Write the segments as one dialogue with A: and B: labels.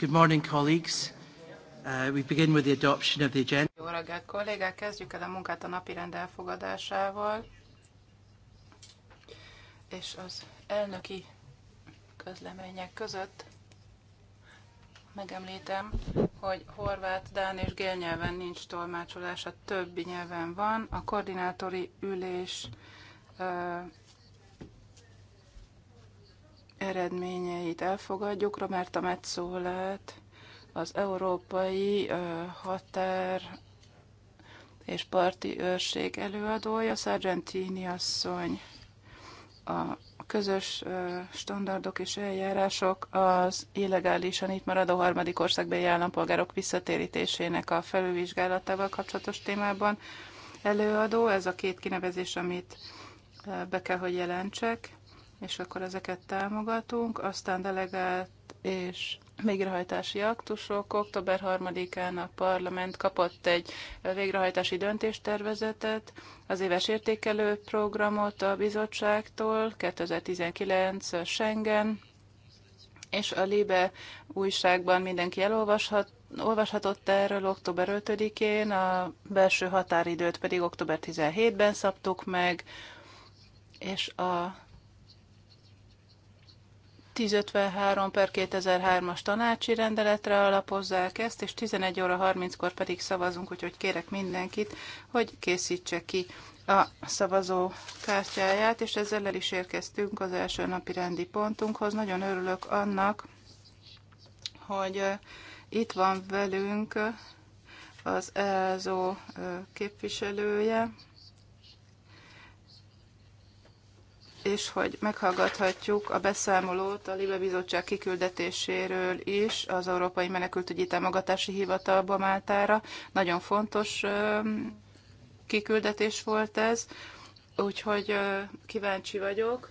A: Good morning, colleagues. Uh, we begin with the adoption of the agenda. Jó
B: reggelt, kollégák! Kezdjük el a munkát a napi rend elfogadásával. És az elnöki közlemények között megemlítem, hogy horvát, dán és gél nyelven nincs tolmácsolás, a többi nyelven van. A koordinátori ülés eredményeit elfogadjuk. a Metszólát az Európai Határ és Parti Őrség előadója, Sargentini asszony a közös standardok és eljárások az illegálisan itt maradó harmadik országbeli állampolgárok visszatérítésének a felülvizsgálatával kapcsolatos témában előadó. Ez a két kinevezés, amit be kell, hogy jelentsek és akkor ezeket támogatunk, aztán delegált és végrehajtási aktusok. Október 3-án a parlament kapott egy végrehajtási döntéstervezetet, az éves értékelő programot a bizottságtól, 2019 Schengen, és a Libe újságban mindenki elolvashat, olvashatott erről október 5-én, a belső határidőt pedig október 17-ben szabtuk meg, és a 1053 per 2003-as tanácsi rendeletre alapozzák ezt, és 11 óra 30-kor pedig szavazunk, úgyhogy kérek mindenkit, hogy készítse ki a szavazó kártyáját, és ezzel el is érkeztünk az első napi rendi pontunkhoz. Nagyon örülök annak, hogy itt van velünk az ELZO képviselője, és hogy meghallgathatjuk a beszámolót a Libe Bizottság kiküldetéséről is az Európai Menekültügyi Támogatási Hivatalba Máltára. Nagyon fontos kiküldetés volt ez, úgyhogy kíváncsi vagyok.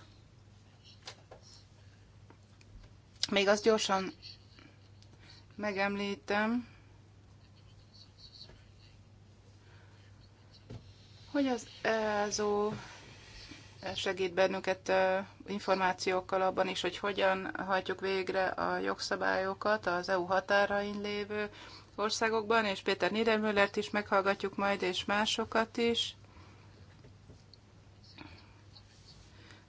B: Még azt gyorsan megemlítem, hogy az EZO segít bennünket információkkal abban is, hogy hogyan hajtjuk végre a jogszabályokat az EU határain lévő országokban, és Péter Niedermüllert is meghallgatjuk majd, és másokat is.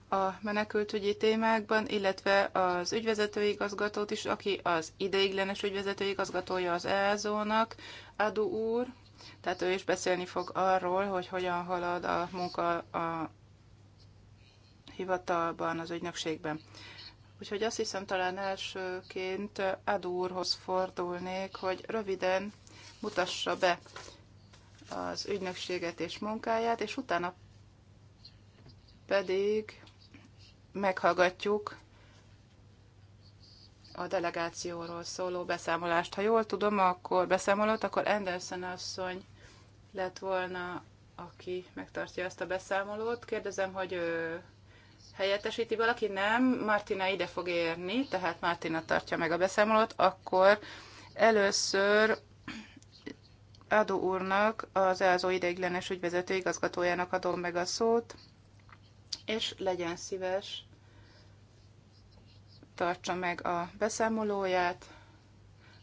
B: a menekültügyi témákban, illetve az ügyvezető igazgatót is, aki az ideiglenes ügyvezető igazgatója az EASO-nak, Adu úr, tehát ő is beszélni fog arról, hogy hogyan halad a munka a hivatalban, az ügynökségben. Úgyhogy azt hiszem talán elsőként Ad úrhoz fordulnék, hogy röviden mutassa be az ügynökséget és munkáját, és utána pedig meghallgatjuk a delegációról szóló beszámolást. Ha jól tudom, akkor beszámolott, akkor Anderson asszony lett volna, aki megtartja ezt a beszámolót. Kérdezem, hogy ő helyettesíti valaki, nem, Martina ide fog érni, tehát Martina tartja meg a beszámolót, akkor először Adó úrnak, az ELZO ideiglenes ügyvezető igazgatójának adom meg a szót, és legyen szíves, tartsa meg a beszámolóját.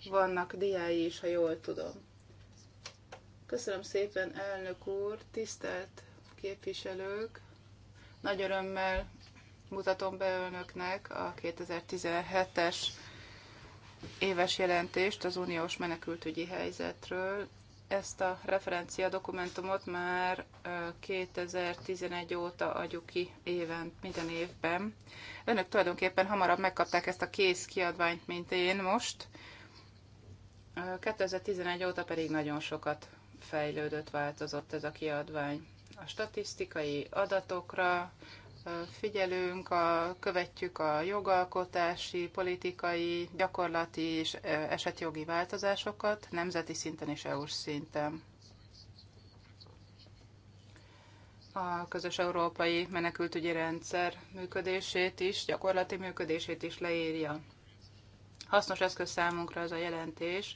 B: Vannak diái is, ha jól tudom. Köszönöm szépen, elnök úr, tisztelt képviselők! Nagy örömmel mutatom be önöknek a 2017-es éves jelentést az uniós menekültügyi helyzetről. Ezt a referencia dokumentumot már 2011 óta adjuk ki éven, minden évben. Önök tulajdonképpen hamarabb megkapták ezt a kész kiadványt, mint én most. 2011 óta pedig nagyon sokat fejlődött, változott ez a kiadvány. A statisztikai adatokra, figyelünk, a, követjük a jogalkotási, politikai, gyakorlati és esetjogi változásokat nemzeti szinten és EU-s szinten. A közös európai menekültügyi rendszer működését is, gyakorlati működését is leírja. Hasznos eszköz számunkra az a jelentés,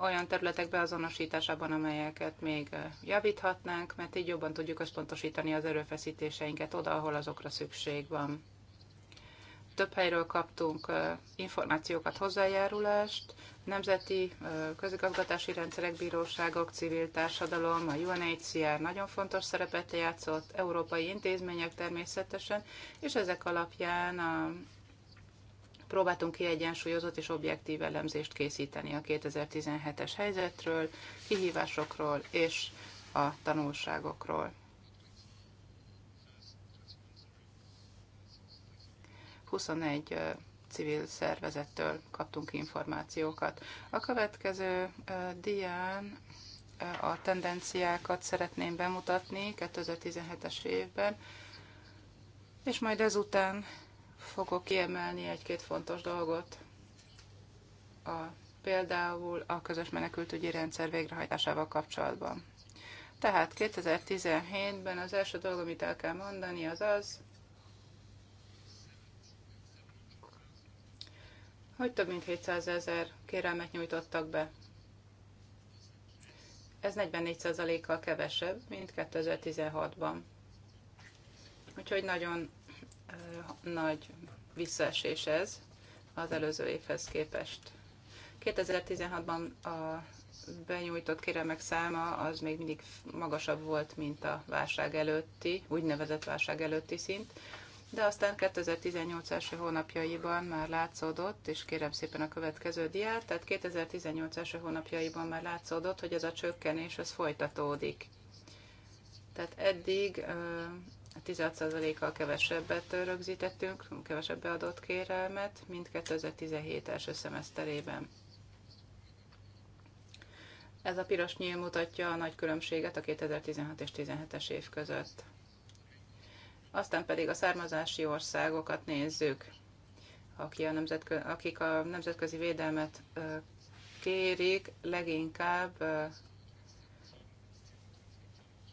B: olyan területek beazonosításában, amelyeket még javíthatnánk, mert így jobban tudjuk összpontosítani az erőfeszítéseinket oda, ahol azokra szükség van. Több helyről kaptunk információkat, hozzájárulást, nemzeti közigazgatási rendszerek, bíróságok, civil társadalom, a UNHCR nagyon fontos szerepet játszott, európai intézmények természetesen, és ezek alapján a próbáltunk kiegyensúlyozott és objektív elemzést készíteni a 2017-es helyzetről, kihívásokról és a tanulságokról. Huszonegy civil szervezettől kaptunk információkat. A következő dián a tendenciákat szeretném bemutatni 2017-es évben, és majd ezután fogok kiemelni egy-két fontos dolgot. A, például a közös menekültügyi rendszer végrehajtásával kapcsolatban. Tehát 2017-ben az első dolog, amit el kell mondani, az az, hogy több mint 700 ezer kérelmet nyújtottak be. Ez 44%-kal kevesebb, mint 2016-ban. Úgyhogy nagyon nagy visszaesés ez az előző évhez képest. 2016-ban a benyújtott kéremek száma az még mindig magasabb volt, mint a válság előtti, úgynevezett válság előtti szint, de aztán 2018 első hónapjaiban már látszódott, és kérem szépen a következő diát, tehát 2018 első hónapjaiban már látszódott, hogy ez a csökkenés az folytatódik. Tehát eddig 16%-kal kevesebbet rögzítettünk, kevesebb beadott kérelmet, mint 2017 első szemeszterében. Ez a piros nyíl mutatja a nagy különbséget a 2016 és 17-es év között. Aztán pedig a származási országokat nézzük, a nemzetkö- akik a nemzetközi védelmet kérik, leginkább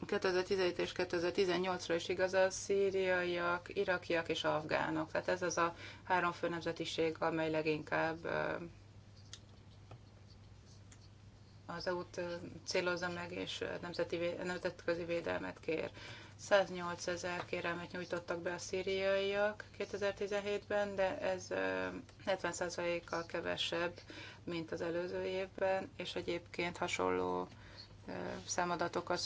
B: 2017 és 2018-ra is igaz a szíriaiak, irakiak és afgánok. Tehát ez az a három fő nemzetiség, amely leginkább az EU-t célozza meg, és nemzeti, nemzetközi védelmet kér. 108 ezer kérelmet nyújtottak be a szíriaiak 2017-ben, de ez 70%-kal kevesebb, mint az előző évben, és egyébként hasonló számadatokkal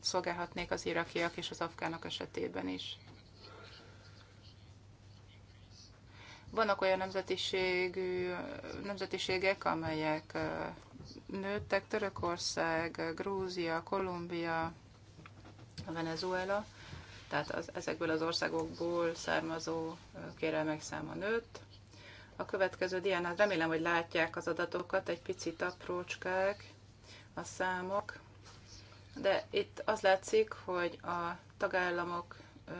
B: szolgálhatnék az irakiak és az afgánok esetében is. Vannak olyan nemzetiségű, nemzetiségek, amelyek nőttek, Törökország, Grúzia, Kolumbia, Venezuela, tehát az, ezekből az országokból származó kérelmek száma nőtt. A következő diánát remélem, hogy látják az adatokat, egy picit aprócskák a számok de itt az látszik, hogy a tagállamok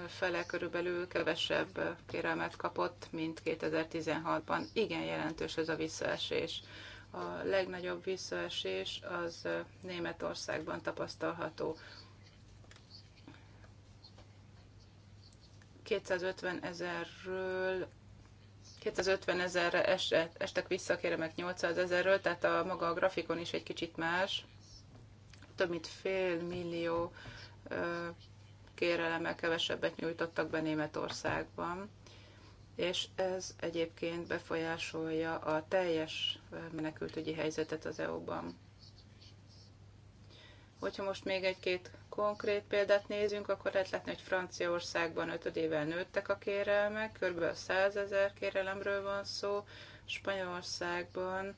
B: fele körülbelül kevesebb kérelmet kapott, mint 2016-ban. Igen jelentős ez a visszaesés. A legnagyobb visszaesés az Németországban tapasztalható. 250 ezerről 250 ezerre esett, estek vissza, kérem meg 800 ezerről, tehát a maga a grafikon is egy kicsit más több mint fél millió kérelemmel kevesebbet nyújtottak be Németországban, és ez egyébként befolyásolja a teljes menekültügyi helyzetet az EU-ban. Hogyha most még egy-két konkrét példát nézünk, akkor lehet látni, hogy Franciaországban ötödével nőttek a kérelmek, kb. 100 ezer kérelemről van szó, Spanyolországban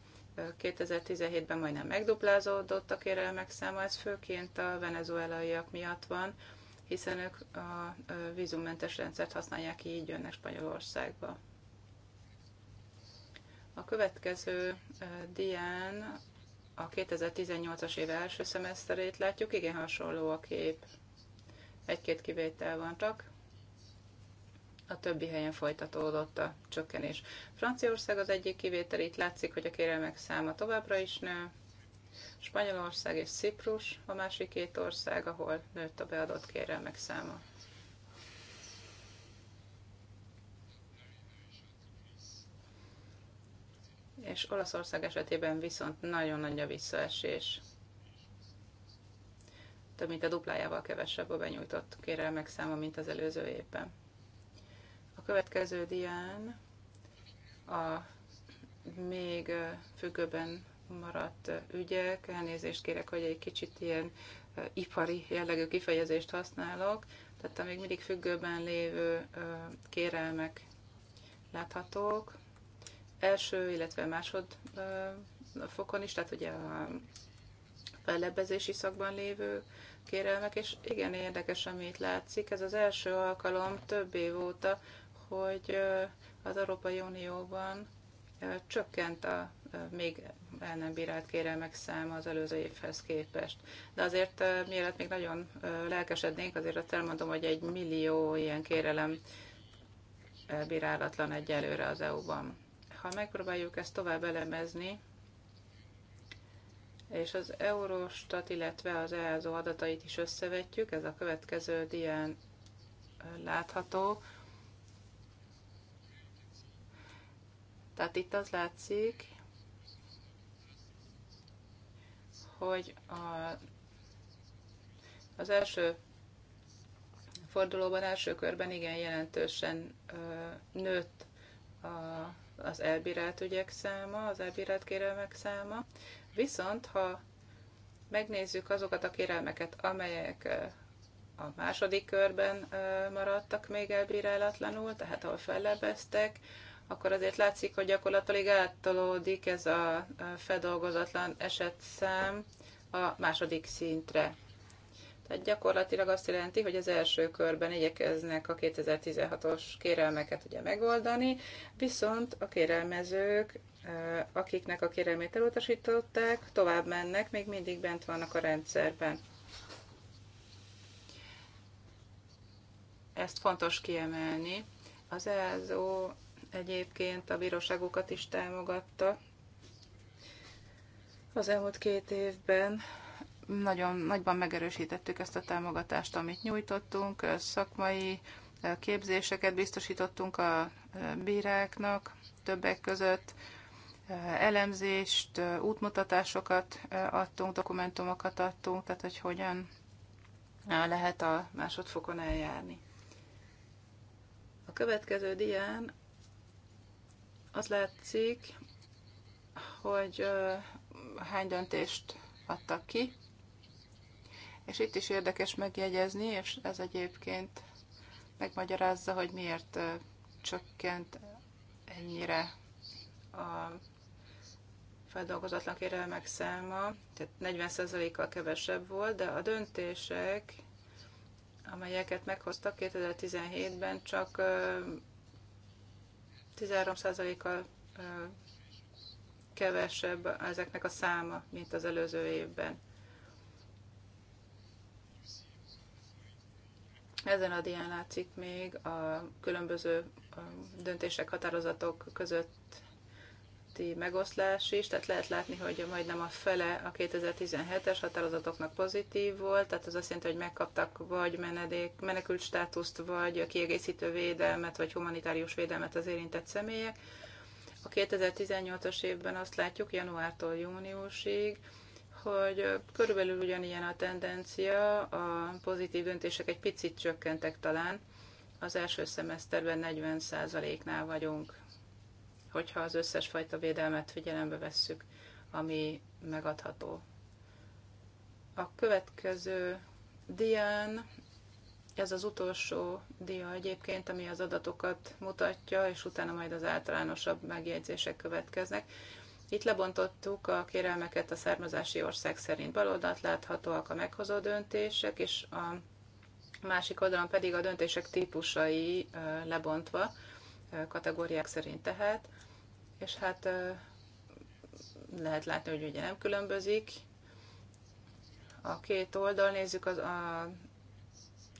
B: 2017-ben majdnem megduplázódott a kérelmek száma, ez főként a venezuelaiak miatt van, hiszen ők a vízummentes rendszert használják, így jönnek Spanyolországba. A következő dián a 2018-as év első szemeszterét látjuk, igen hasonló a kép. Egy-két kivétel van csak a többi helyen folytatódott a csökkenés. Franciaország az egyik kivétel, itt látszik, hogy a kérelmek száma továbbra is nő. Spanyolország és Ciprus a másik két ország, ahol nőtt a beadott kérelmek száma. És Olaszország esetében viszont nagyon nagy a visszaesés. Több mint a duplájával kevesebb a benyújtott kérelmek száma, mint az előző évben következő dián a még függőben maradt ügyek, elnézést kérek, hogy egy kicsit ilyen ipari jellegű kifejezést használok, tehát a még mindig függőben lévő kérelmek láthatók. Első, illetve másod fokon is, tehát ugye a fellebbezési szakban lévő kérelmek, és igen érdekes, amit látszik. Ez az első alkalom több év óta, hogy az Európai Unióban csökkent a még el nem bírált kérelmek száma az előző évhez képest. De azért, mielőtt még nagyon lelkesednénk, azért azt elmondom, hogy egy millió ilyen kérelem bírálatlan egyelőre az EU-ban. Ha megpróbáljuk ezt tovább elemezni, és az Eurostat, illetve az EASO adatait is összevetjük, ez a következő dián látható, Tehát itt az látszik, hogy a, az első fordulóban, első körben igen jelentősen ö, nőtt a, az elbírált ügyek száma, az elbírált kérelmek száma. Viszont, ha megnézzük azokat a kérelmeket, amelyek a második körben maradtak még elbírálatlanul, tehát ahol fellebeztek, akkor azért látszik, hogy gyakorlatilag áttolódik ez a feldolgozatlan esetszám a második szintre. Tehát gyakorlatilag azt jelenti, hogy az első körben igyekeznek a 2016-os kérelmeket ugye megoldani, viszont a kérelmezők, akiknek a kérelmét elutasították, tovább mennek, még mindig bent vannak a rendszerben. Ezt fontos kiemelni. Az ELZO egyébként a bíróságokat is támogatta. Az elmúlt két évben nagyon nagyban megerősítettük ezt a támogatást, amit nyújtottunk, szakmai képzéseket biztosítottunk a bíráknak többek között, elemzést, útmutatásokat adtunk, dokumentumokat adtunk, tehát hogy hogyan lehet a másodfokon eljárni. A következő dián az látszik, hogy hány döntést adtak ki, és itt is érdekes megjegyezni, és ez egyébként megmagyarázza, hogy miért csökkent ennyire a feldolgozatlan kérelmek száma, tehát 40%-kal kevesebb volt, de a döntések, amelyeket meghoztak 2017-ben, csak 13%-kal kevesebb ezeknek a száma, mint az előző évben. Ezen a dián látszik még a különböző döntések, határozatok között közötti megoszlás is, tehát lehet látni, hogy majdnem a fele a 2017-es határozatoknak pozitív volt, tehát az azt jelenti, hogy megkaptak vagy menedék, menekült státuszt, vagy kiegészítő védelmet, vagy humanitárius védelmet az érintett személyek. A 2018-as évben azt látjuk, januártól júniusig, hogy körülbelül ugyanilyen a tendencia, a pozitív döntések egy picit csökkentek talán, az első szemeszterben 40%-nál vagyunk hogyha az összes fajta védelmet figyelembe vesszük, ami megadható. A következő dián, ez az utolsó dia egyébként, ami az adatokat mutatja, és utána majd az általánosabb megjegyzések következnek. Itt lebontottuk a kérelmeket a származási ország szerint. Baloldalt láthatóak a meghozó döntések, és a másik oldalon pedig a döntések típusai lebontva kategóriák szerint tehát, és hát lehet látni, hogy ugye nem különbözik. A két oldal nézzük az a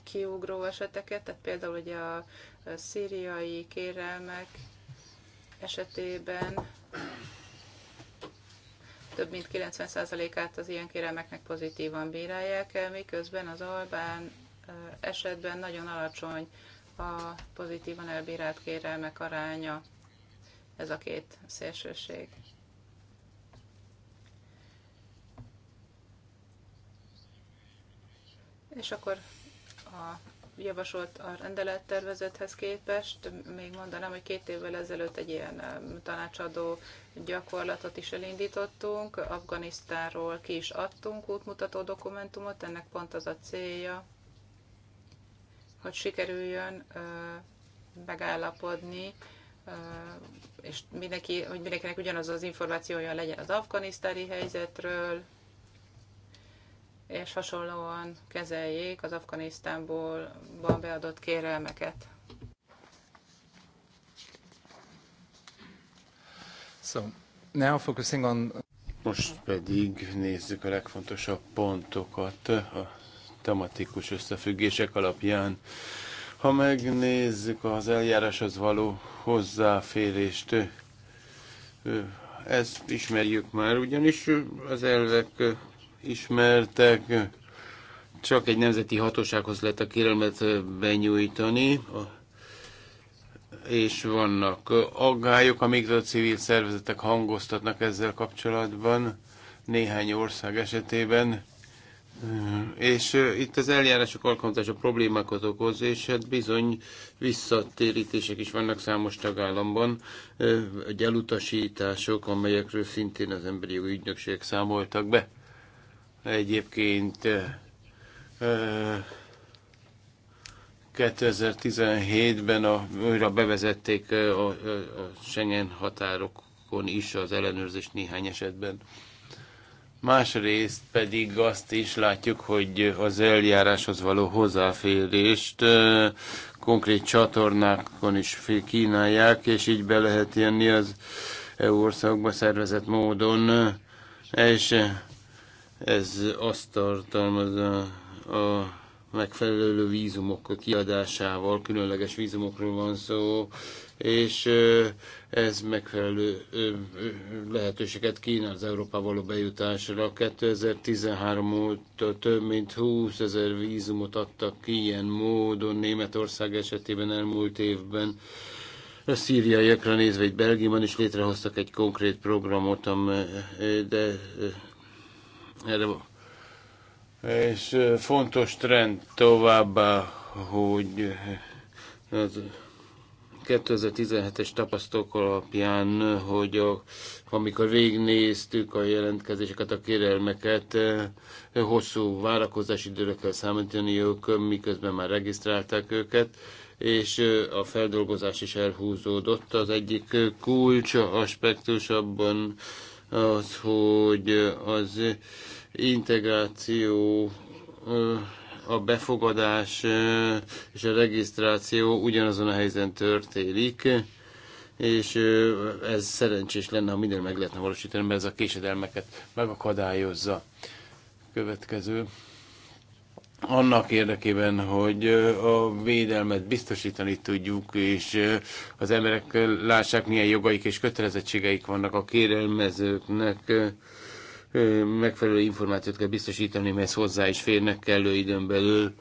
B: kiugró eseteket, tehát például ugye a szíriai kérelmek esetében több mint 90%-át az ilyen kérelmeknek pozitívan bírálják el, miközben az albán esetben nagyon alacsony a pozitívan elbírált kérelmek aránya, ez a két szélsőség. És akkor a javasolt a rendelettervezethez képest, még mondanám, hogy két évvel ezelőtt egy ilyen tanácsadó gyakorlatot is elindítottunk, Afganisztánról ki is adtunk útmutató dokumentumot, ennek pont az a célja, hogy sikerüljön megállapodni, és mindenki, hogy mindenkinek ugyanaz az információja legyen az afganisztáni helyzetről, és hasonlóan kezeljék az Afganisztánból beadott kérelmeket.
C: So, now focusing on... Most pedig nézzük a legfontosabb pontokat a tematikus összefüggések alapján. Ha megnézzük az eljáráshoz való hozzáférést, ezt ismerjük már, ugyanis az elvek ismertek, csak egy nemzeti hatósághoz lehet a kérelmet benyújtani, és vannak aggályok, amiket a civil szervezetek hangoztatnak ezzel kapcsolatban néhány ország esetében és itt az eljárások alkalmazása problémákat okoz, és hát bizony visszatérítések is vannak számos tagállamban, egy elutasítások, amelyekről szintén az emberi jogi ügynökségek számoltak be. Egyébként 2017-ben a, újra bevezették a, a, a Schengen határokon is az ellenőrzést néhány esetben. Másrészt pedig azt is látjuk, hogy az eljáráshoz való hozzáférést konkrét csatornákon is kínálják, és így be lehet jönni az EU országokba szervezett módon, és ez azt tartalmazza a megfelelő vízumok kiadásával, különleges vízumokról van szó, és ez megfelelő lehetőséget kínál az Európa való bejutásra. 2013 óta több mint 20 ezer vízumot adtak ki ilyen módon Németország esetében elmúlt évben. A szíriaiakra nézve, egy Belgiumban is létrehoztak egy konkrét programot, de erre és fontos trend továbbá, hogy az 2017-es tapasztalatok alapján, hogy a, amikor végignéztük a jelentkezéseket, a kérelmeket, eh, hosszú várakozási időre kell ők, miközben már regisztrálták őket, és eh, a feldolgozás is elhúzódott. Az egyik eh, kulcs aspektus abban az, hogy az integráció a befogadás és a regisztráció ugyanazon a helyen történik, és ez szerencsés lenne, ha minden meg lehetne valósítani, mert ez a késedelmeket megakadályozza. Következő. Annak érdekében, hogy a védelmet biztosítani tudjuk, és az emberek lássák, milyen jogaik és kötelezettségeik vannak a kérelmezőknek, megfelelő információt kell biztosítani, mert hozzá is férnek kellő időn belül.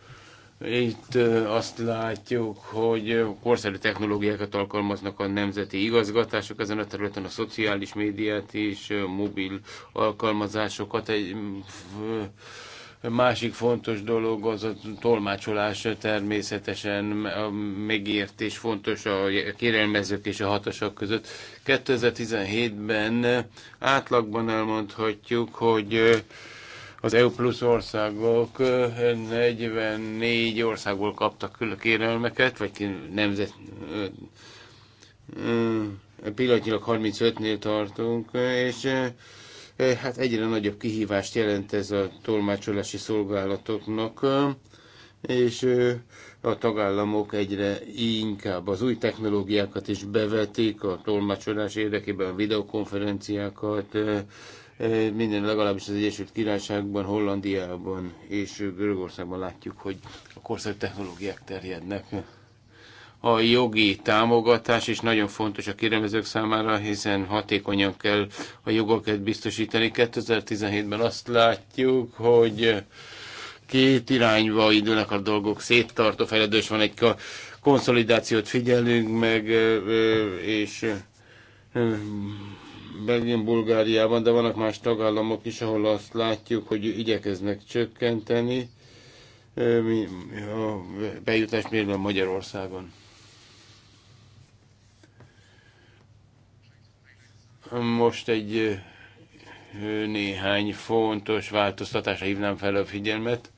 C: Itt azt látjuk, hogy korszerű technológiákat alkalmaznak a nemzeti igazgatások ezen a területen, a szociális médiát és mobil alkalmazásokat. Egy, Másik fontos dolog az a tolmácsolás természetesen, a megértés fontos a kérelmezők és a hatosak között. 2017-ben átlagban elmondhatjuk, hogy az EU plusz országok 44 országból kaptak külön kérelmeket, vagy nemzet pillanatnyilag 35-nél tartunk, és Eh, hát egyre nagyobb kihívást jelent ez a tolmácsolási szolgálatoknak, eh, és eh, a tagállamok egyre inkább az új technológiákat is bevetik a tolmácsolás érdekében, a videokonferenciákat, minden legalábbis az Egyesült Királyságban, Hollandiában és Görögországban látjuk, hogy a korszerű technológiák terjednek a jogi támogatás is nagyon fontos a kérdezők számára, hiszen hatékonyan kell a jogokat biztosítani. 2017-ben azt látjuk, hogy két irányba indulnak a dolgok, széttartó fejlődés van, egy konszolidációt figyelünk meg, és Belgium, Bulgáriában, de vannak más tagállamok is, ahol azt látjuk, hogy igyekeznek csökkenteni a bejutás mérben Magyarországon. Most egy néhány fontos változtatásra hívnám fel a figyelmet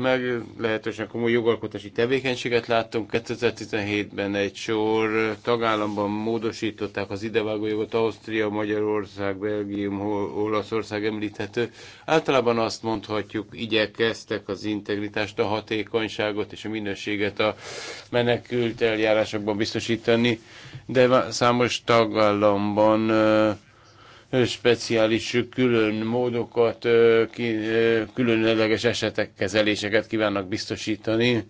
C: meg lehetősen komoly jogalkotási tevékenységet láttunk. 2017-ben egy sor tagállamban módosították az idevágó jogot, Ausztria, Magyarország, Belgium, Olaszország említhető. Általában azt mondhatjuk, igyekeztek az integritást, a hatékonyságot és a minőséget a menekült eljárásokban biztosítani, de számos tagállamban speciális külön módokat, különleges esetek kezeléseket kívánnak biztosítani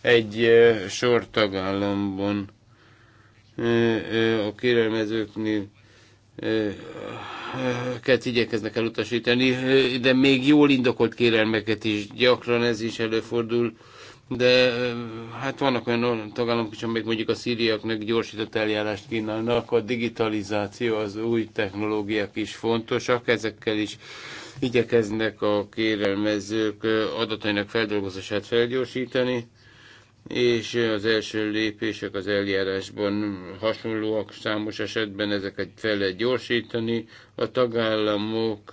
C: egy sor tagállamban a kérelmezőknél ket igyekeznek elutasítani, de még jól indokolt kérelmeket is gyakran ez is előfordul de hát vannak olyan tagállamok is, amik mondjuk a szíriaknak gyorsított eljárást kínálnak, a digitalizáció, az új technológiák is fontosak, ezekkel is igyekeznek a kérelmezők adatainak feldolgozását felgyorsítani, és az első lépések az eljárásban hasonlóak, számos esetben ezeket fel lehet gyorsítani. A tagállamok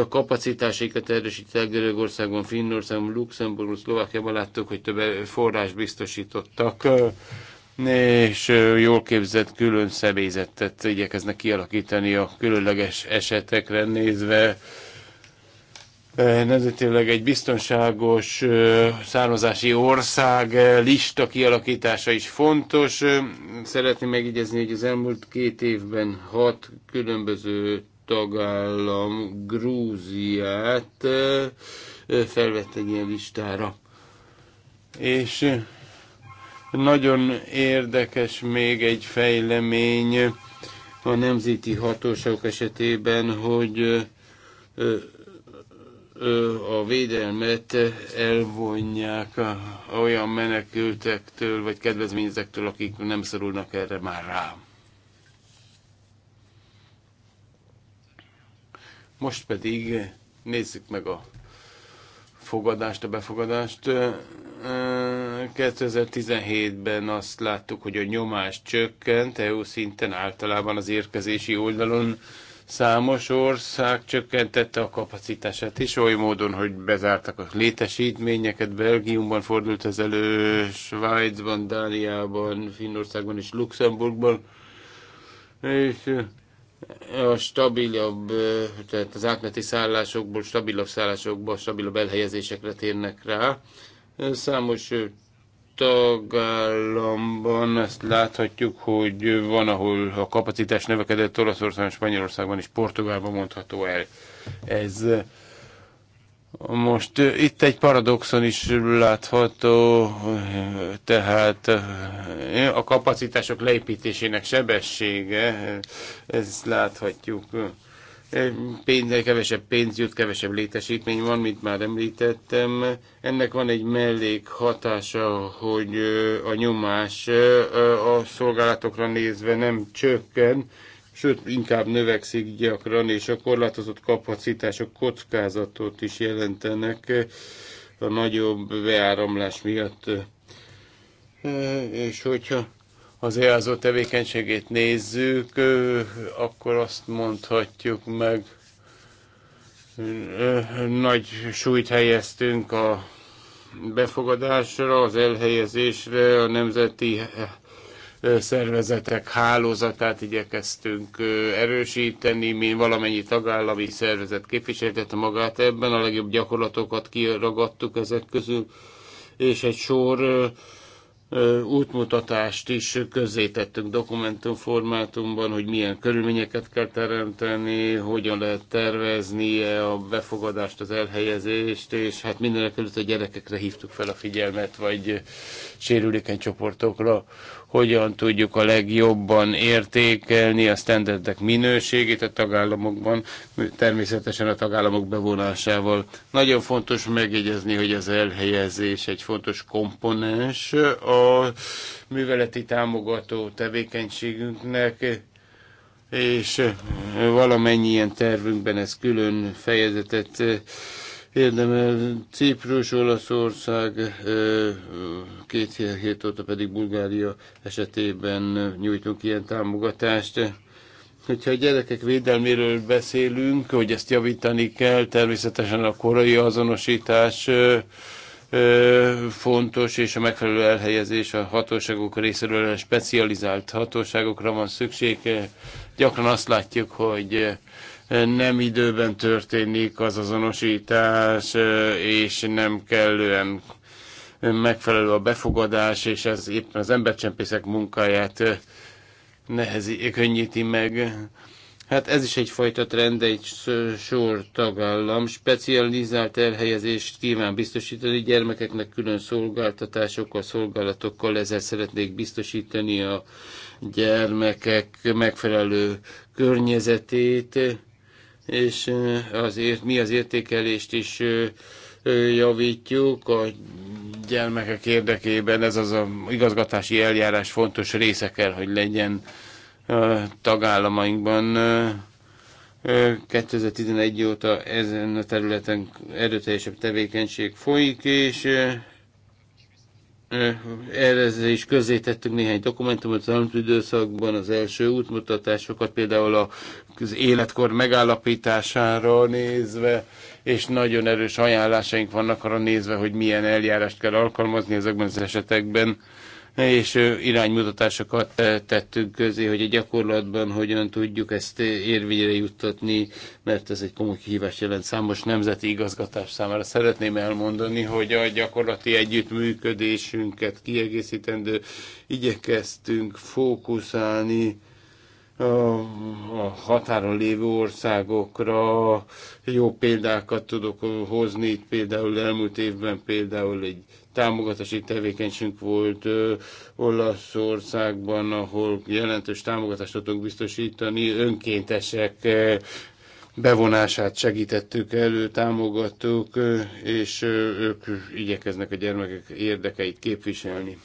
C: a kapacitásaikat erősítettek Görögországban, Finnországban, Luxemburgban, Szlovákiában láttuk, hogy több forrás biztosítottak és jól képzett külön személyzetet igyekeznek kialakítani a különleges esetekre nézve. Nemzetileg egy biztonságos származási ország lista kialakítása is fontos. Szeretném megígézni, hogy az elmúlt két évben hat különböző tagállam Grúziát felvett egy ilyen listára. És nagyon érdekes még egy fejlemény a nemzeti hatóságok esetében, hogy a védelmet elvonják olyan menekültektől, vagy kedvezményezektől, akik nem szorulnak erre már rám. Most pedig nézzük meg a fogadást, a befogadást. 2017-ben azt láttuk, hogy a nyomás csökkent EU szinten, általában az érkezési oldalon számos ország csökkentette a kapacitását is, oly módon, hogy bezártak a létesítményeket. Belgiumban fordult ez elő, Svájcban, Dániában, Finnországban és Luxemburgban. És a stabilabb, tehát az átmeneti szállásokból stabilabb szállásokba, stabilabb elhelyezésekre térnek rá. Számos tagállamban ezt láthatjuk, hogy van, ahol a kapacitás növekedett Olaszországban, Spanyolországban és Portugálban mondható el. Ez most itt egy paradoxon is látható, tehát a kapacitások leépítésének sebessége, ezt láthatjuk. Pénz, kevesebb pénz jut, kevesebb létesítmény van, mint már említettem. Ennek van egy mellék hatása, hogy a nyomás a szolgálatokra nézve nem csökken, sőt, inkább növekszik gyakran, és a korlátozott kapacitások kockázatot is jelentenek a nagyobb beáramlás miatt. E, és hogyha az EASO tevékenységét nézzük, e, akkor azt mondhatjuk meg, e, nagy súlyt helyeztünk a befogadásra, az elhelyezésre, a nemzeti szervezetek hálózatát igyekeztünk erősíteni, mi valamennyi tagállami szervezet képviseltette magát ebben, a legjobb gyakorlatokat kiragadtuk ezek közül, és egy sor útmutatást is közzétettünk dokumentumformátumban, hogy milyen körülményeket kell teremteni, hogyan lehet tervezni e a befogadást, az elhelyezést, és hát mindenek előtt a gyerekekre hívtuk fel a figyelmet, vagy sérülékeny csoportokra hogyan tudjuk a legjobban értékelni a standardek minőségét a tagállamokban, természetesen a tagállamok bevonásával. Nagyon fontos megjegyezni, hogy az elhelyezés egy fontos komponens a műveleti támogató tevékenységünknek, és valamennyi ilyen tervünkben ez külön fejezetet érdemel. Ciprus, Olaszország, két hét óta pedig Bulgária esetében nyújtunk ilyen támogatást. Hogyha a gyerekek védelméről beszélünk, hogy ezt javítani kell, természetesen a korai azonosítás fontos, és a megfelelő elhelyezés a hatóságok részéről a specializált hatóságokra van szükség. Gyakran azt látjuk, hogy nem időben történik az azonosítás, és nem kellően megfelelő a befogadás, és ez éppen az embercsempészek munkáját nehezi, könnyíti meg. Hát ez is egyfajta trend, egy sor tagállam specializált elhelyezést kíván biztosítani gyermekeknek külön szolgáltatásokkal, szolgálatokkal, ezzel szeretnék biztosítani a gyermekek megfelelő környezetét, és azért mi az értékelést is javítjuk a gyermekek érdekében. Ez az a igazgatási eljárás fontos része kell, hogy legyen tagállamainkban. 2011 óta ezen a területen erőteljesebb tevékenység folyik, és erre is közé tettünk néhány dokumentumot az elmúlt időszakban, az első útmutatásokat, például az életkor megállapítására nézve, és nagyon erős ajánlásaink vannak arra nézve, hogy milyen eljárást kell alkalmazni ezekben az esetekben és iránymutatásokat tettünk közé, hogy a gyakorlatban hogyan tudjuk ezt érvényre juttatni, mert ez egy komoly kihívás jelent számos nemzeti igazgatás számára. Szeretném elmondani, hogy a gyakorlati együttműködésünket kiegészítendő igyekeztünk fókuszálni a határon lévő országokra jó példákat tudok hozni, itt például elmúlt évben például egy támogatási tevékenységünk volt ö, Olaszországban, ahol jelentős támogatást tudtunk biztosítani, önkéntesek ö, bevonását segítettük elő, támogattuk, ö, és ö, ők igyekeznek a gyermekek érdekeit képviselni.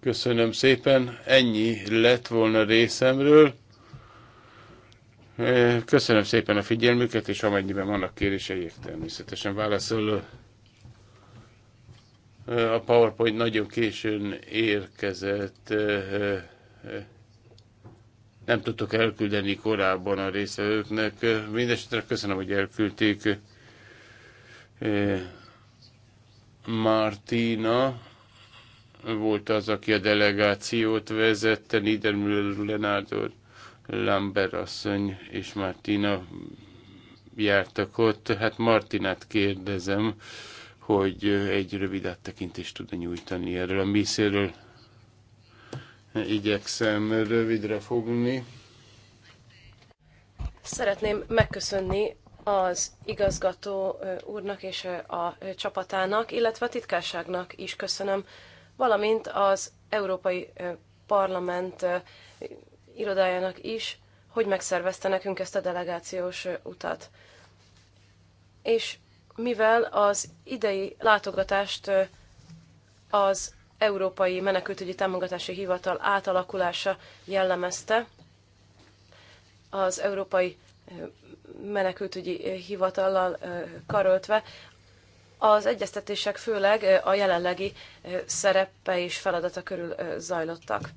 C: Köszönöm szépen, ennyi lett volna részemről. Köszönöm szépen a figyelmüket, és amennyiben vannak kéréseik, természetesen válaszol. A PowerPoint nagyon későn érkezett. Nem tudtok elküldeni korábban a részvevőknek. Mindenesetre köszönöm, hogy elküldték. Martina volt az, aki a delegációt vezette, Niedermüller Lenárdot. Lambert asszony és Martina jártak ott. Hát Martinát kérdezem, hogy egy rövid áttekintést tud nyújtani erről a miszéről. Igyekszem rövidre fogni.
D: Szeretném megköszönni az igazgató úrnak és a csapatának, illetve a titkárságnak is köszönöm, valamint az Európai Parlament irodájának is, hogy megszervezte nekünk ezt a delegációs utat. És mivel az idei látogatást az Európai Menekültügyi Támogatási Hivatal átalakulása jellemezte, az Európai Menekültügyi Hivatallal karöltve, az egyeztetések főleg a jelenlegi szerepe és feladata körül zajlottak.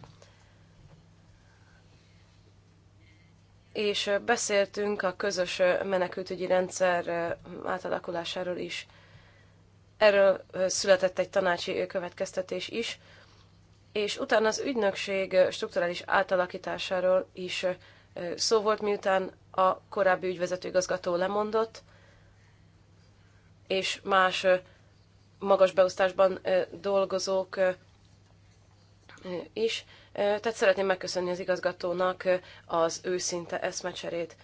D: és beszéltünk a közös menekültügyi rendszer átalakulásáról is. Erről született egy tanácsi következtetés is, és utána az ügynökség strukturális átalakításáról is szó volt, miután a korábbi ügyvezetőigazgató lemondott, és más magas beosztásban dolgozók is. Tehát szeretném megköszönni az igazgatónak az őszinte eszmecserét.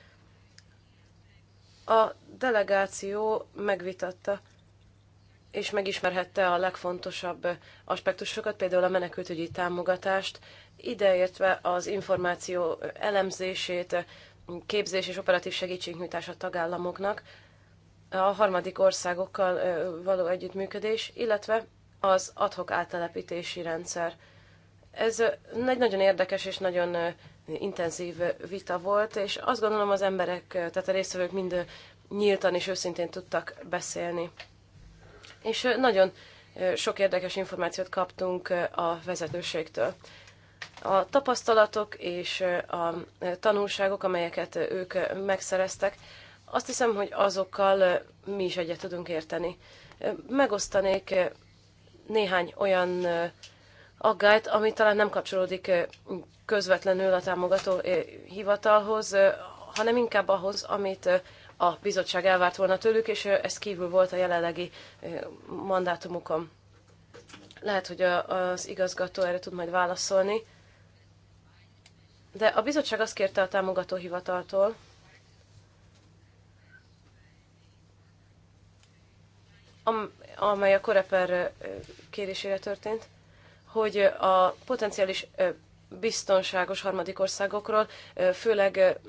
D: A delegáció megvitatta és megismerhette a legfontosabb aspektusokat, például a menekültügyi támogatást, ideértve az információ elemzését, képzés és operatív segítségnyújtás a tagállamoknak, a harmadik országokkal való együttműködés, illetve az adhok áttelepítési rendszer. Ez egy nagyon érdekes és nagyon intenzív vita volt, és azt gondolom az emberek, tehát a résztvevők mind nyíltan és őszintén tudtak beszélni. És nagyon sok érdekes információt kaptunk a vezetőségtől. A tapasztalatok és a tanulságok, amelyeket ők megszereztek, azt hiszem, hogy azokkal mi is egyet tudunk érteni. Megosztanék néhány olyan aggályt, ami talán nem kapcsolódik közvetlenül a támogató hivatalhoz, hanem inkább ahhoz, amit a bizottság elvárt volna tőlük, és ez kívül volt a jelenlegi mandátumukon. Lehet, hogy az igazgató erre tud majd válaszolni. De a bizottság azt kérte a támogató hivataltól, amely a Koreper kérésére történt, hogy a potenciális biztonságos harmadik országokról, főleg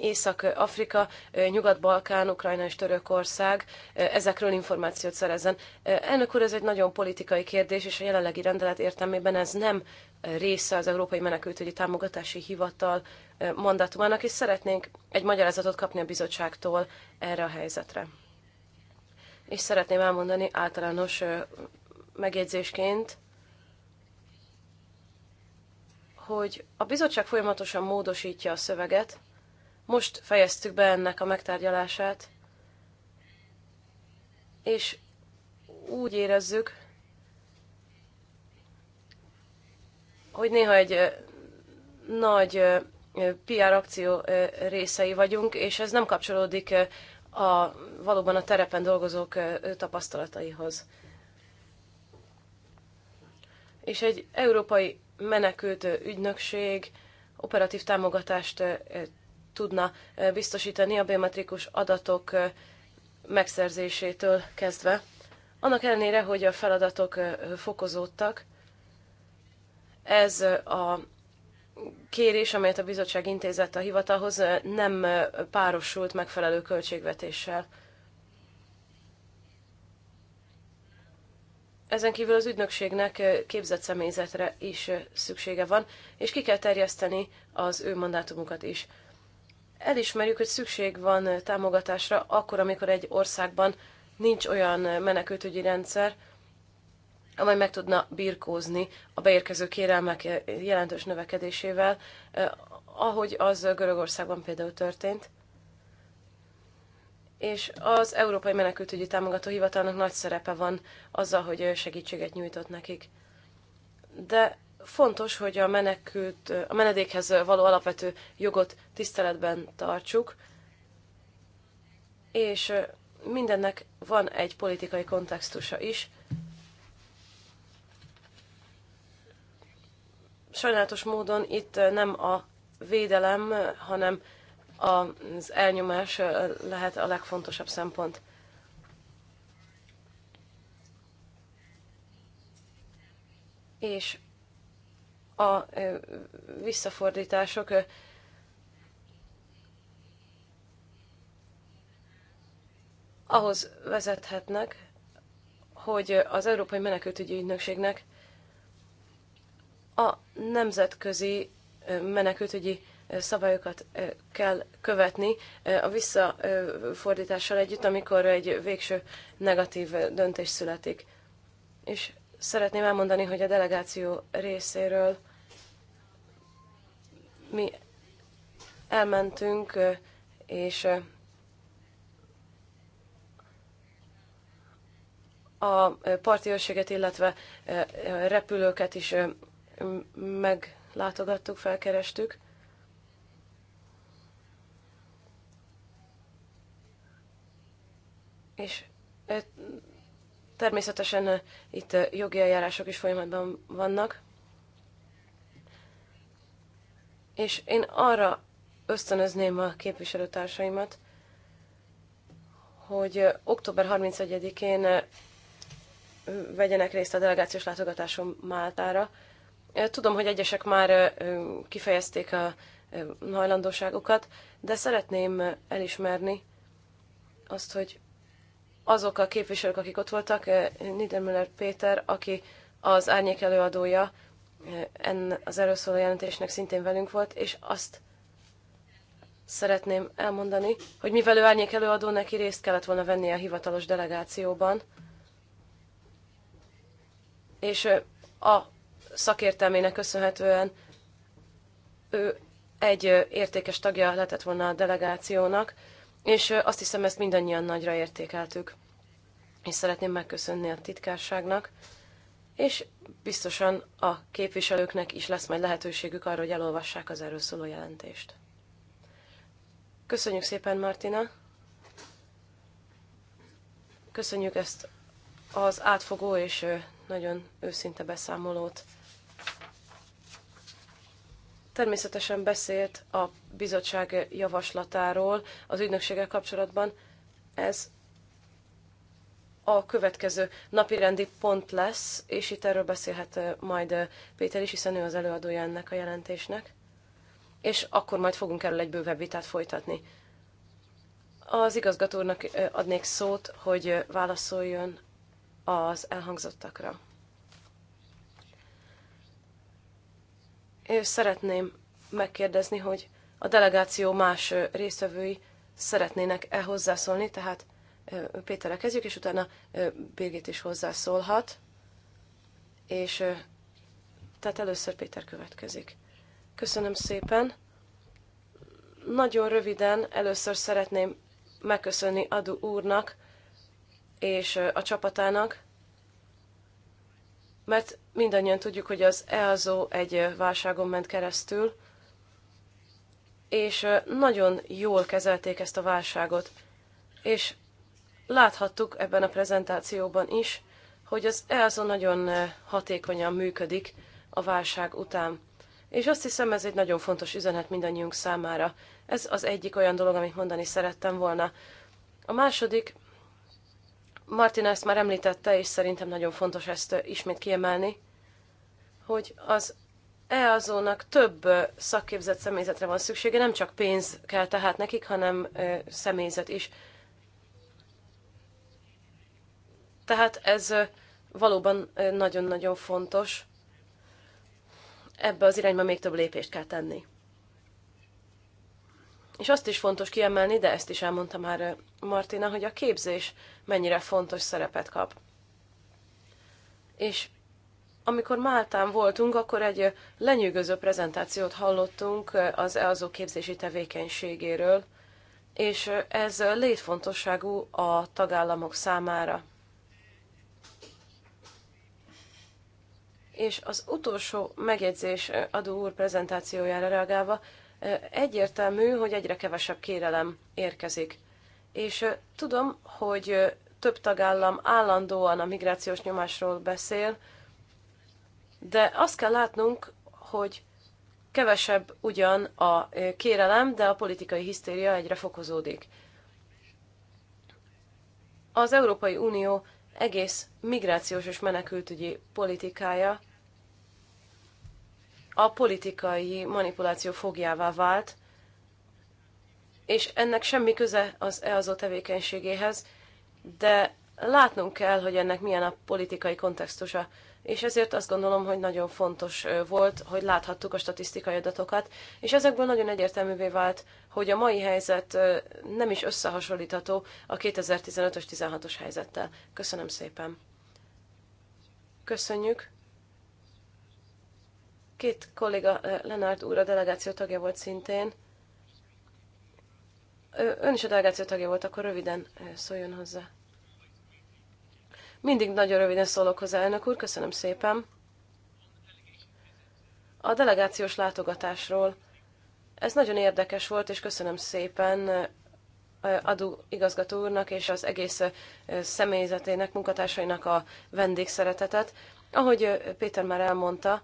D: Észak-Afrika, Nyugat-Balkán, Ukrajna és Törökország, ezekről információt szerezzen. Elnök úr, ez egy nagyon politikai kérdés, és a jelenlegi rendelet értelmében ez nem része az Európai Menekültügyi Támogatási Hivatal mandátumának, és szeretnénk egy magyarázatot kapni a bizottságtól erre a helyzetre. És szeretném elmondani általános megjegyzésként, hogy a bizottság folyamatosan módosítja a szöveget, most fejeztük be ennek a megtárgyalását, és úgy érezzük, hogy néha egy nagy PR akció részei vagyunk, és ez nem kapcsolódik a, valóban a terepen dolgozók tapasztalataihoz. És egy európai menekült ügynökség operatív támogatást tudna biztosítani a biometrikus adatok megszerzésétől kezdve. Annak ellenére, hogy a feladatok fokozódtak, ez a kérés, amelyet a bizottság intézett a hivatalhoz, nem párosult megfelelő költségvetéssel. Ezen kívül az ügynökségnek képzett személyzetre is szüksége van, és ki kell terjeszteni az ő mandátumukat is. Elismerjük, hogy szükség van támogatásra akkor, amikor egy országban nincs olyan menekültügyi rendszer, amely meg tudna birkózni a beérkező kérelmek jelentős növekedésével, ahogy az Görögországban például történt és az Európai Menekültügyi Támogató Hivatalnak nagy szerepe van azzal, hogy segítséget nyújtott nekik. De fontos, hogy a, menekült, a menedékhez való alapvető jogot tiszteletben tartsuk, és mindennek van egy politikai kontextusa is. Sajnálatos módon itt nem a védelem, hanem az elnyomás lehet a legfontosabb szempont. És a visszafordítások ahhoz vezethetnek, hogy az Európai Menekültügyi Ügynökségnek a nemzetközi menekültügyi szabályokat kell követni a visszafordítással együtt, amikor egy végső negatív döntés születik. És szeretném elmondani, hogy a delegáció részéről mi elmentünk, és a parti őrséget, illetve repülőket is meglátogattuk, felkerestük. És természetesen itt jogi eljárások is folyamatban vannak. És én arra ösztönözném a képviselőtársaimat, hogy október 31-én vegyenek részt a delegációs látogatásom Máltára. Tudom, hogy egyesek már kifejezték a hajlandóságukat, de szeretném elismerni azt, hogy azok a képviselők, akik ott voltak, eh, Niedermüller Péter, aki az árnyék előadója eh, en, az erőszóló jelentésnek szintén velünk volt, és azt szeretném elmondani, hogy mivel ő árnyék előadó, neki részt kellett volna venni a hivatalos delegációban, és eh, a szakértelmének köszönhetően ő egy értékes tagja lehetett volna a delegációnak, és azt hiszem, ezt mindannyian nagyra értékeltük. És szeretném megköszönni a titkárságnak, és biztosan a képviselőknek is lesz majd lehetőségük arra, hogy elolvassák az erről szóló jelentést. Köszönjük szépen, Martina! Köszönjük ezt az átfogó és nagyon őszinte beszámolót természetesen beszélt a bizottság javaslatáról az ügynökséggel kapcsolatban. Ez a következő napirendi pont lesz, és itt erről beszélhet majd Péter is, hiszen ő az előadója ennek a jelentésnek. És akkor majd fogunk erről egy bővebb vitát folytatni. Az igazgatónak adnék szót, hogy válaszoljon az elhangzottakra. Szeretném megkérdezni, hogy a delegáció más résztvevői szeretnének-e hozzászólni, tehát Péterre kezdjük, és utána Birgit is hozzászólhat. És tehát először Péter következik. Köszönöm szépen. Nagyon röviden először szeretném megköszönni Adu úrnak és a csapatának mert mindannyian tudjuk, hogy az EASO egy válságon ment keresztül, és nagyon jól kezelték ezt a válságot. És láthattuk ebben a prezentációban is, hogy az EASO nagyon hatékonyan működik a válság után. És azt hiszem, ez egy nagyon fontos üzenet mindannyiunk számára. Ez az egyik olyan dolog, amit mondani szerettem volna. A második Martina ezt már említette, és szerintem nagyon fontos ezt ismét kiemelni, hogy az EAZO-nak több szakképzett személyzetre van szüksége, nem csak pénz kell tehát nekik, hanem személyzet is. Tehát ez valóban nagyon-nagyon fontos. Ebbe az irányba még több lépést kell tenni. És azt is fontos kiemelni, de ezt is elmondta már Martina, hogy a képzés mennyire fontos szerepet kap. És amikor Máltán voltunk, akkor egy lenyűgöző prezentációt hallottunk az EASO képzési tevékenységéről, és ez létfontosságú a tagállamok számára. És az utolsó megjegyzés Adó úr prezentációjára reagálva, egyértelmű, hogy egyre kevesebb kérelem érkezik. És tudom, hogy több tagállam állandóan a migrációs nyomásról beszél, de azt kell látnunk, hogy kevesebb ugyan a kérelem, de a politikai hisztéria egyre fokozódik. Az Európai Unió egész migrációs és menekültügyi politikája a politikai manipuláció fogjává vált, és ennek semmi köze az EAZO tevékenységéhez, de látnunk kell, hogy ennek milyen a politikai kontextusa. És ezért azt gondolom, hogy nagyon fontos volt, hogy láthattuk a statisztikai adatokat, és ezekből nagyon egyértelművé vált, hogy a mai helyzet nem is összehasonlítható a 2015 16-os helyzettel. Köszönöm szépen. Köszönjük. Két kolléga, Lenárt úr a delegáció tagja volt szintén. Ön is a delegáció tagja volt, akkor röviden szóljon hozzá. Mindig nagyon röviden szólok hozzá, elnök úr, köszönöm szépen. A delegációs látogatásról. Ez nagyon érdekes volt, és köszönöm szépen adó igazgató úrnak és az egész személyzetének, munkatársainak a vendégszeretetet. Ahogy Péter már elmondta,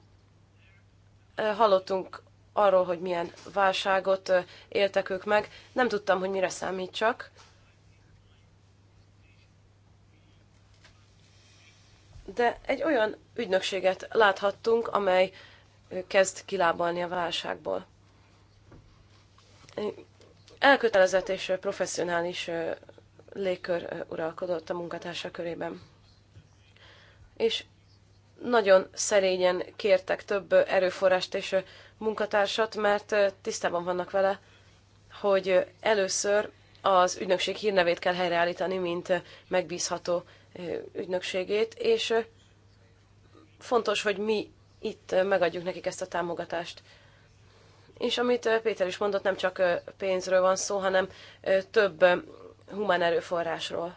D: Hallottunk arról, hogy milyen válságot éltek ők meg. Nem tudtam, hogy mire számítsak. De egy olyan ügynökséget láthattunk, amely kezd kilábalni a válságból. Elkötelezett és professzionális légkör uralkodott a munkatársa körében. És nagyon szerényen kértek több erőforrást és munkatársat, mert tisztában vannak vele, hogy először az ügynökség hírnevét kell helyreállítani, mint megbízható ügynökségét, és fontos, hogy mi itt megadjuk nekik ezt a támogatást. És amit Péter is mondott, nem csak pénzről van szó, hanem több humán erőforrásról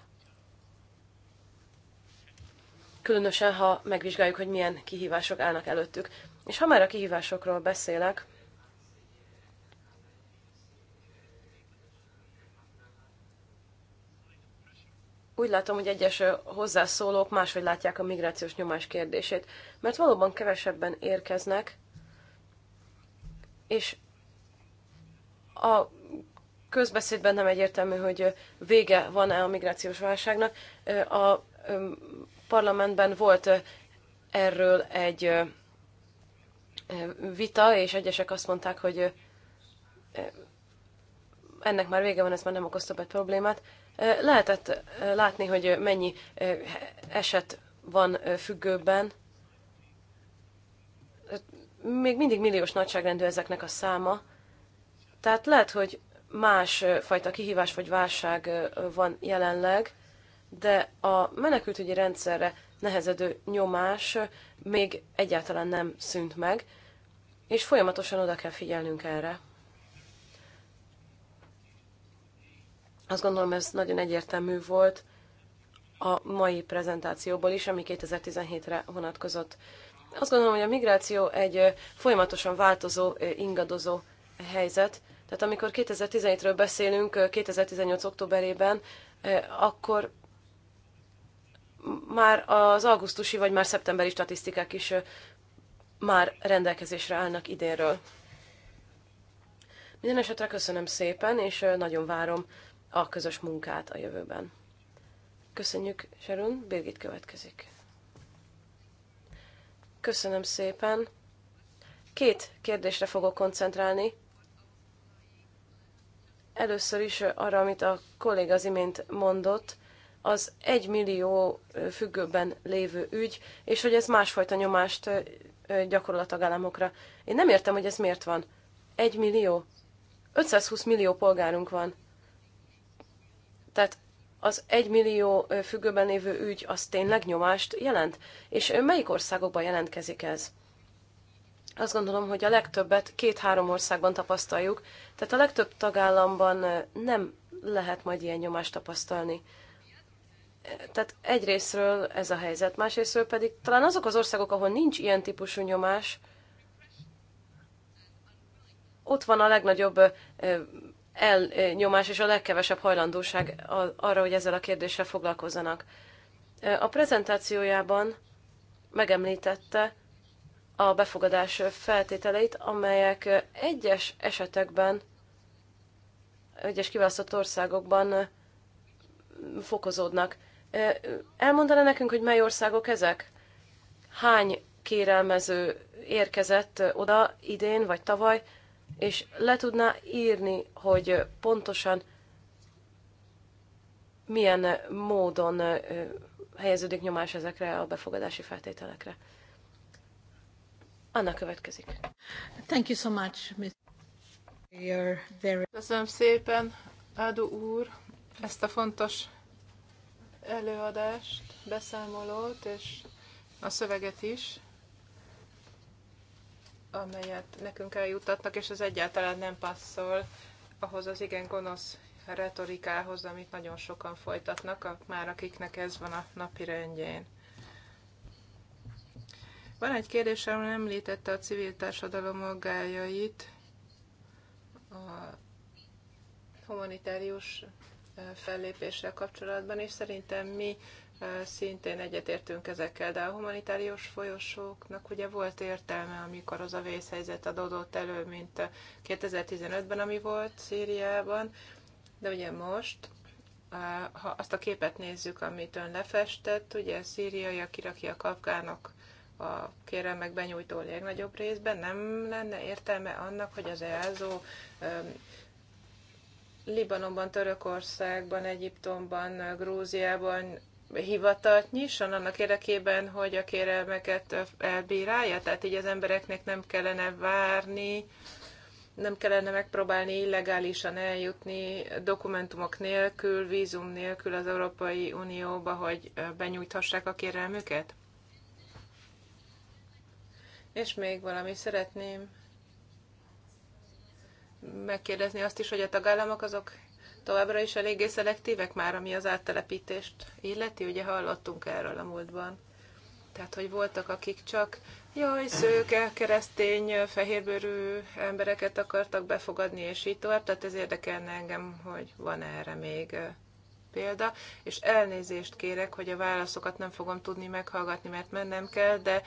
D: különösen ha megvizsgáljuk, hogy milyen kihívások állnak előttük. És ha már a kihívásokról beszélek, úgy látom, hogy egyes hozzászólók máshogy látják a migrációs nyomás kérdését, mert valóban kevesebben érkeznek, és a közbeszédben nem egyértelmű, hogy vége van-e a migrációs válságnak. A parlamentben volt erről egy vita, és egyesek azt mondták, hogy ennek már vége van, ez már nem okoz többet problémát. Lehetett látni, hogy mennyi eset van függőben. Még mindig milliós nagyságrendű ezeknek a száma. Tehát lehet, hogy más fajta kihívás vagy válság van jelenleg, de a menekültügyi rendszerre nehezedő nyomás még egyáltalán nem szűnt meg, és folyamatosan oda kell figyelnünk erre. Azt gondolom, ez nagyon egyértelmű volt a mai prezentációból is, ami 2017-re vonatkozott. Azt gondolom, hogy a migráció egy folyamatosan változó, ingadozó helyzet. Tehát amikor 2017-ről beszélünk, 2018. októberében, akkor már az augusztusi vagy már szeptemberi statisztikák is már rendelkezésre állnak idénről. Minden esetre köszönöm szépen, és nagyon várom a közös munkát a jövőben. Köszönjük, Sharon. Birgit következik. Köszönöm szépen. Két kérdésre fogok koncentrálni. Először is arra, amit a kolléga az imént mondott, az egy millió függőben lévő ügy, és hogy ez másfajta nyomást gyakorol a tagállamokra. Én nem értem, hogy ez miért van. Egy millió. 520 millió polgárunk van. Tehát az egy millió függőben lévő ügy az tényleg nyomást jelent? És melyik országokban jelentkezik ez? Azt gondolom, hogy a legtöbbet két-három országban tapasztaljuk, tehát a legtöbb tagállamban nem lehet majd ilyen nyomást tapasztalni tehát egyrésztről ez a helyzet, másrésztről pedig talán azok az országok, ahol nincs ilyen típusú nyomás, ott van a legnagyobb elnyomás és a legkevesebb hajlandóság arra, hogy ezzel a kérdéssel foglalkozzanak. A prezentációjában megemlítette a befogadás feltételeit, amelyek egyes esetekben, egyes kiválasztott országokban fokozódnak. Elmondaná nekünk, hogy mely országok ezek? Hány kérelmező érkezett oda idén vagy tavaly, és le tudná írni, hogy pontosan milyen módon helyeződik nyomás ezekre a befogadási feltételekre. Anna következik. Thank you so much, Ms.
B: Köszönöm szépen, Ádó úr, ezt a fontos előadást, beszámolót és a szöveget is, amelyet nekünk eljutatnak, és ez egyáltalán nem passzol ahhoz az igen gonosz retorikához, amit nagyon sokan folytatnak, a, már akiknek ez van a napi rendjén. Van egy kérdés, ahol említette a civil társadalom aggájait, a humanitárius fellépéssel kapcsolatban, és szerintem mi szintén egyetértünk ezekkel, de a humanitárius folyosóknak ugye volt értelme, amikor az a vészhelyzet adódott elő, mint 2015-ben, ami volt Szíriában, de ugye most, ha azt a képet nézzük, amit ön lefestett, ugye szíriaiak, irakiak, afgánok a kérelmek benyújtó legnagyobb részben, nem lenne értelme annak, hogy az EASO Libanonban, Törökországban, Egyiptomban, Grúziában hivatalt nyisson annak érdekében, hogy a kérelmeket elbírálja, tehát így az embereknek nem kellene várni, nem kellene megpróbálni illegálisan eljutni dokumentumok nélkül, vízum nélkül az Európai Unióba, hogy benyújthassák a kérelmüket? És még valami szeretném megkérdezni azt is, hogy a tagállamok azok továbbra is eléggé szelektívek már, ami az áttelepítést illeti, ugye hallottunk erről a múltban. Tehát, hogy voltak, akik csak jaj, szőke, keresztény, fehérbőrű embereket akartak befogadni, és így tovább. Tehát ez érdekelne engem, hogy van erre még példa, és elnézést kérek, hogy a válaszokat nem fogom tudni meghallgatni, mert mennem kell, de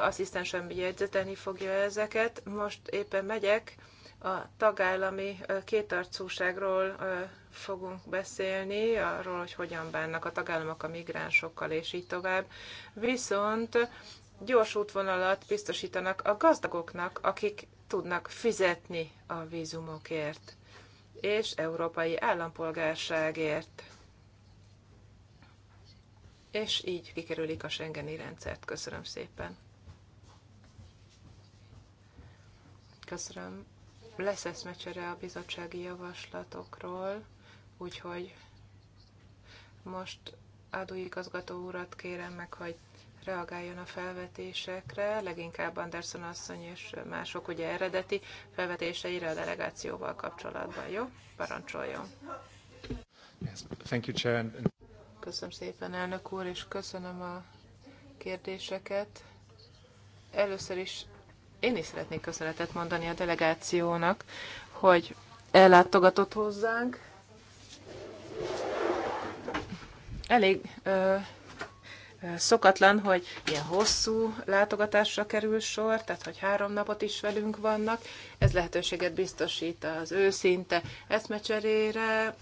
B: asszisztensem jegyzetelni fogja ezeket. Most éppen megyek, a tagállami kétarcúságról fogunk beszélni, arról, hogy hogyan bánnak a tagállamok a migránsokkal, és így tovább. Viszont gyors útvonalat biztosítanak a gazdagoknak, akik tudnak fizetni a vízumokért és európai állampolgárságért. És így kikerülik a Schengeni rendszert. Köszönöm szépen. Köszönöm lesz eszmecsere a bizottsági javaslatokról, úgyhogy most Ádó igazgató urat kérem meg, hogy reagáljon a felvetésekre, leginkább Anderson asszony és mások ugye eredeti felvetéseire a delegációval kapcsolatban, jó? Parancsoljon! Köszönöm szépen, elnök úr, és köszönöm a kérdéseket. Először is én is szeretnék köszönetet mondani a delegációnak, hogy ellátogatott hozzánk. Elég ö, szokatlan, hogy ilyen hosszú látogatásra kerül sor, tehát hogy három napot is velünk vannak. Ez lehetőséget biztosít az őszinte eszmecserére,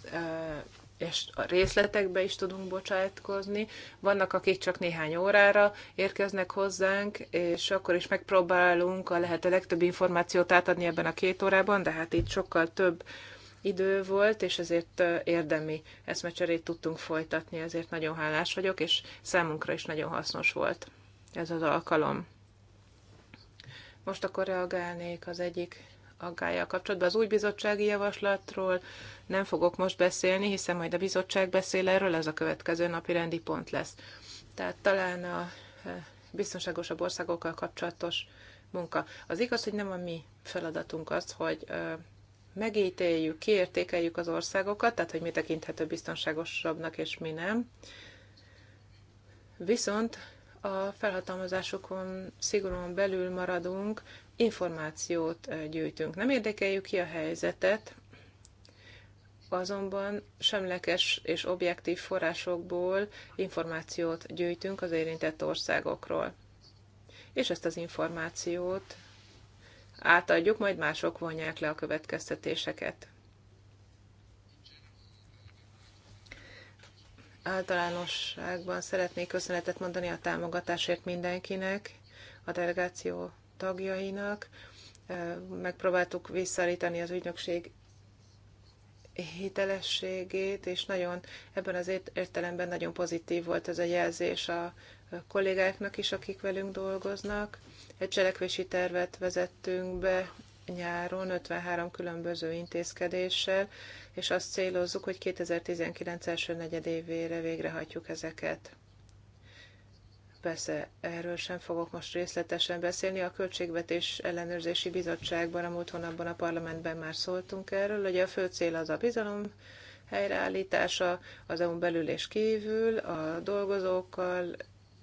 B: és a részletekbe is tudunk bocsátkozni. Vannak, akik csak néhány órára érkeznek hozzánk, és akkor is megpróbálunk a lehető legtöbb információt átadni ebben a két órában, de hát itt sokkal több idő volt, és ezért érdemi eszmecserét tudtunk folytatni, ezért nagyon hálás vagyok, és számunkra is nagyon hasznos volt ez az alkalom. Most akkor reagálnék az egyik aggája kapcsolatban. Az új bizottsági javaslatról nem fogok most beszélni, hiszen majd a bizottság beszél erről, ez a következő napi rendi pont lesz. Tehát talán a e, biztonságosabb országokkal kapcsolatos munka. Az igaz, hogy nem a mi feladatunk az, hogy e, megítéljük, kiértékeljük az országokat, tehát hogy mi tekinthető biztonságosabbnak és mi nem. Viszont a felhatalmazásokon szigorúan belül maradunk, információt gyűjtünk. Nem érdekeljük ki a helyzetet, azonban semleges és objektív forrásokból információt gyűjtünk az érintett országokról. És ezt az információt átadjuk, majd mások vonják le a következtetéseket. Általánosságban szeretnék köszönetet mondani a támogatásért mindenkinek, a delegáció tagjainak. Megpróbáltuk visszaállítani az ügynökség hitelességét, és nagyon ebben az értelemben nagyon pozitív volt ez a jelzés a kollégáknak is, akik velünk dolgoznak. Egy cselekvési tervet vezettünk be nyáron 53 különböző intézkedéssel, és azt célozzuk, hogy 2019 első negyedévére végrehajtjuk ezeket. Persze erről sem fogok most részletesen beszélni. A Költségvetés Ellenőrzési Bizottságban a múlt hónapban a parlamentben már szóltunk erről. hogy a fő cél az a bizalom helyreállítása az EU belül és kívül, a dolgozókkal,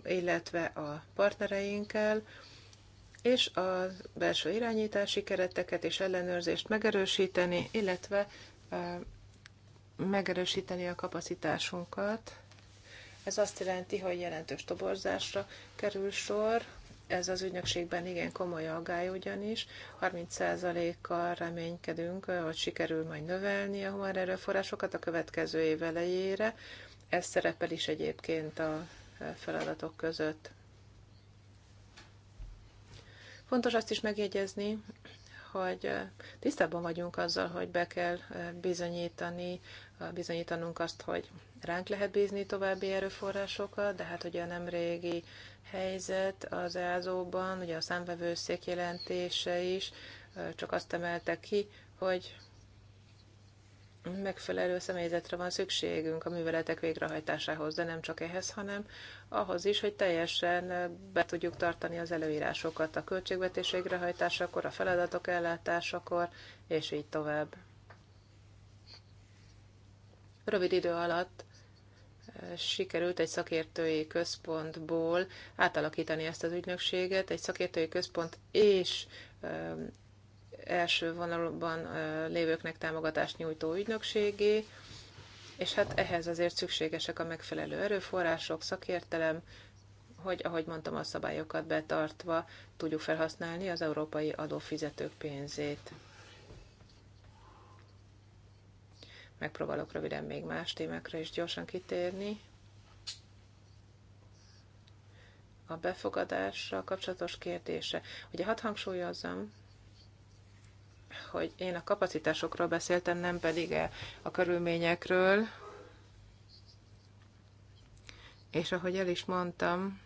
B: illetve a partnereinkkel, és a belső irányítási kereteket és ellenőrzést megerősíteni, illetve megerősíteni a kapacitásunkat ez azt jelenti, hogy jelentős toborzásra kerül sor, ez az ügynökségben igen komoly aggály ugyanis. 30%-kal reménykedünk, hogy sikerül majd növelni a humán erőforrásokat a következő év elejére. Ez szerepel is egyébként a feladatok között. Fontos azt is megjegyezni, hogy tisztában vagyunk azzal, hogy be kell bizonyítani, bizonyítanunk azt, hogy ránk lehet bízni további erőforrásokat, de hát ugye a nemrégi helyzet az EASO-ban, ugye a számvevőszék jelentése is csak azt emelte ki, hogy megfelelő személyzetre van szükségünk a műveletek végrehajtásához, de nem csak ehhez, hanem ahhoz is, hogy teljesen be tudjuk tartani az előírásokat a költségvetés végrehajtásakor, a feladatok ellátásakor, és így tovább. Rövid idő alatt sikerült egy szakértői központból átalakítani ezt az ügynökséget, egy szakértői központ és első vonalban lévőknek támogatást nyújtó ügynökségé, és hát ehhez azért szükségesek a megfelelő erőforrások, szakértelem, hogy, ahogy mondtam, a szabályokat betartva tudjuk felhasználni az európai adófizetők pénzét. Megpróbálok röviden még más témákra is gyorsan kitérni. A befogadással kapcsolatos kérdése. Ugye hadd hangsúlyozzam, hogy én a kapacitásokról beszéltem, nem pedig e- a körülményekről. És ahogy el is mondtam,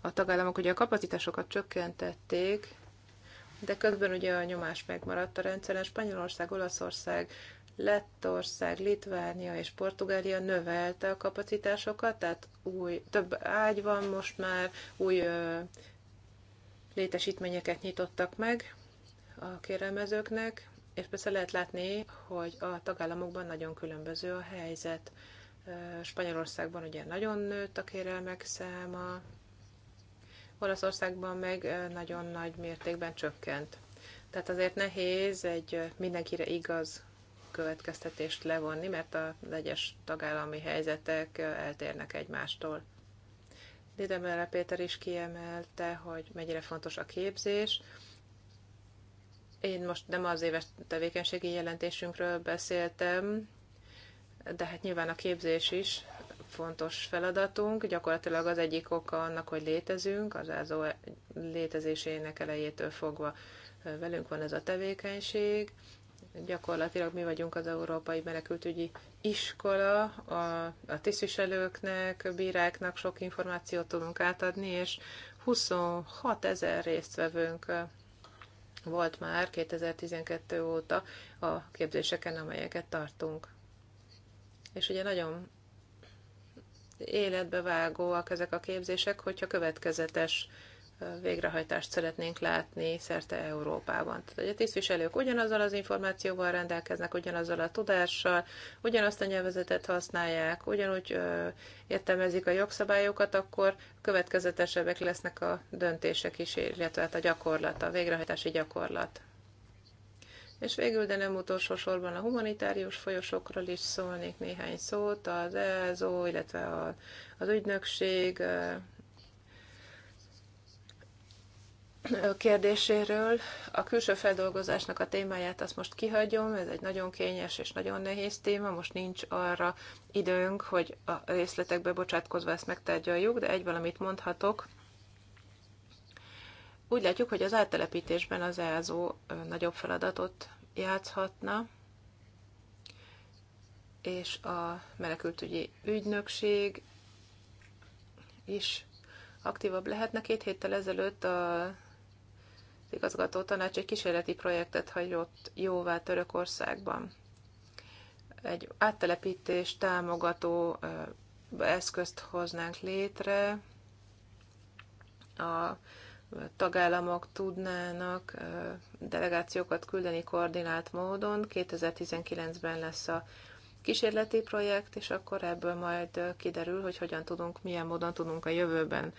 B: a tagállamok ugye a kapacitásokat csökkentették, de közben ugye a nyomás megmaradt a rendszeren. Spanyolország, Olaszország, Lettország, Litvánia és Portugália növelte a kapacitásokat, tehát új, több ágy van most már, új ö, létesítményeket nyitottak meg a kérelmezőknek, és persze lehet látni, hogy a tagállamokban nagyon különböző a helyzet. Spanyolországban ugye nagyon nőtt a kérelmek száma, Olaszországban meg nagyon nagy mértékben csökkent. Tehát azért nehéz egy mindenkire igaz következtetést levonni, mert a egyes tagállami helyzetek eltérnek egymástól. Didemele Péter is kiemelte, hogy mennyire fontos a képzés. Én most nem az éves tevékenységi jelentésünkről beszéltem, de hát nyilván a képzés is fontos feladatunk. Gyakorlatilag az egyik oka annak, hogy létezünk, az ázó létezésének elejétől fogva velünk van ez a tevékenység. Gyakorlatilag mi vagyunk az Európai Menekültügyi Iskola, a, a tisztviselőknek, bíráknak sok információt tudunk átadni, és 26 ezer résztvevőnk volt már 2012 óta a képzéseken, amelyeket tartunk. És ugye nagyon életbe vágóak ezek a képzések, hogyha következetes végrehajtást szeretnénk látni szerte Európában. Tehát a tisztviselők ugyanazzal az információval rendelkeznek, ugyanazzal a tudással, ugyanazt a nyelvezetet használják, ugyanúgy ö, értelmezik a jogszabályokat, akkor következetesebbek lesznek a döntések is, illetve hát a gyakorlat, a végrehajtási gyakorlat. És végül, de nem utolsó sorban a humanitárius folyosokról is szólnék néhány szót, az ELZO, illetve a, az ügynökség kérdéséről. A külső feldolgozásnak a témáját azt most kihagyom, ez egy nagyon kényes és nagyon nehéz téma, most nincs arra időnk, hogy a részletekbe bocsátkozva ezt megtárgyaljuk, de egy valamit mondhatok. Úgy látjuk, hogy az áttelepítésben az EASO nagyobb feladatot játszhatna, és a menekültügyi ügynökség is aktívabb lehetne. Két héttel ezelőtt a az igazgató tanács egy kísérleti projektet hagyott jóvá Törökországban. Egy áttelepítés támogató eszközt hoznánk létre a tagállamok tudnának delegációkat küldeni koordinált módon. 2019-ben lesz a kísérleti projekt, és akkor ebből majd kiderül, hogy hogyan tudunk, milyen módon tudunk a jövőben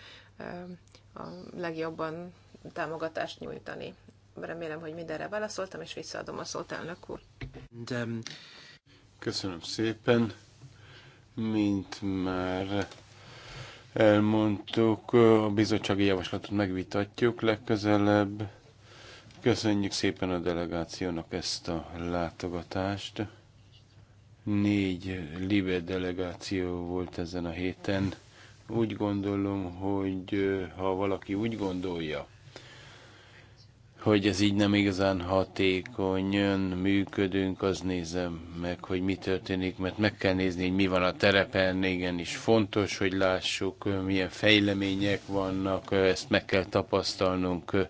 B: a legjobban támogatást nyújtani. Remélem, hogy mindenre válaszoltam, és visszaadom a szót, elnök úr.
C: Um, Köszönöm szépen. Mint már elmondtuk, a bizottsági javaslatot megvitatjuk legközelebb. Köszönjük szépen a delegációnak ezt a látogatást. Négy Libe delegáció volt ezen a héten. Úgy gondolom, hogy ha valaki úgy gondolja, hogy ez így nem igazán hatékonyan működünk, az nézem meg, hogy mi történik, mert meg kell nézni, hogy mi van a terepen, igen, is fontos, hogy lássuk, milyen fejlemények vannak, ezt meg kell tapasztalnunk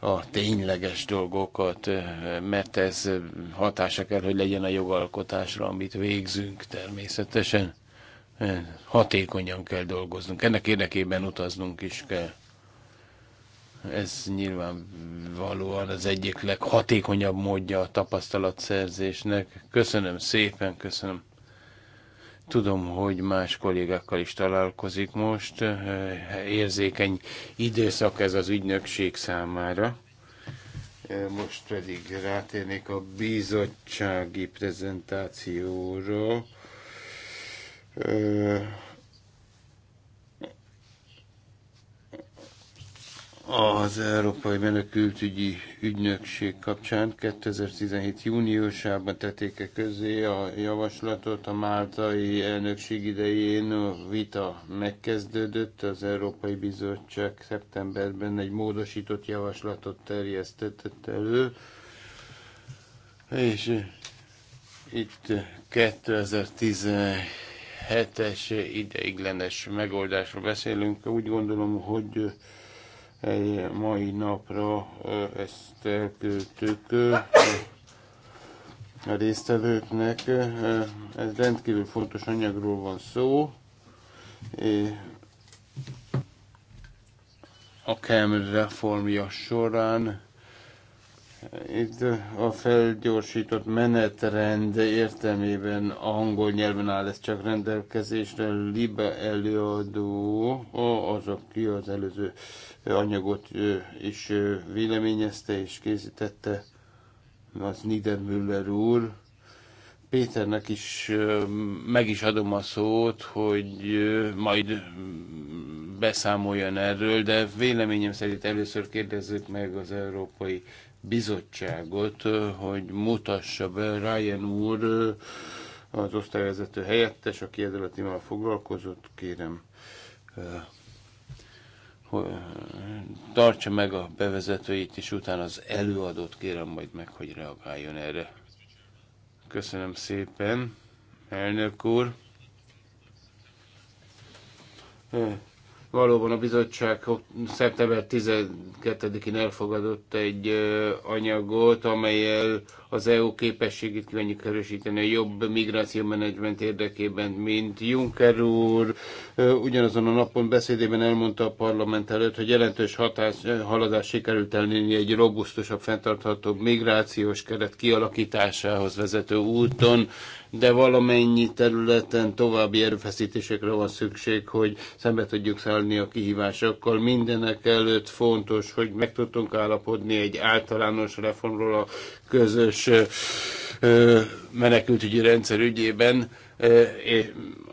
C: a tényleges dolgokat, mert ez hatása kell, hogy legyen a jogalkotásra, amit végzünk természetesen. Hatékonyan kell dolgoznunk, ennek érdekében utaznunk is kell. Ez nyilván valóan az egyik leghatékonyabb módja a tapasztalatszerzésnek. Köszönöm szépen, köszönöm. Tudom, hogy más kollégákkal is találkozik most. Érzékeny időszak ez az ügynökség számára. Most pedig rátérnék a bizottsági prezentációra. az Európai Menekültügyi Ügynökség kapcsán 2017. júniusában tették -e közé a javaslatot a máltai elnökség idején a vita megkezdődött, az Európai Bizottság szeptemberben egy módosított javaslatot terjesztett elő, és itt 2017-es ideiglenes megoldásról beszélünk. Úgy gondolom, hogy egy mai napra ezt elküldtük a résztvevőknek. Ez rendkívül fontos anyagról van szó. A KEM reformja során itt a felgyorsított menetrend értelmében angol nyelven áll ez csak rendelkezésre. Libe előadó az, aki az előző anyagot is véleményezte és készítette az Niedermüller úr. Péternek is meg is adom a szót, hogy majd beszámoljon erről, de véleményem szerint először kérdezzük meg az Európai Bizottságot, hogy mutassa be Ryan úr, az osztályvezető helyettes, aki ezzel a témával foglalkozott, kérem hogy eh, tartsa meg a bevezetőit, és utána az előadót kérem majd meg, hogy reagáljon erre. Köszönöm szépen, elnök úr. Eh, Valóban a bizottság szeptember 12-én elfogadott egy anyagot, amelyel az EU képességét kívánjuk erősíteni a jobb migráció menedzsment érdekében, mint Juncker úr. Ugyanazon a napon beszédében elmondta a parlament előtt, hogy jelentős hatás, haladás sikerült elérni egy robusztusabb, fenntarthatóbb migrációs keret kialakításához vezető úton de valamennyi területen további erőfeszítésekre van szükség, hogy szembe tudjuk szállni a kihívásokkal. Mindenek előtt fontos, hogy meg tudtunk állapodni egy általános reformról a közös menekültügyi rendszer ügyében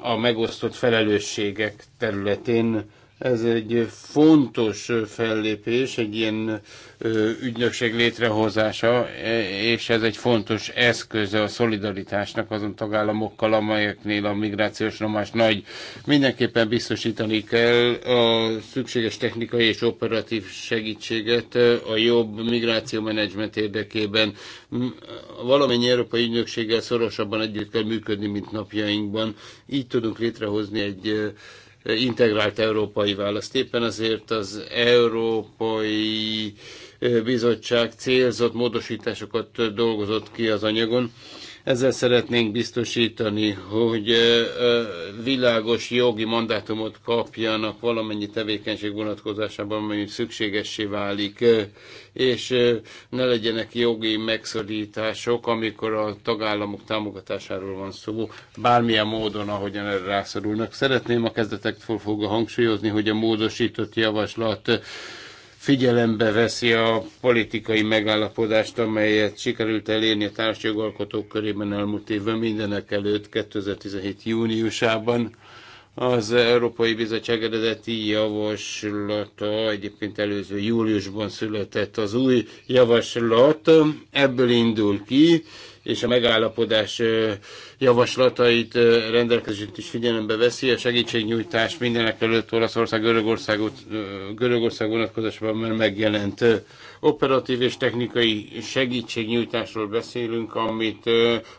C: a megosztott felelősségek területén ez egy fontos fellépés, egy ilyen ügynökség létrehozása, e, és ez egy fontos eszköze a szolidaritásnak azon tagállamokkal, amelyeknél a migrációs romás nagy. Mindenképpen biztosítani kell a szükséges technikai és operatív segítséget a jobb migráció menedzsment érdekében. Valamennyi európai ügynökséggel szorosabban együtt kell működni, mint napjainkban. Így tudunk létrehozni egy integrált európai választ. Éppen azért az Európai eh, Bizottság célzott módosításokat eh, dolgozott ki az anyagon ezzel szeretnénk biztosítani, hogy világos jogi mandátumot kapjanak valamennyi tevékenység vonatkozásában, amely szükségessé válik, és ne legyenek jogi megszorítások, amikor a tagállamok támogatásáról van szó, bármilyen módon, ahogyan erre rászorulnak. Szeretném a kezdetektől fogva hangsúlyozni, hogy a módosított javaslat figyelembe veszi a politikai megállapodást, amelyet sikerült elérni a társjogalkotók körében elmúlt évben mindenek előtt 2017. júniusában. Az Európai Bizottság eredeti javaslata egyébként előző júliusban született az új javaslat, ebből indul ki, és a megállapodás javaslatait, rendelkezését is figyelembe veszi. A segítségnyújtás mindenek előtt Olaszország, Görögország, Görögország vonatkozásban már megjelent operatív és technikai segítségnyújtásról beszélünk, amit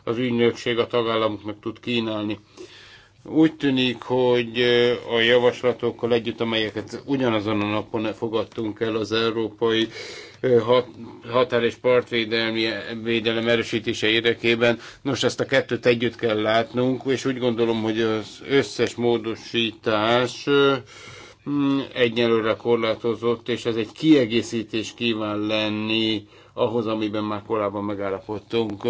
C: az ügynökség a tagállamoknak tud kínálni. Úgy tűnik, hogy a javaslatokkal együtt, amelyeket ugyanazon a napon fogadtunk el az Európai határ és partvédelmi védelem erősítése érdekében. Nos, ezt a kettőt együtt kell látnunk, és úgy gondolom, hogy az összes módosítás mm, egyelőre korlátozott, és ez egy kiegészítés kíván lenni ahhoz, amiben már korábban megállapodtunk.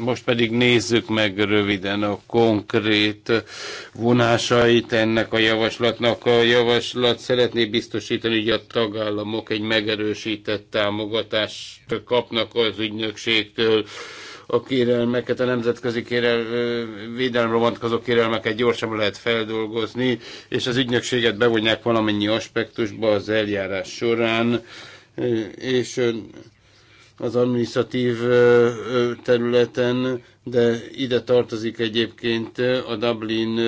C: Most pedig nézzük meg röviden a konkrét vonásait ennek a javaslatnak. A javaslat szeretné biztosítani, hogy a tagállamok egy megerősített támogatást kapnak az ügynökségtől a kérelmeket, a nemzetközi kérel, védelemre vonatkozó kérelmeket gyorsabban lehet feldolgozni, és az ügynökséget bevonják valamennyi aspektusba az eljárás során, és az administratív területen, de ide tartozik egyébként a Dublin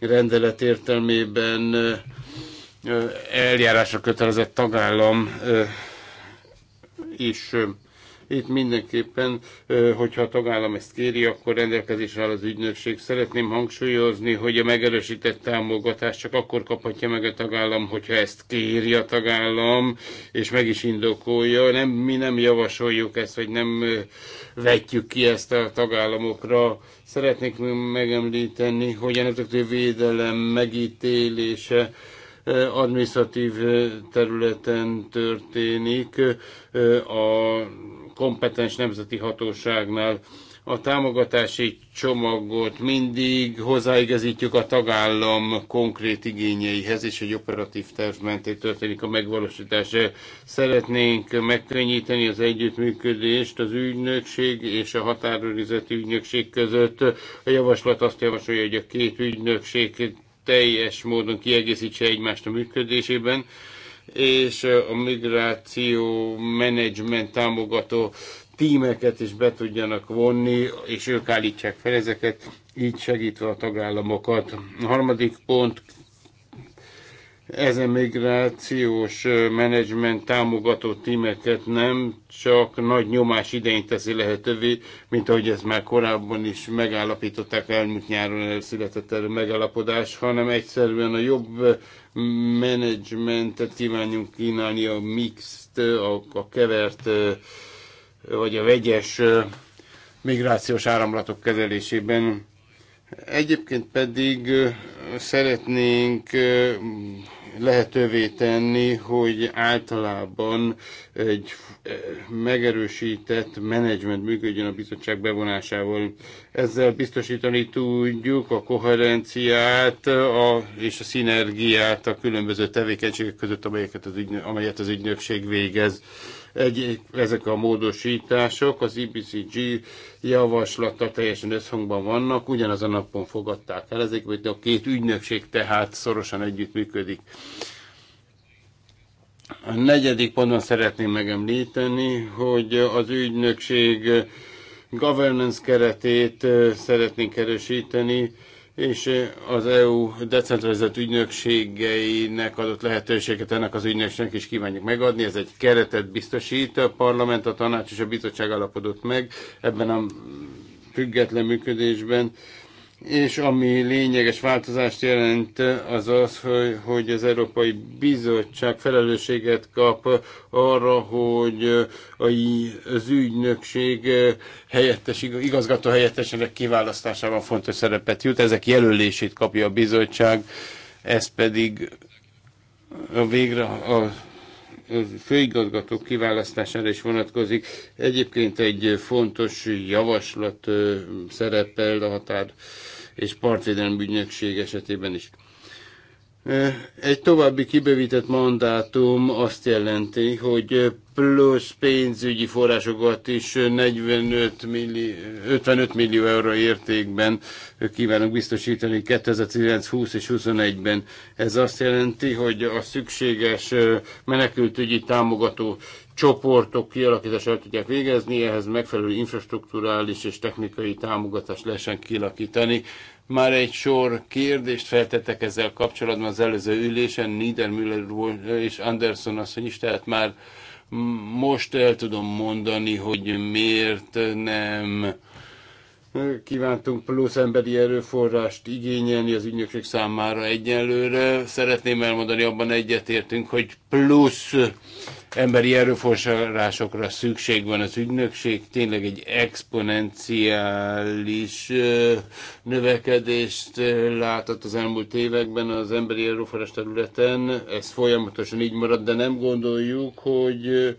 C: rendelet értelmében eljárásra kötelezett tagállam is. Itt mindenképpen, hogyha a tagállam ezt kéri, akkor rendelkezésre áll az ügynökség. Szeretném hangsúlyozni, hogy a megerősített támogatást csak akkor kaphatja meg a tagállam, hogyha ezt kéri a tagállam, és meg is indokolja. Nem, mi nem javasoljuk ezt, vagy nem vetjük ki ezt a tagállamokra. Szeretnék megemlíteni, hogy a nemzetközi védelem megítélése administratív területen történik. A kompetens nemzeti hatóságnál. A támogatási csomagot mindig hozzáigazítjuk a tagállam konkrét igényeihez, és egy operatív terv mentén történik a megvalósítás. Szeretnénk megkönnyíteni az együttműködést az ügynökség és a határőrizeti ügynökség között. A javaslat azt javasolja, hogy a két ügynökség teljes módon kiegészítse egymást a működésében és a migráció menedzsment támogató tímeket is be tudjanak vonni, és ők állítsák fel ezeket, így segítve a tagállamokat. A harmadik pont ez a migrációs menedzsment támogató tímeket nem csak nagy nyomás idején teszi lehetővé, mint ahogy ezt már korábban is megállapították elmúlt nyáron elszületett erő megállapodás, hanem egyszerűen a jobb menedzsmentet kívánjunk kínálni a mixt, a, a kevert vagy a vegyes migrációs áramlatok kezelésében Egyébként pedig szeretnénk lehetővé tenni, hogy általában egy megerősített menedzsment működjön a bizottság bevonásával. Ezzel biztosítani tudjuk a koherenciát a, és a szinergiát a különböző tevékenységek között, amelyeket az ügy, amelyet az ügynökség végez egy, ezek a módosítások az IBCG e javaslata teljesen összhangban vannak, ugyanaz a napon fogadták el ezek, hogy a két ügynökség tehát szorosan együttműködik. A negyedik ponton szeretném megemlíteni, hogy az ügynökség governance keretét szeretnénk erősíteni, és az EU decentralizált ügynökségeinek adott lehetőséget ennek az ügynökségnek is kívánjuk megadni. Ez egy keretet biztosít, a parlament, a tanács és a bizottság alapodott meg ebben a független működésben és ami lényeges változást jelent, az az, hogy, hogy az Európai Bizottság felelősséget kap arra, hogy az ügynökség eh, helyettes, igazgató helyettesének kiválasztásában fontos szerepet jut. Ezek jelölését kapja a bizottság, ez pedig a végre a főigazgató kiválasztására is vonatkozik. Egyébként egy fontos javaslat eh, szerepel a határ és partvédelmi ügynökség esetében is. Egy további kibővített mandátum azt jelenti, hogy plusz pénzügyi forrásokat is 45 millió, 55 millió euró értékben kívánunk biztosítani 2019, 20 és 21-ben. Ez azt jelenti, hogy a szükséges menekültügyi támogató csoportok kialakítását tudják végezni, ehhez megfelelő infrastruktúrális és technikai támogatást lehessen kialakítani. Már egy sor kérdést feltettek ezzel kapcsolatban az előző ülésen, Niedermüller és Anderson asszony is, tehát már most el tudom mondani, hogy miért nem kívántunk plusz emberi erőforrást igényelni az ügynökség számára egyenlőre. Szeretném elmondani, abban egyetértünk, hogy plusz emberi erőforrásokra szükség van az ügynökség, tényleg egy exponenciális növekedést látott az elmúlt években az emberi erőforrás területen, ez folyamatosan így marad, de nem gondoljuk, hogy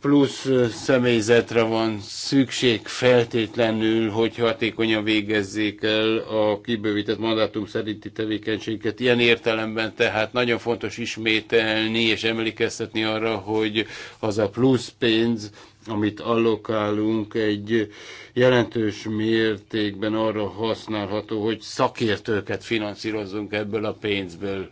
C: plusz személyzetre van szükség feltétlenül, hogy hatékonyan végezzék el a kibővített mandátum szerinti tevékenységet. Ilyen értelemben tehát nagyon fontos ismételni és emlékeztetni arra, hogy az a plusz pénz, amit allokálunk, egy jelentős mértékben arra használható, hogy szakértőket finanszírozzunk ebből a pénzből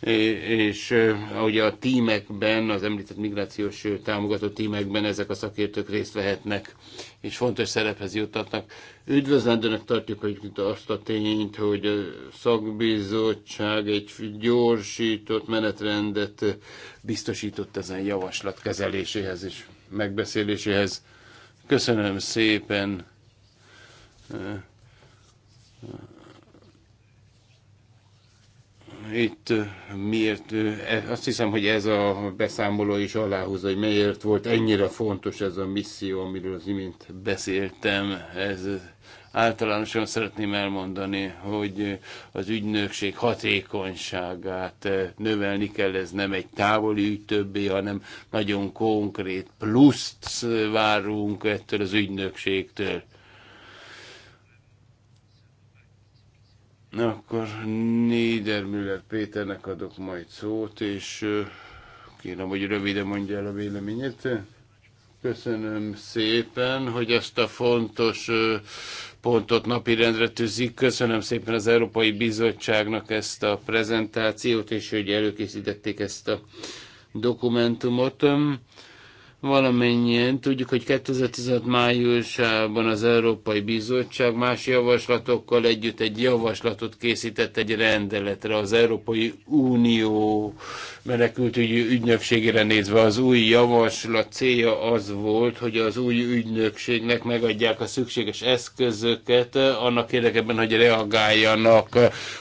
C: és ahogy a tímekben, az említett migrációs támogató tímekben ezek a szakértők részt vehetnek, és fontos szerephez juttatnak. Üdvözlendőnek tartjuk egyébként azt a tényt, hogy a szakbizottság egy gyorsított menetrendet biztosított ezen javaslat kezeléséhez és megbeszéléséhez. Köszönöm szépen! itt miért, e, azt hiszem, hogy ez a beszámoló is aláhúz hogy miért volt ennyire fontos ez a misszió, amiről az imént beszéltem. Ez általánosan szeretném elmondani, hogy az ügynökség hatékonyságát növelni kell, ez nem egy távoli ügy többé, hanem nagyon konkrét pluszt várunk ettől az ügynökségtől Akkor Niedermüller Péternek adok majd szót, és kérem, hogy röviden mondja el a véleményét. Köszönöm szépen, hogy ezt a fontos pontot napirendre tűzik. Köszönöm szépen az Európai Bizottságnak ezt a prezentációt, és hogy előkészítették ezt a dokumentumot. Valamennyien tudjuk, hogy 2016 májusában az Európai Bizottság más javaslatokkal együtt egy javaslatot készített egy rendeletre az Európai Unió menekültügyi ügynökségére nézve. Az új javaslat célja az volt, hogy az új ügynökségnek megadják a szükséges eszközöket annak érdekében, hogy reagáljanak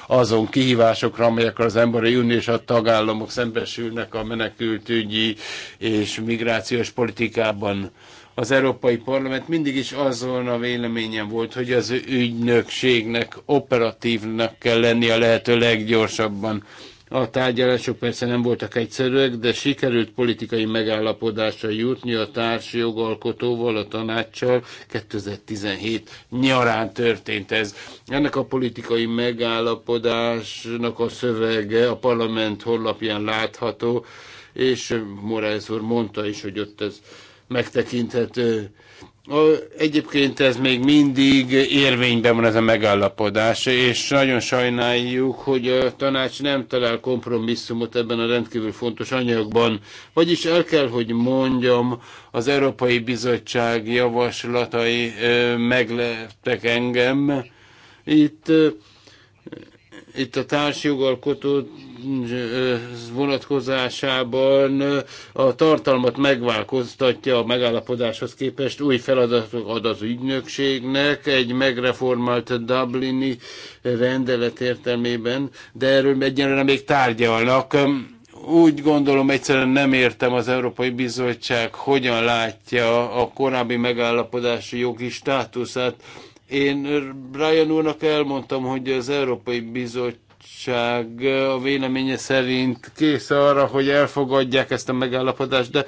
C: azon kihívásokra, amelyekkel az Emberi Unió és a tagállamok szembesülnek a menekültügyi és migrációs kohéziós politikában az Európai Parlament mindig is azon a véleményen volt, hogy az ügynökségnek operatívnak kell lenni a lehető leggyorsabban. A tárgyalások persze nem voltak egyszerűek, de sikerült politikai megállapodásra jutni a társ jogalkotóval, a tanácssal. 2017 nyarán történt ez. Ennek a politikai megállapodásnak a szövege a parlament honlapján látható és Morales úr mondta is, hogy ott ez megtekinthető. Egyébként ez még mindig érvényben van ez a megállapodás, és nagyon sajnáljuk, hogy a tanács nem talál kompromisszumot ebben a rendkívül fontos anyagban. Vagyis el kell, hogy mondjam, az Európai Bizottság javaslatai megleptek engem. Itt itt a társjogalkotó vonatkozásában a tartalmat megváltoztatja a megállapodáshoz képest, új feladatok ad az ügynökségnek egy megreformált Dublini rendelet értelmében, de erről egyenlőre még tárgyalnak. Úgy gondolom, egyszerűen nem értem az Európai Bizottság hogyan látja a korábbi megállapodási jogi státuszát, én Brian úrnak elmondtam, hogy az Európai Bizottság a véleménye szerint kész arra, hogy elfogadják ezt a megállapodást, de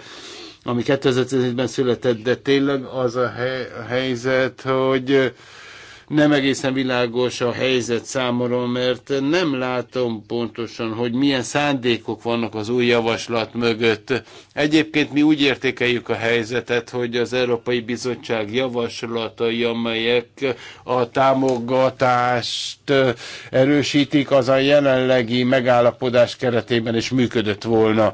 C: ami 2017-ben született, de tényleg az a, hely, a helyzet, hogy nem egészen világos a helyzet számomra, mert nem látom pontosan, hogy milyen szándékok vannak az új javaslat mögött. Egyébként mi úgy értékeljük a helyzetet, hogy az Európai Bizottság javaslatai, amelyek a támogatást erősítik, az a jelenlegi megállapodás keretében is működött volna.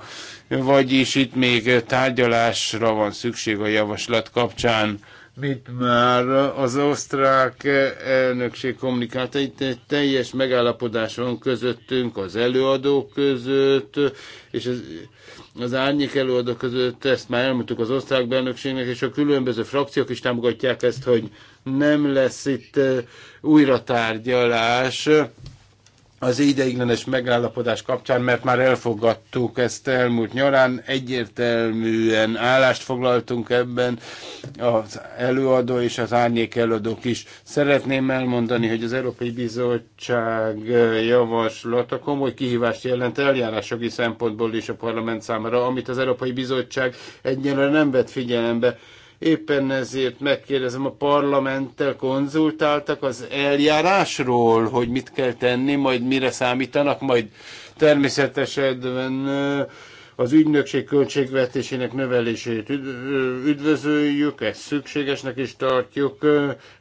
C: Vagyis itt még tárgyalásra van szükség a javaslat kapcsán mint már az osztrák elnökség kommunikálta, itt egy teljes megállapodás van közöttünk, az előadók között, és az, az árnyék előadók között, ezt már elmondtuk az osztrák elnökségnek, és a különböző frakciók is támogatják ezt, hogy nem lesz itt eh, újra tárgyalás az ideiglenes megállapodás kapcsán, mert már elfogadtuk ezt elmúlt nyarán, egyértelműen állást foglaltunk ebben az előadó és az árnyék előadók is. Szeretném elmondani, hogy az Európai Bizottság javaslata komoly kihívást jelent eljárásjogi szempontból is a parlament számára, amit az Európai Bizottság egyenlően nem vett figyelembe Éppen ezért megkérdezem, a parlamenttel konzultáltak az eljárásról, hogy mit kell tenni, majd mire számítanak, majd természetesen az ügynökség költségvetésének növelését üdvözöljük, ezt szükségesnek is tartjuk,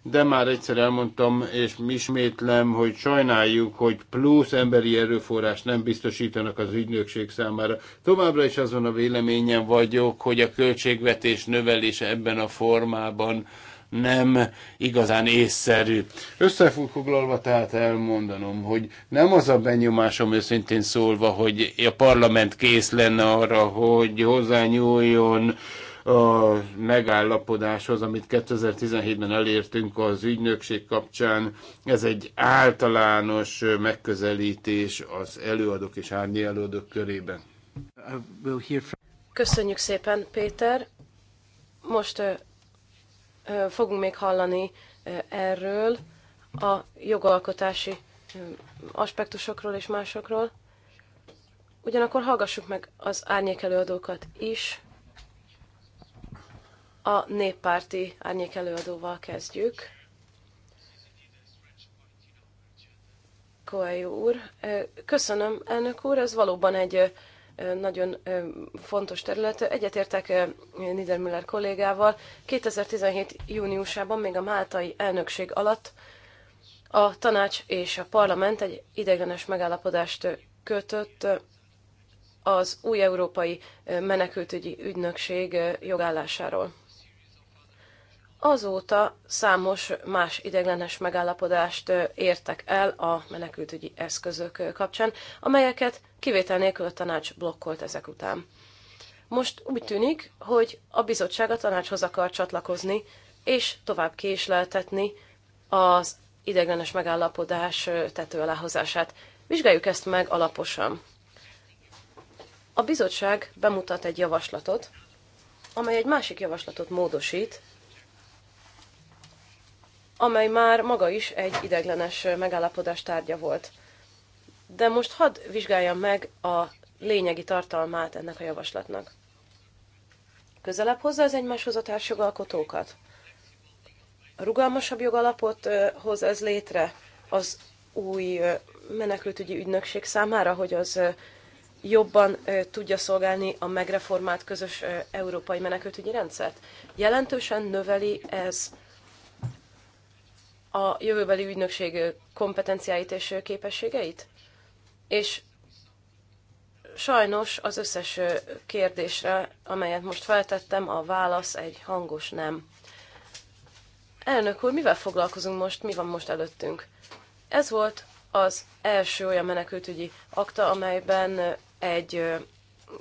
C: de már egyszer elmondtam, és ismétlem, hogy sajnáljuk, hogy plusz emberi erőforrás nem biztosítanak az ügynökség számára. Továbbra is azon a véleményen vagyok, hogy a költségvetés növelése ebben a formában nem igazán észszerű. Összefoglalva tehát elmondanom, hogy nem az a benyomásom őszintén szólva, hogy a parlament kész lenne arra, hogy hozzányúljon a megállapodáshoz, amit 2017-ben elértünk az ügynökség kapcsán. Ez egy általános megközelítés az előadók és árnyi előadók körében.
D: Köszönjük szépen, Péter. Most fogunk még hallani erről, a jogalkotási aspektusokról és másokról. Ugyanakkor hallgassuk meg az árnyékelőadókat is. A néppárti árnyékelőadóval kezdjük. Koelyó úr. Köszönöm, elnök úr, ez valóban egy nagyon fontos terület. Egyetértek Niedermüller kollégával. 2017. júniusában, még a máltai elnökség alatt a tanács és a parlament egy ideiglenes megállapodást kötött az új európai menekültügyi ügynökség jogállásáról. Azóta számos más ideglenes megállapodást értek el a menekültügyi eszközök kapcsán, amelyeket kivétel nélkül a tanács blokkolt ezek után. Most úgy tűnik, hogy a bizottság a tanácshoz akar csatlakozni, és tovább késleltetni az ideglenes megállapodás tető aláhozását. Vizsgáljuk ezt meg alaposan. A bizottság bemutat egy javaslatot, amely egy másik javaslatot módosít, amely már maga is egy ideglenes megállapodás tárgya volt. De most hadd vizsgáljam meg a lényegi tartalmát ennek a javaslatnak. Közelebb hozza az egymáshoz a társjogalkotókat. A rugalmasabb jogalapot hoz ez létre az új menekültügyi ügynökség számára, hogy az jobban tudja szolgálni a megreformált közös európai menekültügyi rendszert. Jelentősen növeli ez a jövőbeli ügynökség kompetenciáit és képességeit? És sajnos az összes kérdésre, amelyet most feltettem, a válasz egy hangos nem. Elnök úr, mivel foglalkozunk most, mi van most előttünk? Ez volt az első olyan menekültügyi akta, amelyben egy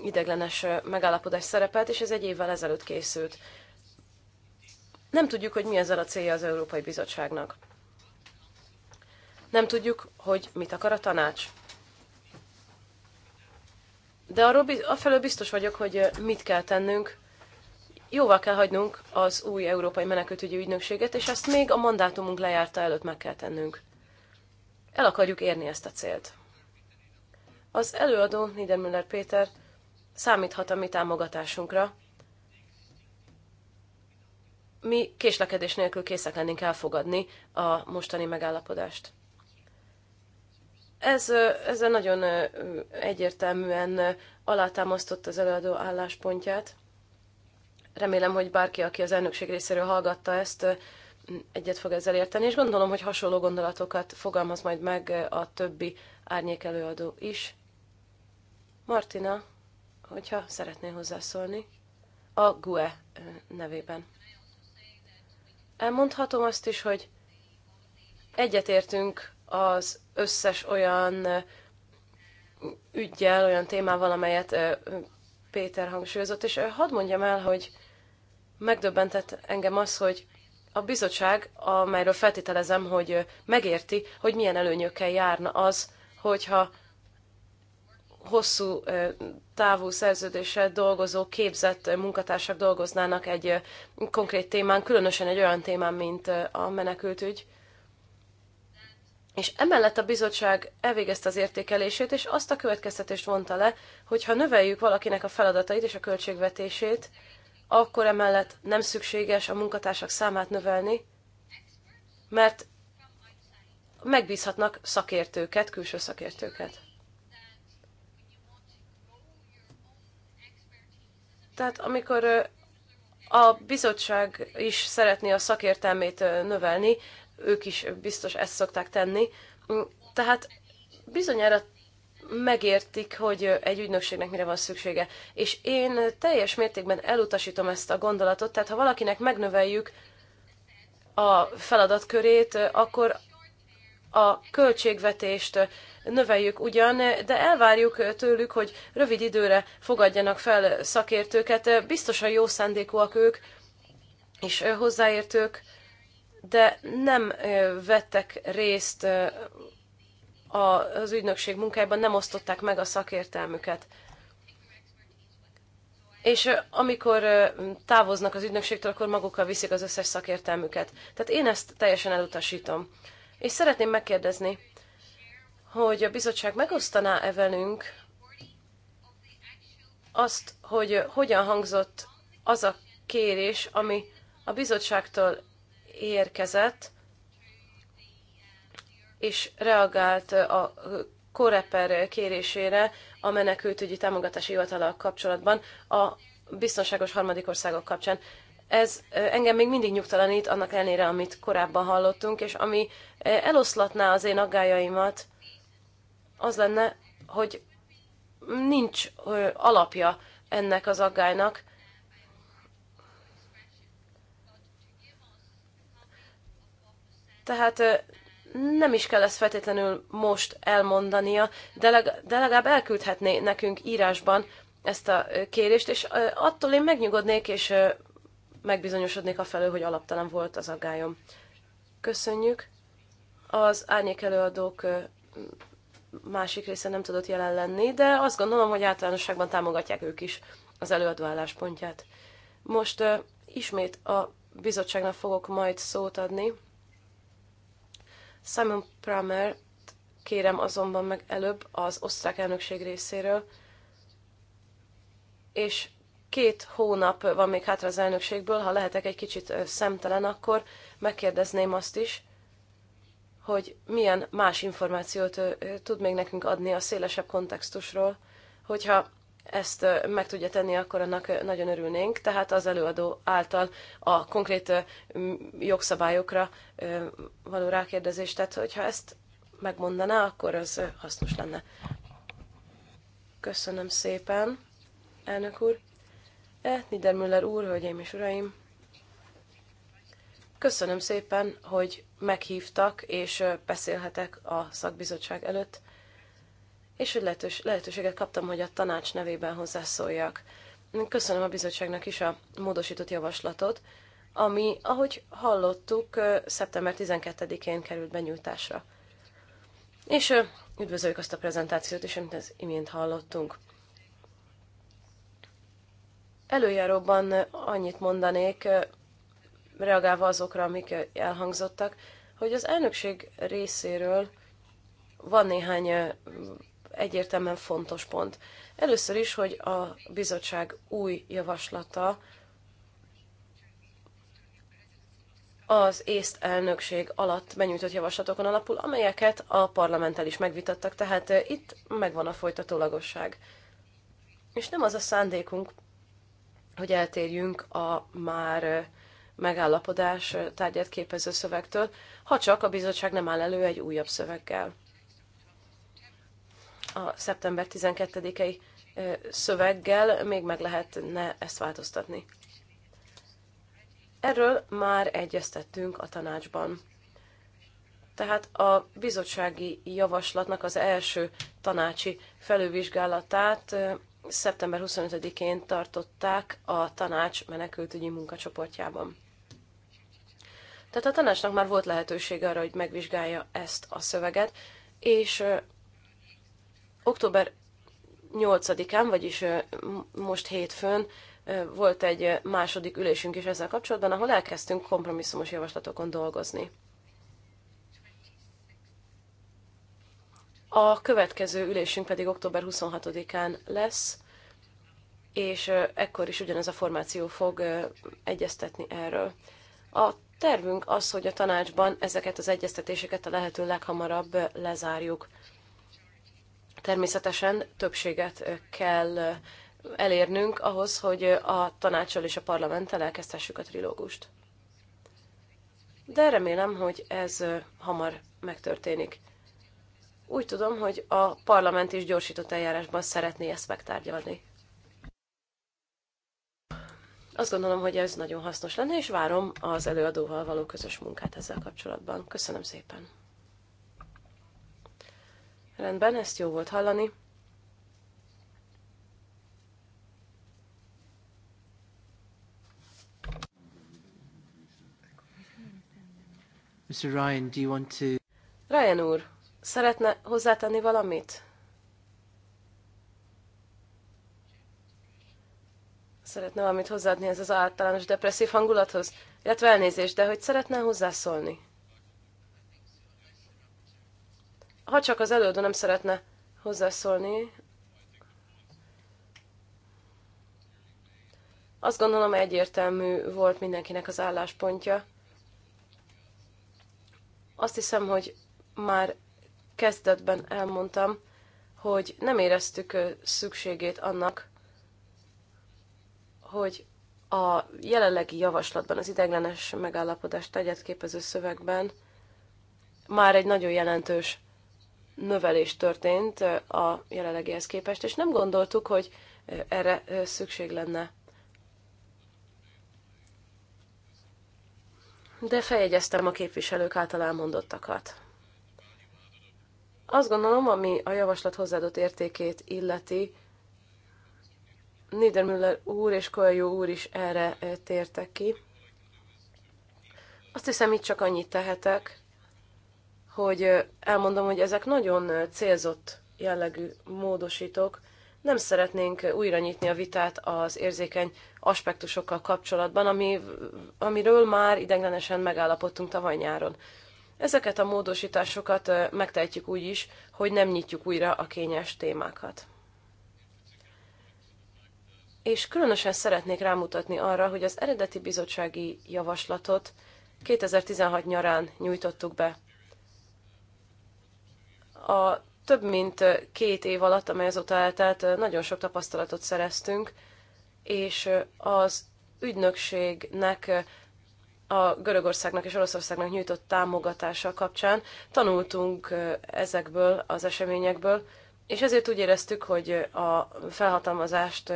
D: ideglenes megállapodás szerepelt, és ez egy évvel ezelőtt készült. Nem tudjuk, hogy mi ezzel a célja az Európai Bizottságnak. Nem tudjuk, hogy mit akar a tanács. De arról afelől biztos vagyok, hogy mit kell tennünk. Jóvá kell hagynunk az új Európai Menekültügyi Ügynökséget, és ezt még a mandátumunk lejárta előtt meg kell tennünk. El akarjuk érni ezt a célt. Az előadó Niedermüller Péter számíthat a mi támogatásunkra, mi késlekedés nélkül készek lennénk elfogadni a mostani megállapodást. Ez, ez nagyon egyértelműen alátámasztott az előadó álláspontját. Remélem, hogy bárki, aki az elnökség részéről hallgatta ezt, egyet fog ezzel érteni, és gondolom, hogy hasonló gondolatokat fogalmaz majd meg a többi árnyék előadó is. Martina, hogyha szeretnél hozzászólni, a GUE nevében. Elmondhatom azt is, hogy egyetértünk az összes olyan ügyjel, olyan témával, amelyet Péter hangsúlyozott, és hadd mondjam el, hogy megdöbbentett engem az, hogy a bizottság, amelyről feltételezem, hogy megérti, hogy milyen előnyökkel járna az, hogyha hosszú távú szerződéssel dolgozó, képzett munkatársak dolgoznának egy konkrét témán, különösen egy olyan témán, mint a menekültügy. És emellett a bizottság elvégezte az értékelését, és azt a következtetést vonta le, hogy ha növeljük valakinek a feladatait és a költségvetését, akkor emellett nem szükséges a munkatársak számát növelni, mert megbízhatnak szakértőket, külső szakértőket. Tehát amikor a bizottság is szeretné a szakértelmét növelni, ők is biztos ezt szokták tenni, mm, tehát bizonyára megértik, hogy egy ügynökségnek mire van szüksége. És én teljes mértékben elutasítom ezt a gondolatot, tehát ha valakinek megnöveljük a feladatkörét, akkor a költségvetést növeljük ugyan, de elvárjuk tőlük, hogy rövid időre fogadjanak fel szakértőket. Biztosan jó szándékúak ők, és hozzáértők, de nem vettek részt az ügynökség munkájában, nem osztották meg a szakértelmüket. És amikor távoznak az ügynökségtől, akkor magukkal viszik az összes szakértelmüket. Tehát én ezt teljesen elutasítom és szeretném megkérdezni, hogy a bizottság megosztaná-e velünk azt, hogy hogyan hangzott az a kérés, ami a bizottságtól érkezett, és reagált a Koreper kérésére a menekültügyi támogatási hivatalal kapcsolatban a biztonságos harmadik országok kapcsán. Ez engem még mindig nyugtalanít, annak ellenére, amit korábban hallottunk, és ami eloszlatná az én aggájaimat, az lenne, hogy nincs alapja ennek az aggálynak, Tehát nem is kell ezt feltétlenül most elmondania, de, de legalább elküldhetné nekünk írásban ezt a kérést, és attól én megnyugodnék, és megbizonyosodnék felől, hogy alaptalan volt az aggályom. Köszönjük. Az árnyék előadók másik része nem tudott jelen lenni, de azt gondolom, hogy általánosságban támogatják ők is az előadó álláspontját. Most uh, ismét a bizottságnak fogok majd szót adni. Simon Pramer kérem azonban meg előbb az osztrák elnökség részéről, és Két hónap van még hátra az elnökségből, ha lehetek egy kicsit szemtelen, akkor megkérdezném azt is, hogy milyen más információt tud még nekünk adni a szélesebb kontextusról, hogyha ezt meg tudja tenni, akkor annak nagyon örülnénk. Tehát az előadó által a konkrét jogszabályokra való rákérdezés, tehát hogyha ezt megmondaná, akkor az hasznos lenne. Köszönöm szépen, elnök úr. E, Niedermüller úr, hölgyeim és uraim! Köszönöm szépen, hogy meghívtak, és beszélhetek a szakbizottság előtt, és hogy lehetős, lehetőséget kaptam, hogy a tanács nevében hozzászóljak. Köszönöm a bizottságnak is a módosított javaslatot, ami, ahogy hallottuk, szeptember 12-én került benyújtásra. És üdvözöljük azt a prezentációt is, amit az imént hallottunk. Előjáróban annyit mondanék, reagálva azokra, amik elhangzottak, hogy az elnökség részéről van néhány egyértelműen fontos pont. Először is, hogy a bizottság új javaslata az észt elnökség alatt benyújtott javaslatokon alapul, amelyeket a parlamenttel is megvitattak, tehát itt megvan a folytatólagosság. És nem az a szándékunk hogy eltérjünk a már megállapodás tárgyát képező szövegtől, ha csak a bizottság nem áll elő egy újabb szöveggel. A szeptember 12-i szöveggel még meg lehetne ezt változtatni. Erről már egyeztettünk a tanácsban. Tehát a bizottsági javaslatnak az első tanácsi felülvizsgálatát szeptember 25-én tartották a tanács menekültügyi munkacsoportjában. Tehát a tanácsnak már volt lehetőség arra, hogy megvizsgálja ezt a szöveget, és október 8-án, vagyis most hétfőn volt egy második ülésünk is ezzel kapcsolatban, ahol elkezdtünk kompromisszumos javaslatokon dolgozni. A következő ülésünk pedig október 26-án lesz, és ekkor is ugyanez a formáció fog egyeztetni erről. A tervünk az, hogy a tanácsban ezeket az egyeztetéseket a lehető leghamarabb lezárjuk. Természetesen többséget kell elérnünk ahhoz, hogy a tanácssal és a parlamenttel elkezdhessük a trilógust. De remélem, hogy ez hamar megtörténik. Úgy tudom, hogy a parlament is gyorsított eljárásban szeretné ezt megtárgyalni. Azt gondolom, hogy ez nagyon hasznos lenne, és várom az előadóval való közös munkát ezzel kapcsolatban. Köszönöm szépen. Rendben, ezt jó volt hallani.
A: Mr. Ryan, do you want to...
D: Ryan úr, Szeretne hozzátenni valamit? Szeretne valamit hozzáadni ez az általános depresszív hangulathoz? Illetve elnézést, de hogy szeretne hozzászólni? Ha csak az előadó nem szeretne hozzászólni, azt gondolom egyértelmű volt mindenkinek az álláspontja. Azt hiszem, hogy már kezdetben elmondtam, hogy nem éreztük szükségét annak, hogy a jelenlegi javaslatban, az ideglenes megállapodást tegyet képező szövegben már egy nagyon jelentős növelés történt a jelenlegihez képest, és nem gondoltuk, hogy erre szükség lenne. De feljegyeztem a képviselők által elmondottakat. Azt gondolom, ami a javaslat hozzáadott értékét illeti, Niedermüller úr és Kajó úr is erre eh, tértek ki. Azt hiszem, itt csak annyit tehetek, hogy eh, elmondom, hogy ezek nagyon eh, célzott jellegű módosítók. Nem szeretnénk újra nyitni a vitát az érzékeny aspektusokkal kapcsolatban, ami, amiről már ideglenesen megállapodtunk tavaly nyáron. Ezeket a módosításokat megtehetjük úgy is, hogy nem nyitjuk újra a kényes témákat. És különösen szeretnék rámutatni arra, hogy az eredeti bizottsági javaslatot 2016 nyarán nyújtottuk be. A több mint két év alatt, amely azóta eltelt, nagyon sok tapasztalatot szereztünk, és az ügynökségnek a Görögországnak és Oroszországnak nyújtott támogatása kapcsán tanultunk ezekből az eseményekből, és ezért úgy éreztük, hogy a felhatalmazást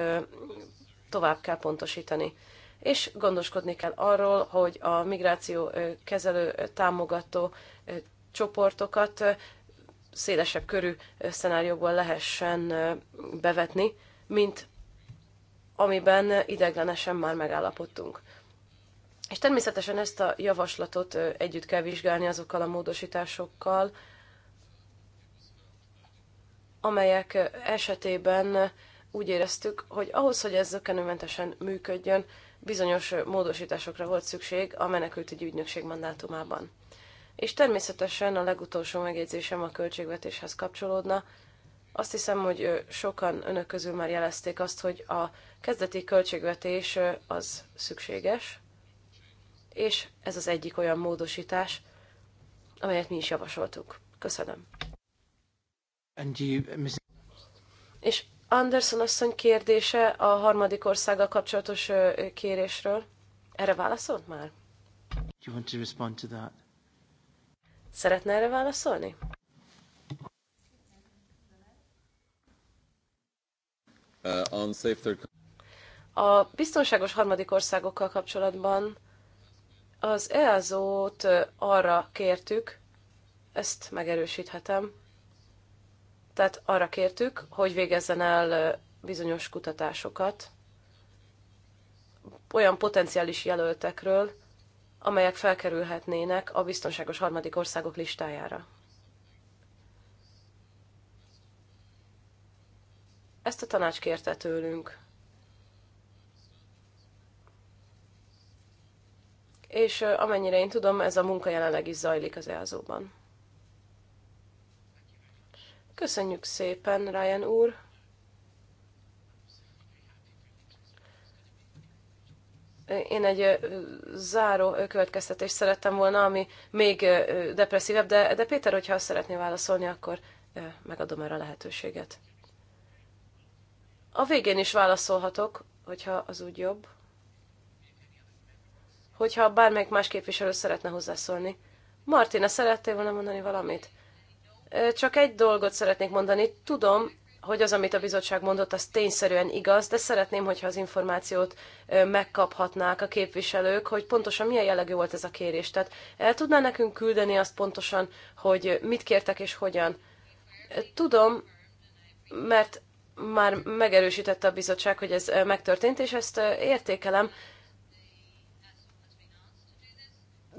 D: tovább kell pontosítani. És gondoskodni kell arról, hogy a migráció kezelő támogató csoportokat szélesebb körű szenáriókban lehessen bevetni, mint amiben ideglenesen már megállapodtunk. És természetesen ezt a javaslatot együtt kell vizsgálni azokkal a módosításokkal, amelyek esetében úgy éreztük, hogy ahhoz, hogy ez zökkenőmentesen működjön, bizonyos módosításokra volt szükség a menekültügyi ügynökség mandátumában. És természetesen a legutolsó megjegyzésem a költségvetéshez kapcsolódna. Azt hiszem, hogy sokan önök közül már jelezték azt, hogy a kezdeti költségvetés az szükséges, és ez az egyik olyan módosítás, amelyet mi is javasoltuk. Köszönöm. You, és Anderson asszony kérdése a harmadik országgal kapcsolatos kérésről. Erre válaszolt már?
A: Do you want to respond to that?
D: Szeretne erre válaszolni? Uh, a biztonságos harmadik országokkal kapcsolatban az EASO-t arra kértük, ezt megerősíthetem, tehát arra kértük, hogy végezzen el bizonyos kutatásokat olyan potenciális jelöltekről, amelyek felkerülhetnének a biztonságos harmadik országok listájára. Ezt a tanács kérte tőlünk. és amennyire én tudom, ez a munka jelenleg is zajlik az EASO-ban. Köszönjük szépen, Ryan úr! Én egy záró következtetést szerettem volna, ami még depresszívebb, de, de Péter, hogyha azt szeretné válaszolni, akkor megadom erre a lehetőséget. A végén is válaszolhatok, hogyha az úgy jobb hogyha bármelyik más képviselő szeretne hozzászólni. Martina, szerettél volna mondani valamit? Csak egy dolgot szeretnék mondani. Tudom, hogy az, amit a bizottság mondott, az tényszerűen igaz, de szeretném, hogyha az információt megkaphatnák a képviselők, hogy pontosan milyen jellegű volt ez a kérés. Tehát el tudná nekünk küldeni azt pontosan, hogy mit kértek és hogyan. Tudom, mert már megerősítette a bizottság, hogy ez megtörtént, és ezt értékelem,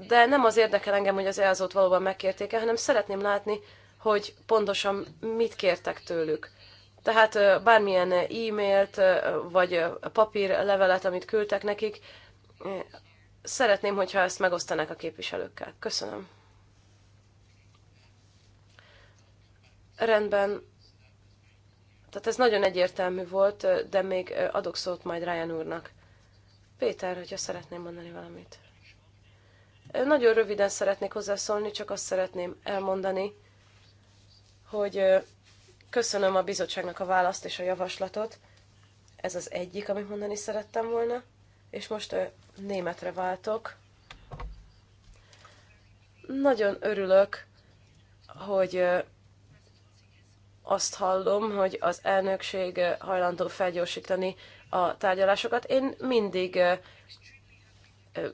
D: de nem az érdekel engem, hogy az easo valóban megkérték-e, hanem szeretném látni, hogy pontosan mit kértek tőlük. Tehát bármilyen e-mailt, vagy papírlevelet, amit küldtek nekik, szeretném, hogyha ezt megosztanák a képviselőkkel. Köszönöm. Rendben. Tehát ez nagyon egyértelmű volt, de még adok szót majd Ryan úrnak. Péter, hogyha szeretném mondani valamit. Nagyon röviden szeretnék hozzászólni, csak azt szeretném elmondani, hogy köszönöm a bizottságnak a választ és a javaslatot. Ez az egyik, amit mondani szerettem volna. És most németre váltok. Nagyon örülök, hogy azt hallom, hogy az elnökség hajlandó felgyorsítani a tárgyalásokat. Én mindig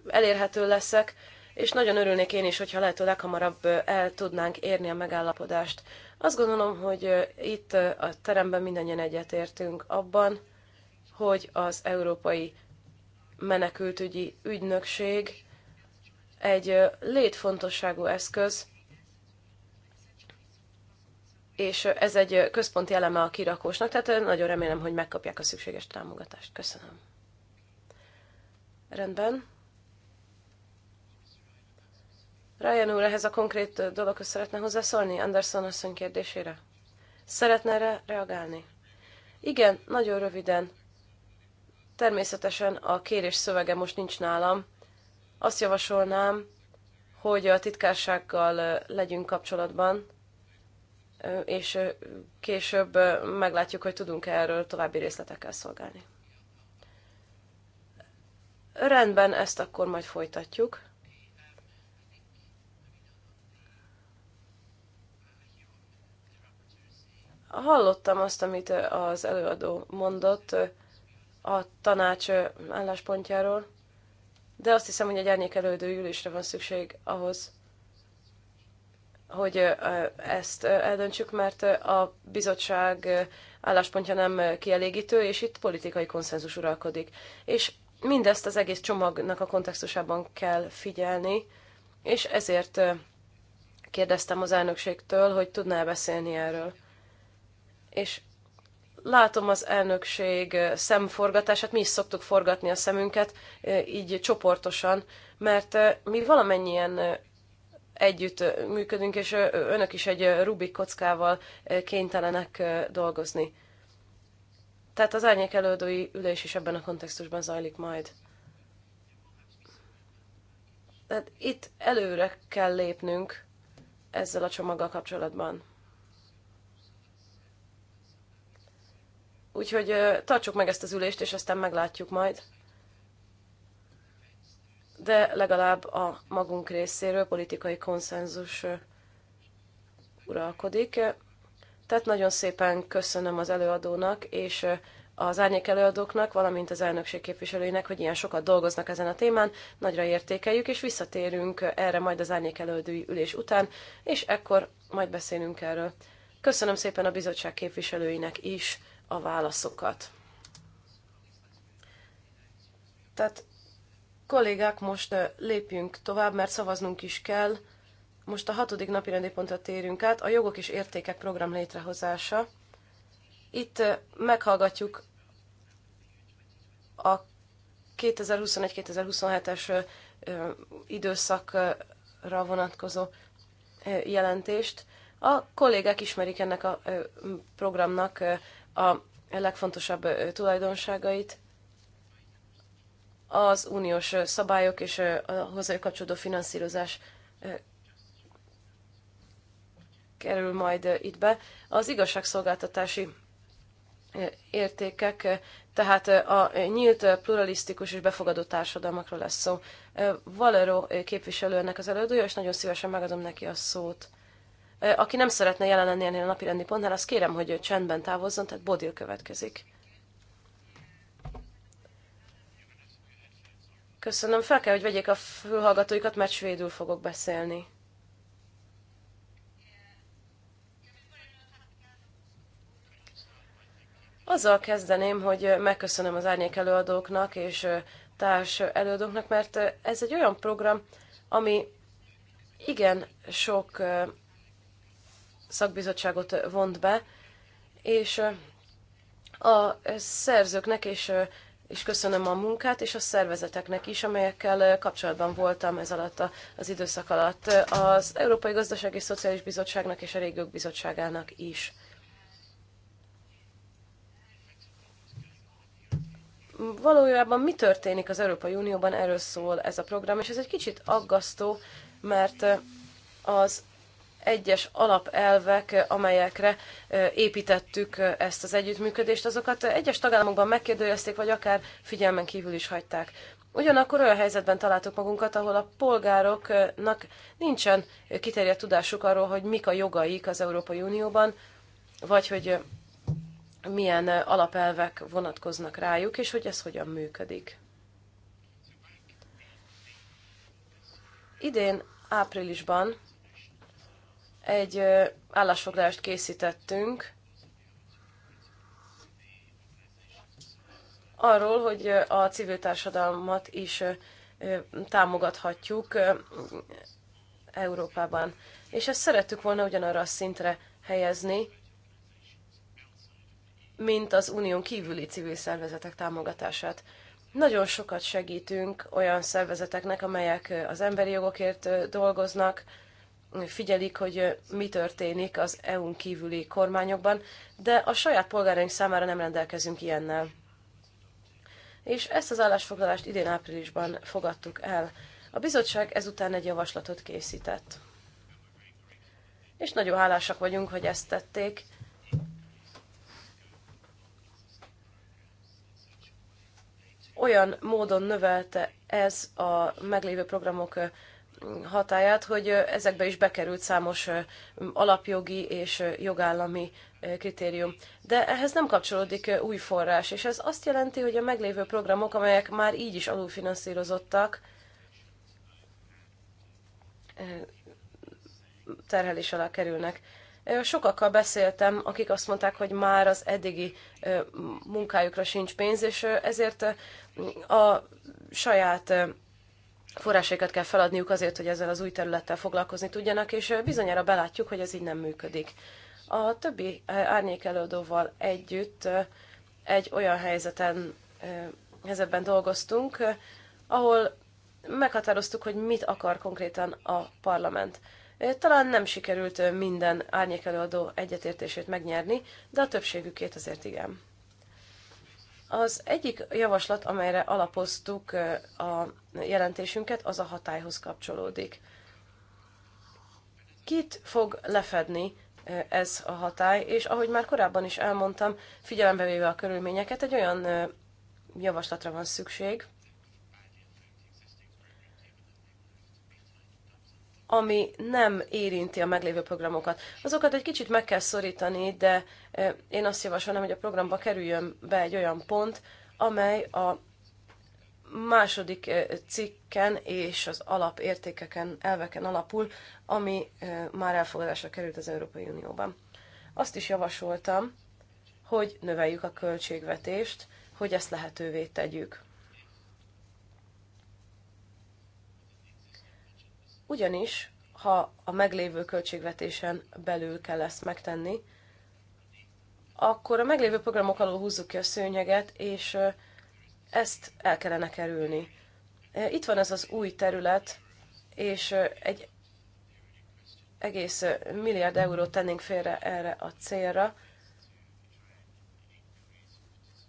D: elérhető leszek, és nagyon örülnék én is, hogyha lehető leghamarabb el tudnánk érni a megállapodást. Azt gondolom, hogy itt a teremben mindannyian egyetértünk abban, hogy az Európai Menekültügyi Ügynökség egy létfontosságú eszköz, és ez egy központi eleme a kirakósnak, tehát nagyon remélem, hogy megkapják a szükséges támogatást. Köszönöm. Rendben. Ryan úr, ehhez a konkrét dologhoz szeretne hozzászólni Anderson asszony kérdésére? Szeretne erre reagálni? Igen, nagyon röviden. Természetesen a kérés szövege most nincs nálam. Azt javasolnám, hogy a titkársággal legyünk kapcsolatban, és később meglátjuk, hogy tudunk -e erről további részletekkel szolgálni. Rendben, ezt akkor majd folytatjuk. Hallottam azt, amit az előadó mondott a tanács álláspontjáról, de azt hiszem, hogy egy árnyékelődő ülésre van szükség ahhoz, hogy ezt eldöntsük, mert a bizottság álláspontja nem kielégítő, és itt politikai konszenzus uralkodik. És mindezt az egész csomagnak a kontextusában kell figyelni, és ezért kérdeztem az elnökségtől, hogy tudná beszélni erről és látom az elnökség szemforgatását, mi is szoktuk forgatni a szemünket, így csoportosan, mert mi valamennyien együtt működünk, és önök is egy Rubik kockával kénytelenek dolgozni. Tehát az árnyék előadói ülés is ebben a kontextusban zajlik majd. Tehát itt előre kell lépnünk ezzel a csomaggal kapcsolatban. Úgyhogy tartsuk meg ezt az ülést, és aztán meglátjuk majd. De legalább a magunk részéről politikai konszenzus uralkodik. Tehát nagyon szépen köszönöm az előadónak, és az árnyék előadóknak, valamint az elnökség képviselőinek, hogy ilyen sokat dolgoznak ezen a témán, nagyra értékeljük, és visszatérünk erre majd az árnyék előadói ülés után, és ekkor majd beszélünk erről. Köszönöm szépen a bizottság képviselőinek is a válaszokat. Tehát kollégák, most lépjünk tovább, mert szavaznunk is kell. Most a hatodik napi rendi pontra térünk át, a jogok és értékek program létrehozása. Itt meghallgatjuk a 2021-2027-es időszakra vonatkozó jelentést. A kollégák ismerik ennek a programnak a legfontosabb tulajdonságait, az uniós szabályok és a hozzá kapcsolódó finanszírozás kerül majd itt be. Az igazságszolgáltatási értékek, tehát a nyílt, pluralisztikus és befogadó társadalmakról lesz szó. Valero képviselő ennek az előadója, és nagyon szívesen megadom neki a szót. Aki nem szeretne jelen lenni ennél a napirendi pontnál, azt kérem, hogy csendben távozzon, tehát Bodil következik. Köszönöm, fel kell, hogy vegyék a fülhallgatóikat, mert svédül fogok beszélni. Azzal kezdeném, hogy megköszönöm az árnyék előadóknak és társ előadóknak, mert ez egy olyan program, ami igen sok szakbizottságot vont be, és a szerzőknek és és köszönöm a munkát, és a szervezeteknek is, amelyekkel kapcsolatban voltam ez alatt az időszak alatt. Az Európai gazdaság és Szociális Bizottságnak és a Régiók Bizottságának is. Valójában mi történik az Európai Unióban, erről szól ez a program, és ez egy kicsit aggasztó, mert az egyes alapelvek, amelyekre építettük ezt az együttműködést, azokat egyes tagállamokban megkérdőjelezték, vagy akár figyelmen kívül is hagyták. Ugyanakkor olyan helyzetben találtuk magunkat, ahol a polgároknak nincsen kiterjedt tudásuk arról, hogy mik a jogaik az Európai Unióban, vagy hogy milyen alapelvek vonatkoznak rájuk, és hogy ez hogyan működik. Idén áprilisban egy állásfoglalást készítettünk arról, hogy a civil társadalmat is támogathatjuk Európában. És ezt szerettük volna ugyanarra a szintre helyezni, mint az unión kívüli civil szervezetek támogatását. Nagyon sokat segítünk olyan szervezeteknek, amelyek az emberi jogokért dolgoznak, figyelik, hogy mi történik az EU-n kívüli kormányokban, de a saját polgáraink számára nem rendelkezünk ilyennel. És ezt az állásfoglalást idén áprilisban fogadtuk el. A bizottság ezután egy javaslatot készített. És nagyon hálásak vagyunk, hogy ezt tették. Olyan módon növelte ez a meglévő programok hatáját, hogy ezekbe is bekerült számos alapjogi és jogállami kritérium. De ehhez nem kapcsolódik új forrás, és ez azt jelenti, hogy a meglévő programok, amelyek már így is alulfinanszírozottak, terhelés alá kerülnek. Sokakkal beszéltem, akik azt mondták, hogy már az eddigi munkájukra sincs pénz, és ezért a saját forrásaikat kell feladniuk azért, hogy ezzel az új területtel foglalkozni tudjanak, és bizonyára belátjuk, hogy ez így nem működik. A többi előadóval együtt egy olyan helyzeten, helyzetben dolgoztunk, ahol meghatároztuk, hogy mit akar konkrétan a parlament. Talán nem sikerült minden árnyékelőadó egyetértését megnyerni, de a többségükét azért igen. Az egyik javaslat, amelyre alapoztuk a jelentésünket, az a hatályhoz kapcsolódik. Kit fog lefedni ez a hatály, és ahogy már korábban is elmondtam, figyelembe véve a körülményeket, egy olyan javaslatra van szükség, ami nem érinti a meglévő programokat. Azokat egy kicsit meg kell szorítani, de én azt javasolnám, hogy a programba kerüljön be egy olyan pont, amely a második cikken és az alapértékeken, elveken alapul, ami már elfogadásra került az Európai Unióban. Azt is javasoltam, hogy növeljük a költségvetést, hogy ezt lehetővé tegyük. Ugyanis, ha a meglévő költségvetésen belül kell ezt megtenni, akkor a meglévő programok alól húzzuk ki a szőnyeget, és ezt el kellene kerülni. E, itt van ez az új terület, és egy egész milliárd eurót tennénk félre erre a célra.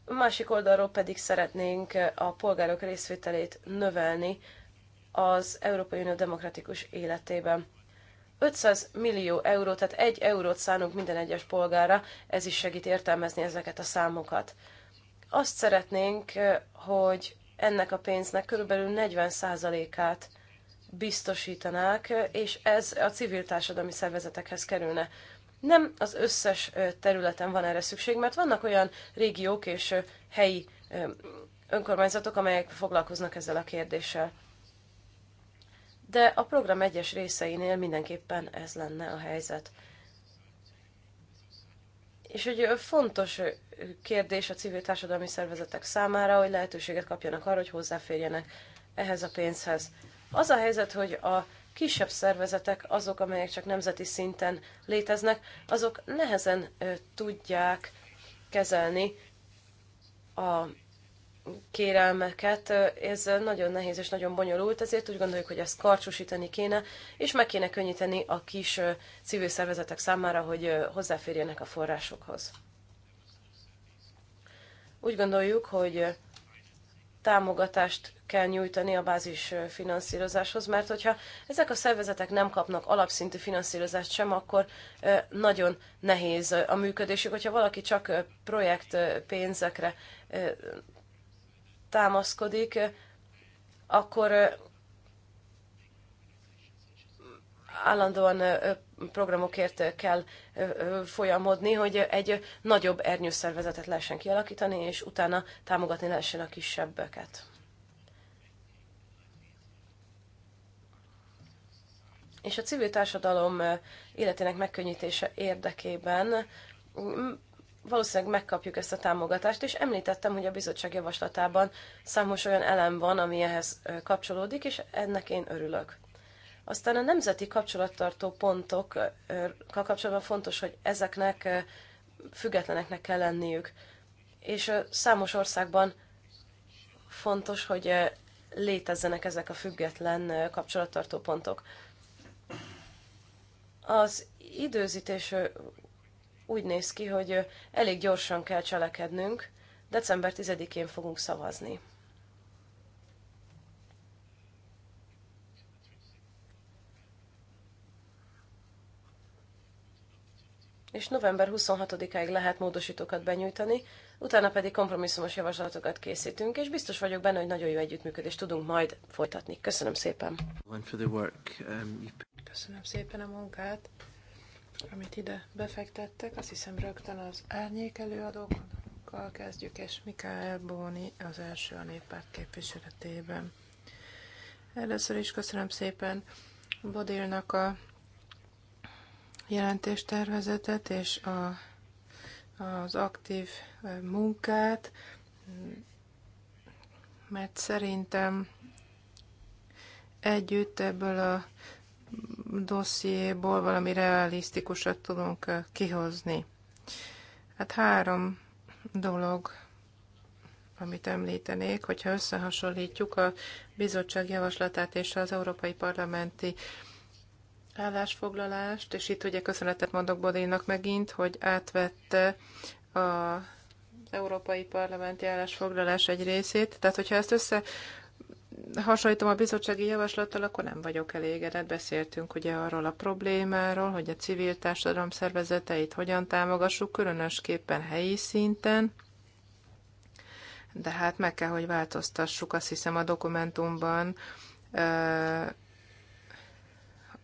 D: Másik oldalról pedig szeretnénk a polgárok részvételét növelni az Európai Unió demokratikus életében. 500 millió euró, tehát egy eurót szánunk minden egyes polgára, ez is segít értelmezni ezeket a számokat. Azt szeretnénk, eh, hogy ennek a pénznek körülbelül 40%-át biztosítanák, eh, és ez a civil társadalmi szervezetekhez kerülne. Nem az összes eh, területen van erre szükség, mert vannak olyan régiók és helyi önkormányzatok, amelyek foglalkoznak ezzel a kérdéssel de a program egyes részeinél mindenképpen ez lenne a helyzet. És egy fontos kérdés a civil társadalmi szervezetek számára, hogy lehetőséget kapjanak arra, hogy hozzáférjenek ehhez a pénzhez. Az a helyzet, hogy a kisebb szervezetek, azok, amelyek csak nemzeti szinten léteznek, azok nehezen tudják kezelni a kérelmeket, ez nagyon nehéz és nagyon bonyolult, ezért úgy gondoljuk, hogy ezt karcsúsítani kéne, és meg kéne könnyíteni a kis civil szervezetek számára, hogy hozzáférjenek a forrásokhoz. Úgy gondoljuk, hogy támogatást kell nyújtani a bázis finanszírozáshoz, mert hogyha ezek a szervezetek nem kapnak alapszintű finanszírozást sem, akkor nagyon nehéz a működésük. Hogyha valaki csak projektpénzekre támaszkodik, akkor állandóan programokért kell folyamodni, hogy egy nagyobb ernyőszervezetet lehessen kialakítani, és utána támogatni lehessen a kisebbeket. És a civil társadalom életének megkönnyítése érdekében valószínűleg megkapjuk ezt a támogatást, és említettem, hogy a bizottság javaslatában számos olyan elem van, ami ehhez kapcsolódik, és ennek én örülök. Aztán a nemzeti kapcsolattartó pontokkal kapcsolatban fontos, hogy ezeknek függetleneknek kell lenniük. És számos országban fontos, hogy létezzenek ezek a független kapcsolattartó pontok. Az időzítés úgy néz ki, hogy elég gyorsan kell cselekednünk. December 10-én fogunk szavazni. és november 26-áig lehet módosítókat benyújtani, utána pedig kompromisszumos javaslatokat készítünk, és biztos vagyok benne, hogy nagyon jó együttműködést tudunk majd folytatni. Köszönöm szépen!
A: Um,
B: Köszönöm szépen a munkát! amit ide befektettek, azt hiszem rögtön az árnyék előadókkal kezdjük, és Mikael Bóni az első a néppárt képviseletében. Először is köszönöm szépen Bodilnak a jelentéstervezetet és a, az aktív munkát, mert szerintem együtt ebből a dossziéból valami realisztikusat tudunk kihozni. Hát három dolog, amit említenék, hogyha összehasonlítjuk a bizottság javaslatát és az Európai Parlamenti állásfoglalást, és itt ugye köszönetet mondok Bodénak megint, hogy átvette a Európai Parlamenti állásfoglalás egy részét. Tehát, hogyha ezt össze hasonlítom a bizottsági javaslattal, akkor nem vagyok elégedett. Beszéltünk ugye arról a problémáról, hogy a civil társadalom szervezeteit hogyan támogassuk, különösképpen helyi szinten. De hát meg kell, hogy változtassuk, azt hiszem a dokumentumban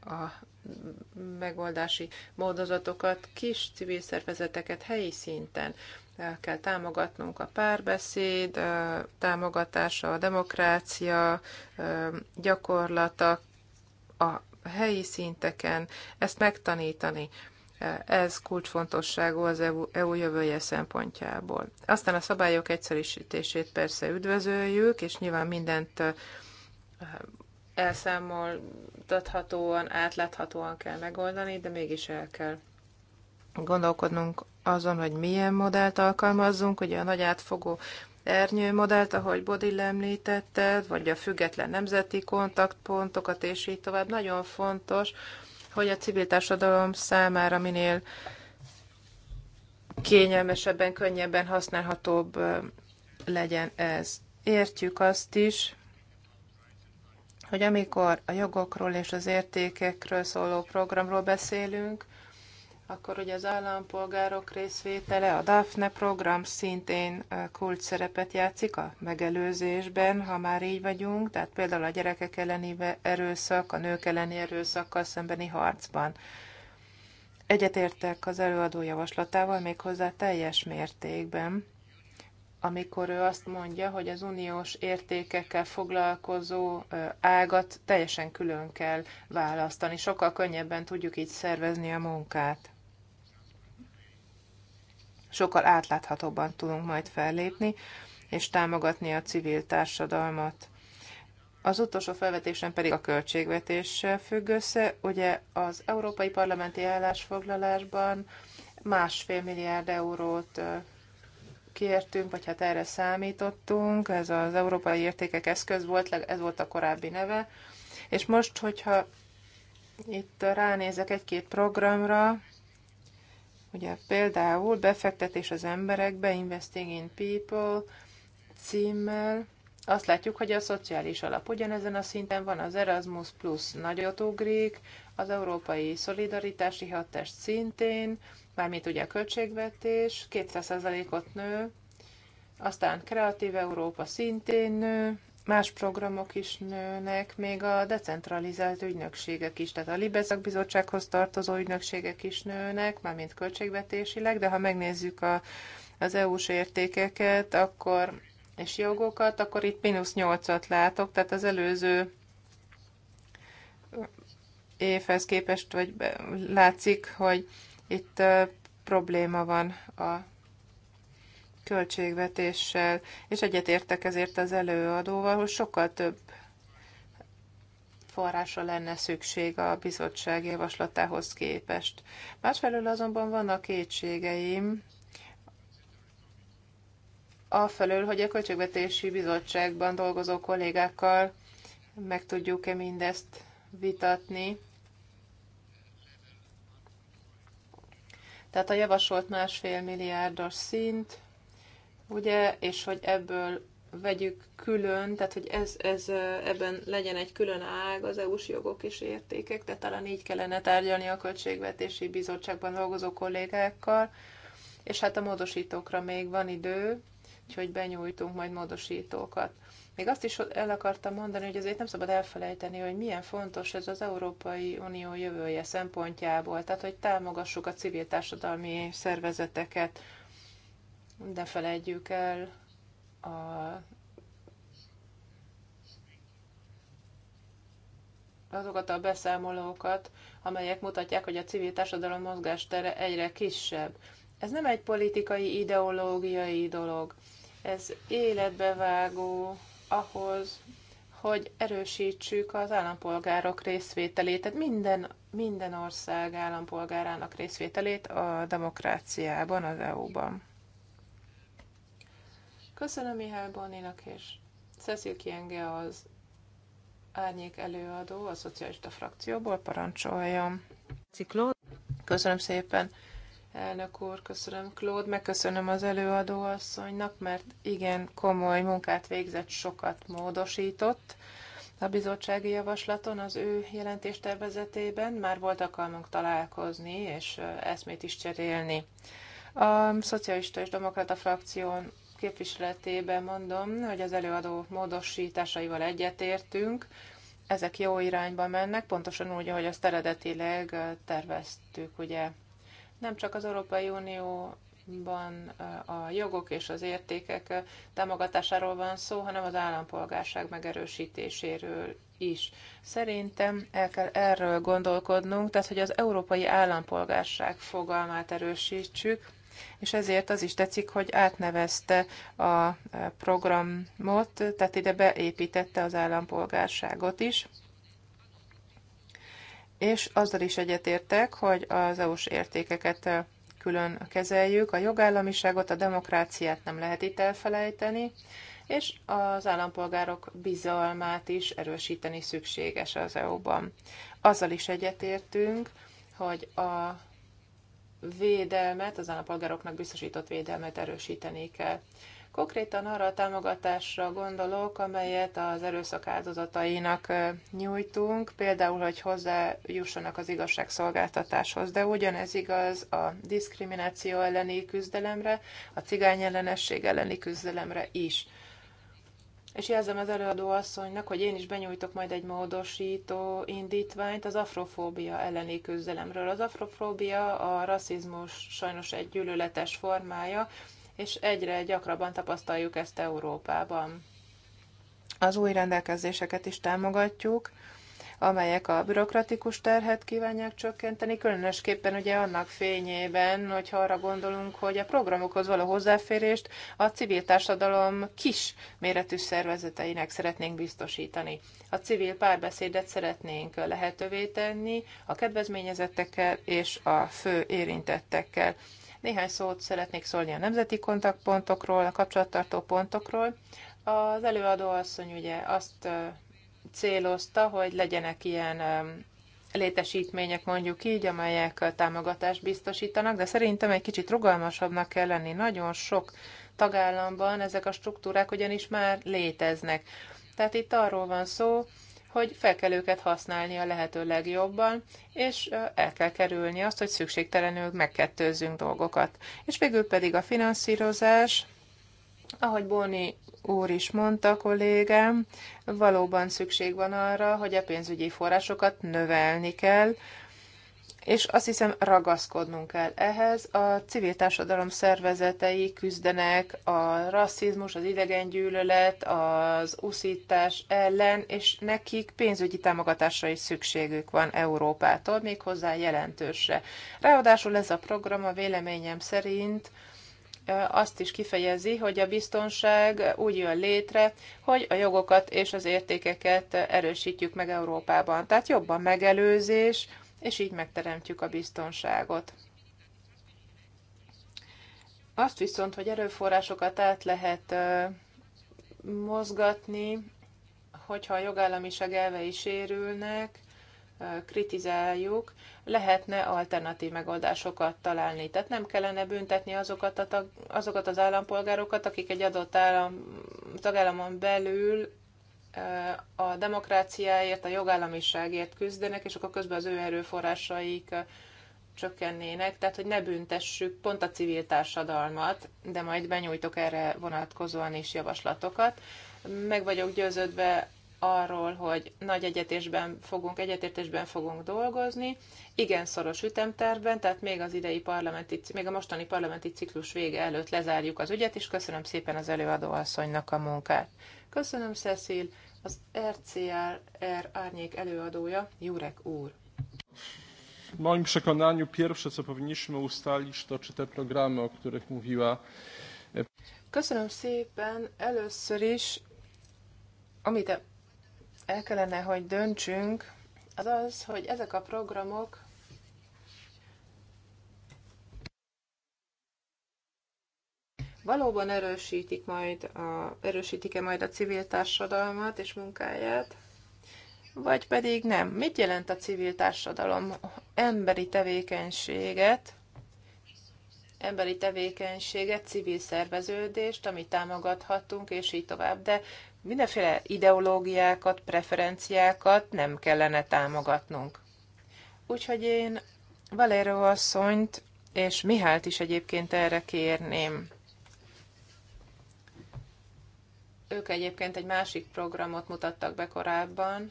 B: a megoldási módozatokat, kis civil szervezeteket helyi szinten. El kell támogatnunk a párbeszéd, a támogatása a demokrácia gyakorlata a helyi szinteken, ezt megtanítani. Ez kulcsfontosságú az EU, EU jövője szempontjából. Aztán a szabályok egyszerűsítését persze üdvözöljük, és nyilván mindent elszámoltathatóan, átláthatóan kell megoldani, de mégis el kell gondolkodnunk azon, hogy milyen modellt alkalmazzunk, ugye a nagy átfogó ernyő modellt, ahogy Bodil említetted, vagy a független nemzeti kontaktpontokat, és így tovább. Nagyon fontos, hogy a civil társadalom számára minél kényelmesebben, könnyebben használhatóbb legyen ez. Értjük azt is, hogy amikor a jogokról és az értékekről szóló programról beszélünk, akkor ugye az állampolgárok részvétele, a DAFNE program szintén kult szerepet játszik a megelőzésben, ha már így vagyunk, tehát például a gyerekek elleni erőszak, a nők elleni erőszakkal szembeni harcban. Egyetértek az előadó javaslatával méghozzá teljes mértékben, amikor ő azt mondja, hogy az uniós értékekkel foglalkozó ágat teljesen külön kell választani. Sokkal könnyebben tudjuk így szervezni a munkát sokkal átláthatóbban tudunk majd fellépni, és támogatni a civil társadalmat. Az utolsó felvetésem pedig a költségvetéssel függ össze. Ugye az Európai Parlamenti állásfoglalásban másfél milliárd eurót kértünk, vagy hát erre számítottunk, ez az Európai Értékek Eszköz volt, ez volt a korábbi neve, és most, hogyha itt ránézek egy-két programra, Ugye például befektetés az emberekbe, Investing in People címmel, azt látjuk, hogy a szociális alap ugyanezen a szinten van, az Erasmus Plus nagyot ugrik, az Európai Szolidaritási Hatást szintén, mármint ugye a költségvetés 200%-ot nő, aztán Kreatív Európa szintén nő, más programok is nőnek, még a decentralizált ügynökségek is, tehát a Libezak Bizottsághoz tartozó ügynökségek is nőnek, mármint költségvetésileg, de ha megnézzük a, az EU-s értékeket, akkor és jogokat, akkor itt mínusz 8-at látok, tehát az előző évhez képest vagy látszik, hogy itt probléma van a költségvetéssel, és egyetértek ezért az előadóval, hogy sokkal több forrásra lenne szükség a bizottság javaslatához képest. Másfelől azonban vannak kétségeim, afelől, hogy a Költségvetési Bizottságban dolgozó kollégákkal meg tudjuk-e mindezt vitatni. Tehát a javasolt másfél milliárdos szint ugye, és hogy ebből vegyük külön, tehát hogy ez, ez, ebben legyen egy külön ág az EU-s jogok és értékek, de talán így kellene tárgyalni a Költségvetési Bizottságban dolgozó kollégákkal, és hát a módosítókra még van idő, úgyhogy benyújtunk majd módosítókat. Még azt is el akartam mondani, hogy azért nem szabad elfelejteni, hogy milyen fontos ez az Európai Unió jövője szempontjából, tehát hogy támogassuk a civil társadalmi szervezeteket, de felejtjük el a azokat a beszámolókat, amelyek mutatják, hogy a civil társadalom mozgástere egyre kisebb. Ez nem egy politikai, ideológiai dolog. Ez életbevágó ahhoz, hogy erősítsük az állampolgárok részvételét, tehát minden, minden ország állampolgárának részvételét a demokráciában, az EU-ban. Köszönöm Mihály Boninak és Cecil Kienge az árnyék előadó a szocialista frakcióból parancsoljam. Köszönöm szépen, elnök úr, köszönöm Klód, megköszönöm az előadó asszonynak, mert igen komoly munkát végzett, sokat módosított a bizottsági javaslaton, az ő jelentéstervezetében már volt alkalmunk találkozni és eszmét is cserélni. A szocialista és demokrata frakción képviseletében mondom, hogy az előadó módosításaival egyetértünk, ezek jó irányba mennek, pontosan úgy, ahogy azt eredetileg terveztük, ugye. Nem csak az Európai Unió a jogok és az értékek támogatásáról van szó, hanem az állampolgárság megerősítéséről is. Szerintem el kell erről gondolkodnunk, tehát hogy az európai állampolgárság fogalmát erősítsük, és ezért az is tetszik, hogy átnevezte a e, programot, tehát ide beépítette az állampolgárságot is. És azzal is egyetértek, hogy az EU-s értékeket e, külön kezeljük, a jogállamiságot, a demokráciát nem lehet itt elfelejteni, és az állampolgárok bizalmát is erősíteni szükséges az EU-ban. Azzal is egyetértünk, hogy a védelmet, az állampolgároknak biztosított védelmet erősíteni kell. Konkrétan arra a támogatásra gondolok, amelyet az erőszak áldozatainak nyújtunk, például, hogy hozzájussanak az igazságszolgáltatáshoz, de ugyanez igaz a diszkrimináció elleni küzdelemre, a cigány ellenesség elleni küzdelemre is és jelzem az előadó asszonynak, hogy én is benyújtok majd egy módosító indítványt az afrofóbia elleni küzdelemről. Az afrofóbia a rasszizmus sajnos egy gyűlöletes formája, és egyre gyakrabban tapasztaljuk ezt Európában. Az új rendelkezéseket is támogatjuk, amelyek a bürokratikus terhet kívánják csökkenteni, különösképpen ugye annak fényében, hogyha arra gondolunk, hogy a programokhoz való hozzáférést a civil társadalom kis méretű szervezeteinek szeretnénk biztosítani. A civil párbeszédet szeretnénk lehetővé tenni a kedvezményezettekkel és a fő érintettekkel. Néhány szót szeretnék szólni a nemzeti kontaktpontokról, a kapcsolattartó pontokról. Az előadó asszony ugye azt célozta, hogy legyenek ilyen létesítmények mondjuk így, amelyek támogatást biztosítanak, de szerintem egy kicsit rugalmasabbnak kell lenni. Nagyon sok tagállamban ezek a struktúrák ugyanis már léteznek. Tehát itt arról van szó, hogy fel kell őket használni a lehető legjobban, és el kell kerülni azt, hogy szükségtelenül megkettőzzünk dolgokat. És végül pedig a finanszírozás, ahogy Bóni úr is mondta, kollégám, valóban szükség van arra, hogy a pénzügyi forrásokat növelni kell, és azt hiszem ragaszkodnunk kell ehhez. A civil társadalom szervezetei küzdenek a rasszizmus, az idegengyűlölet, az uszítás ellen, és nekik pénzügyi támogatásra is szükségük van Európától, méghozzá jelentősre. Ráadásul ez a program a véleményem szerint azt is kifejezi, hogy a biztonság úgy jön létre, hogy a jogokat és az értékeket erősítjük meg Európában. Tehát jobban megelőzés, és így megteremtjük a biztonságot. Azt viszont, hogy erőforrásokat át lehet mozgatni, hogyha a jogállamiság elvei sérülnek, kritizáljuk, lehetne alternatív megoldásokat találni. Tehát nem kellene büntetni azokat, a tag, azokat az állampolgárokat, akik egy adott állam, tagállamon belül a demokráciáért, a jogállamiságért küzdenek, és akkor közben az ő erőforrásaik csökkennének, tehát hogy ne büntessük pont a civil társadalmat, de majd benyújtok erre vonatkozóan is javaslatokat. Meg vagyok győződve arról, hogy nagy egyetésben fogunk, egyetértésben fogunk dolgozni, igen szoros ütemtervben, tehát még az idei parlamenti, még a mostani parlamenti ciklus vége előtt lezárjuk az ügyet, és köszönöm szépen az előadó asszonynak a munkát. Köszönöm, Cecil, az RCR árnyék előadója, Jurek úr. W moim przekonaniu pierwsze, co powinniśmy ustalić, to czy te programy, o których mówiła. E, köszönöm szépen. Először is, amit el kellene, hogy döntsünk, az az, hogy ezek a programok valóban erősítik majd a, erősítik-e majd a civil társadalmat és munkáját, vagy pedig nem. Mit jelent a civil társadalom? Emberi tevékenységet, emberi tevékenységet, civil szerveződést, amit támogathatunk, és így tovább. De mindenféle ideológiákat, preferenciákat nem kellene támogatnunk. Úgyhogy én Valéro asszonyt és Mihált is egyébként erre kérném. Ők egyébként egy másik programot mutattak be korábban.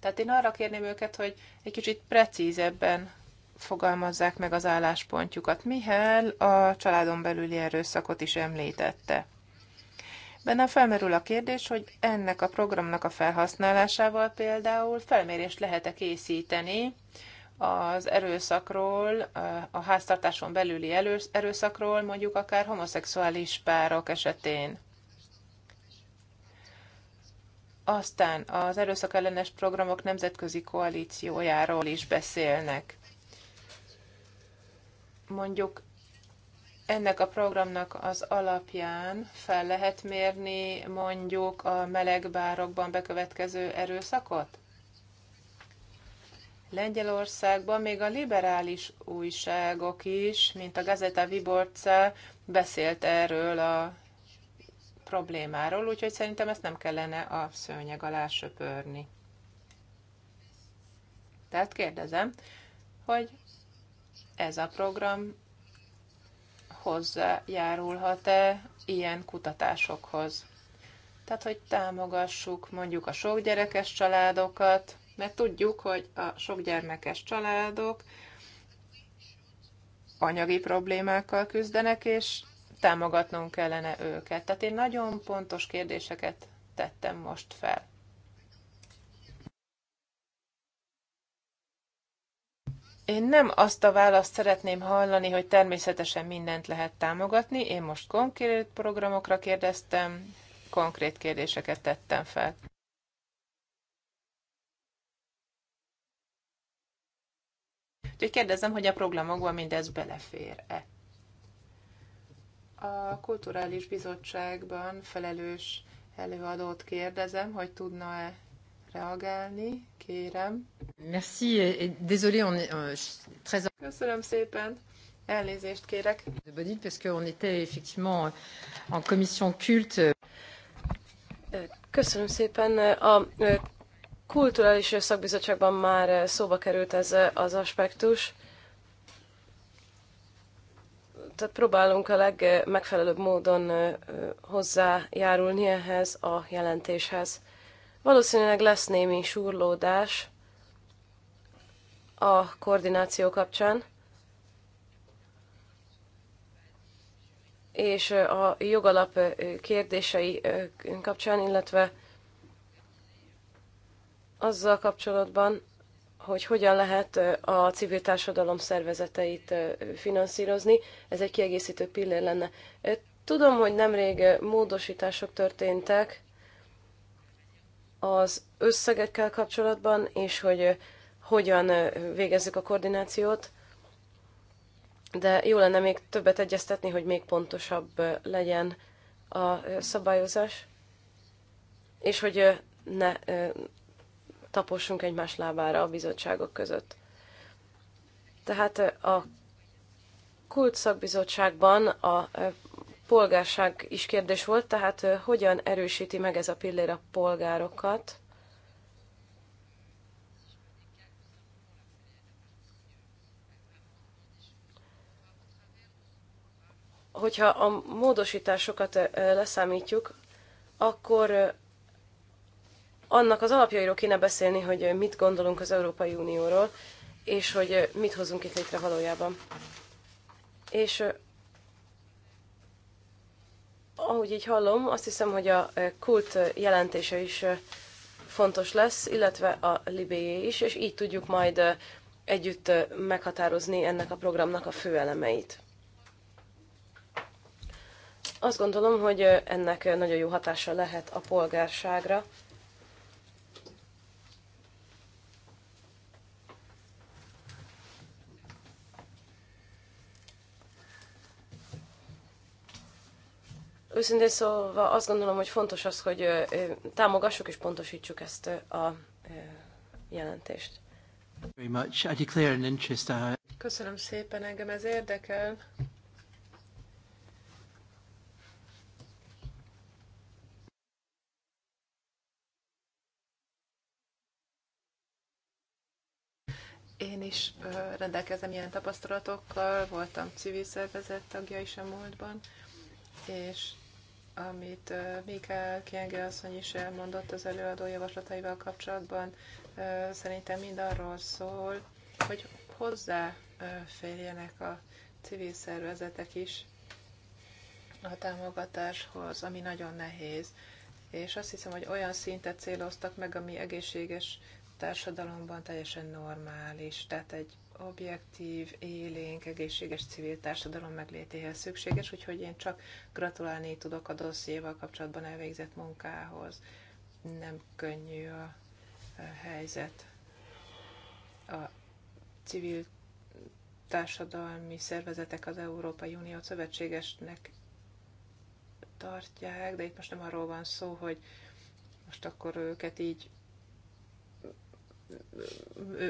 B: Tehát én arra kérném őket, hogy egy kicsit precízebben fogalmazzák meg az álláspontjukat. Mihály a családon belüli erőszakot is említette. Benne felmerül a kérdés, hogy ennek a programnak a felhasználásával például felmérést lehet-e készíteni az erőszakról, a háztartáson belüli erőszakról, mondjuk akár homoszexuális párok esetén. Aztán az erőszak ellenes programok nemzetközi koalíciójáról is beszélnek. Mondjuk ennek a programnak az alapján fel lehet mérni mondjuk a melegbárokban bekövetkező erőszakot? Lengyelországban még a liberális újságok is, mint a Gazeta Viborca beszélt erről a problémáról, úgyhogy szerintem ezt nem kellene a szőnyeg alá söpörni. Tehát kérdezem, hogy ez a program hozzájárulhat-e ilyen kutatásokhoz. Tehát, hogy támogassuk mondjuk a sokgyerekes családokat, mert tudjuk, hogy a sokgyermekes családok anyagi problémákkal küzdenek, és támogatnunk kellene őket. Tehát én nagyon pontos kérdéseket tettem most fel. Én nem azt a választ szeretném hallani, hogy természetesen mindent lehet támogatni. Én most konkrét programokra kérdeztem, konkrét kérdéseket tettem fel. Úgyhogy kérdezem, hogy a programokban mindez belefér-e. A Kulturális Bizottságban felelős előadót kérdezem, hogy tudna-e reagálni, kérem. Merci, désolé, on est euh, très... Köszönöm szépen. Elnézést kérek.
D: De Bodil, parce qu'on était effectivement euh, en commission culte. Euh. Köszönöm szépen. A kulturális szakbizottságban már szóba került ez az aspektus. Tehát próbálunk a legmegfelelőbb módon hozzájárulni ehhez a jelentéshez. Valószínűleg lesz némi surlódás a koordináció kapcsán, és a jogalap kérdései kapcsán, illetve azzal kapcsolatban, hogy hogyan lehet a civil társadalom szervezeteit finanszírozni, ez egy kiegészítő pillér lenne. Tudom, hogy nemrég módosítások történtek, az összegekkel kapcsolatban, és hogy hogyan végezzük a koordinációt, de jó lenne még többet egyeztetni, hogy még pontosabb legyen a szabályozás, és hogy ne tapossunk egymás lábára a bizottságok között. Tehát a kult szakbizottságban a polgárság is kérdés volt, tehát hogyan erősíti meg ez a pillér a polgárokat? Hogyha a módosításokat leszámítjuk, akkor annak az alapjairól kéne beszélni, hogy mit gondolunk az Európai Unióról, és hogy mit hozunk itt létre valójában. És ahogy így hallom, azt hiszem, hogy a kult jelentése is fontos lesz, illetve a libéjé is, és így tudjuk majd együtt meghatározni ennek a programnak a fő elemeit. Azt gondolom, hogy ennek nagyon jó hatása lehet a polgárságra, Őszintén szóval azt gondolom, hogy fontos az, hogy támogassuk és pontosítsuk ezt a jelentést.
A: Very much. I declare an interest. Uh,
D: Köszönöm szépen, engem ez
B: érdekel. Én is rendelkezem ilyen tapasztalatokkal, voltam civil szervezet tagja is a múltban, és amit Mikael Kienge asszony is elmondott az előadó javaslataival kapcsolatban, szerintem mind arról szól, hogy hozzáférjenek a civil szervezetek is a támogatáshoz, ami nagyon nehéz. És azt hiszem, hogy olyan szintet céloztak meg, ami egészséges társadalomban teljesen normális. Tehát egy objektív, élénk, egészséges civil társadalom meglétéhez szükséges, úgyhogy én csak gratulálni tudok a dossziéval kapcsolatban elvégzett munkához. Nem könnyű a helyzet. A civil társadalmi szervezetek az Európai Unió szövetségesnek tartják, de itt most nem arról van szó, hogy most akkor őket így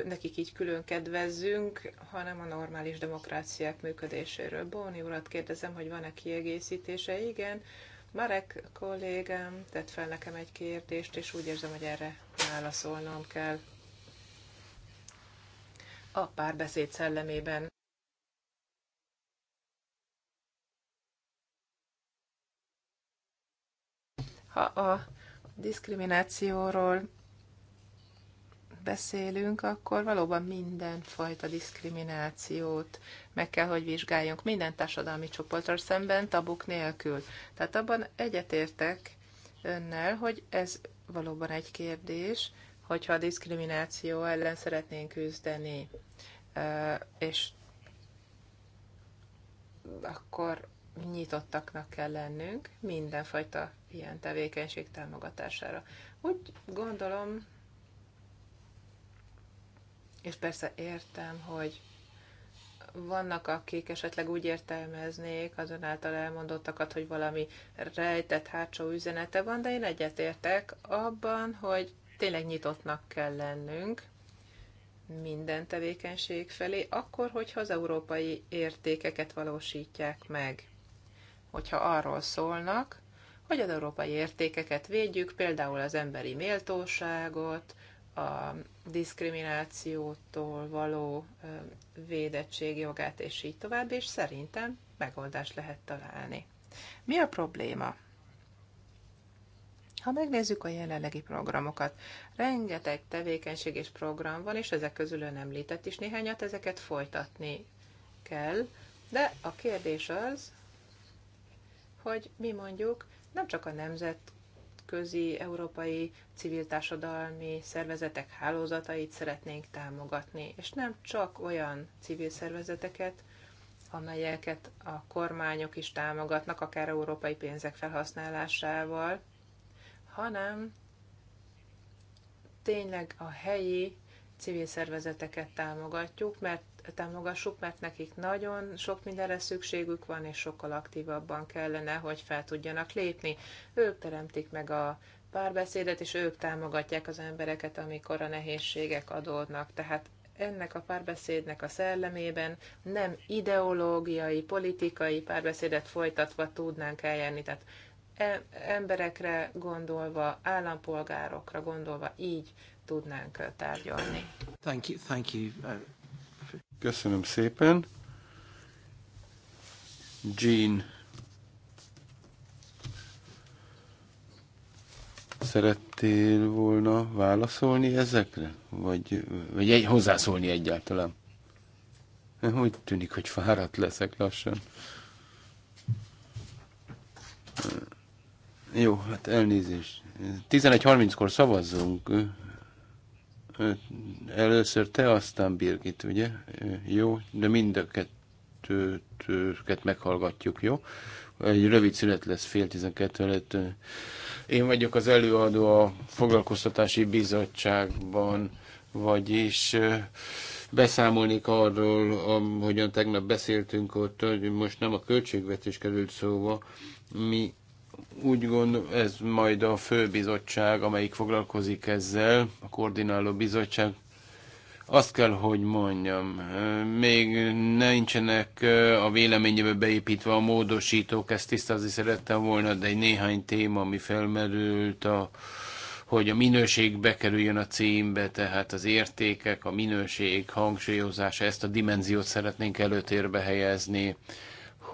B: nekik így külön kedvezzünk, hanem a normális demokráciák működéséről. Bóni urat kérdezem, hogy van-e kiegészítése? Igen. Marek kollégám tett fel nekem egy kérdést, és úgy érzem, hogy erre válaszolnom kell. A párbeszéd szellemében. Ha a diszkriminációról beszélünk, akkor valóban mindenfajta diszkriminációt meg kell, hogy vizsgáljunk minden társadalmi csoportra szemben, tabuk nélkül. Tehát abban egyetértek önnel, hogy ez valóban egy kérdés, hogyha a diszkrimináció ellen szeretnénk küzdeni, és akkor nyitottaknak kell lennünk mindenfajta ilyen tevékenység támogatására. Úgy gondolom, és persze értem, hogy vannak, akik esetleg úgy értelmeznék azonáltal elmondottakat, hogy valami rejtett hátsó üzenete van, de én egyetértek abban, hogy tényleg nyitottnak kell lennünk minden tevékenység felé, akkor, hogyha az európai értékeket valósítják meg. Hogyha arról szólnak, hogy az európai értékeket védjük, például az emberi méltóságot, a diszkriminációtól való védettség jogát, és így tovább, és szerintem megoldást lehet találni. Mi a probléma? Ha megnézzük a jelenlegi programokat, rengeteg tevékenység és program van, és ezek közül ön említett is néhányat, ezeket folytatni kell, de a kérdés az, hogy mi mondjuk nem csak a nemzet nemzetközi, európai civil társadalmi szervezetek hálózatait szeretnénk támogatni, és nem csak olyan civil szervezeteket, amelyeket a kormányok is támogatnak, akár európai pénzek felhasználásával, hanem tényleg a helyi civil szervezeteket támogatjuk, mert támogassuk, mert nekik nagyon sok mindenre szükségük van, és sokkal aktívabban kellene, hogy fel tudjanak lépni. Ők teremtik meg a párbeszédet, és ők támogatják az embereket, amikor a nehézségek adódnak. Tehát ennek a párbeszédnek a szellemében nem ideológiai, politikai párbeszédet folytatva tudnánk eljárni. Tehát e- emberekre gondolva, állampolgárokra gondolva így tudnánk tárgyalni.
C: Thank you, thank you uh, Köszönöm szépen. Jean. Szerettél volna válaszolni ezekre? Vagy, vagy egy, hozzászólni egyáltalán? Úgy tűnik, hogy fáradt leszek lassan. Jó, hát elnézést. 11.30-kor szavazzunk. Először te, aztán Birgit, ugye? Jó, de mind a kettőt meghallgatjuk, jó? Egy rövid szület lesz fél tizenkettő előtt. Én vagyok az előadó a foglalkoztatási bizottságban, vagyis beszámolnék arról, hogyan tegnap beszéltünk ott, hogy most nem a költségvetés került szóba, mi úgy gondolom ez majd a főbizottság, amelyik foglalkozik ezzel, a koordináló bizottság, azt kell, hogy mondjam, még nincsenek a véleményébe beépítve a módosítók, ezt tisztázni szerettem volna, de egy néhány téma, ami felmerült, a, hogy a minőség bekerüljön a címbe, tehát az értékek, a minőség hangsúlyozása, ezt a dimenziót szeretnénk előtérbe helyezni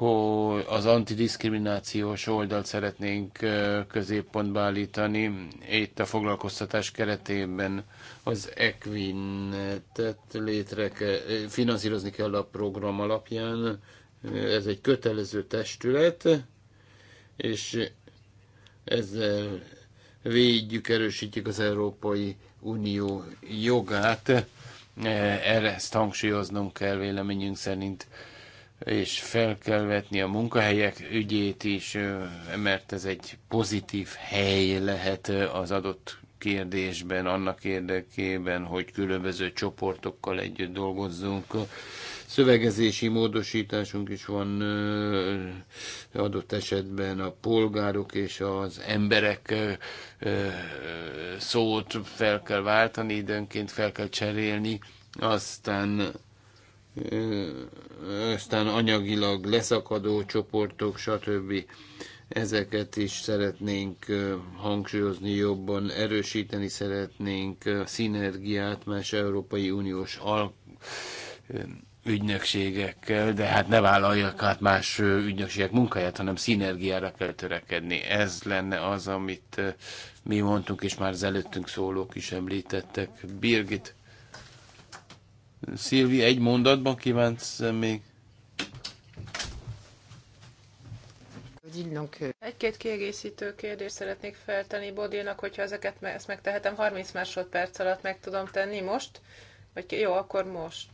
C: hogy az antidiszkriminációs oldalt szeretnénk középpontba állítani. Itt a foglalkoztatás keretében az equinet létre kell, finanszírozni kell a program alapján. Ez egy kötelező testület, és ezzel védjük, erősítjük az Európai Unió jogát. Erre ezt hangsúlyoznunk kell véleményünk szerint és fel kell vetni a munkahelyek ügyét is, mert ez egy pozitív hely lehet az adott kérdésben, annak érdekében, hogy különböző csoportokkal együtt dolgozzunk. Szövegezési módosításunk is van adott esetben a polgárok és az emberek szót fel kell váltani, időnként fel kell cserélni, aztán aztán anyagilag leszakadó csoportok, stb. Ezeket is szeretnénk hangsúlyozni jobban, erősíteni szeretnénk a szinergiát más Európai Uniós al ügynökségekkel, de hát ne vállalják át más ügynökségek munkáját, hanem szinergiára kell törekedni. Ez lenne az, amit mi mondtunk, és már az előttünk szólók is említettek. Birgit, Szilvi, egy mondatban kívánsz még?
B: Egy-két kiegészítő kérdést szeretnék feltenni Bodilnak, hogyha ezeket ezt megtehetem 30 másodperc alatt meg tudom tenni most, vagy jó, akkor most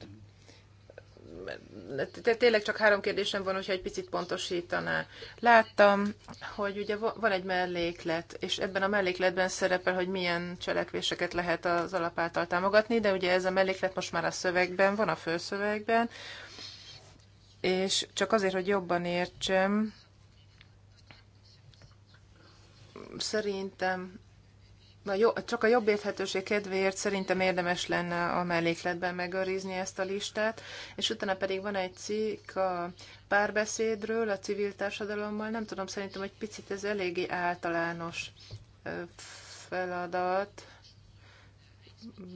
B: tényleg csak három kérdésem van, hogyha egy picit pontosítaná. Láttam, hogy ugye van egy melléklet, és ebben a mellékletben szerepel, hogy milyen cselekvéseket lehet az alap által támogatni, de ugye ez a melléklet most már a szövegben van, a főszövegben, és csak azért, hogy jobban értsem, szerintem Na jó, csak a jobb érthetőség kedvéért szerintem érdemes lenne a mellékletben megőrizni ezt a listát, és utána pedig van egy cikk a párbeszédről, a civil társadalommal, nem tudom, szerintem egy picit ez eléggé általános feladat,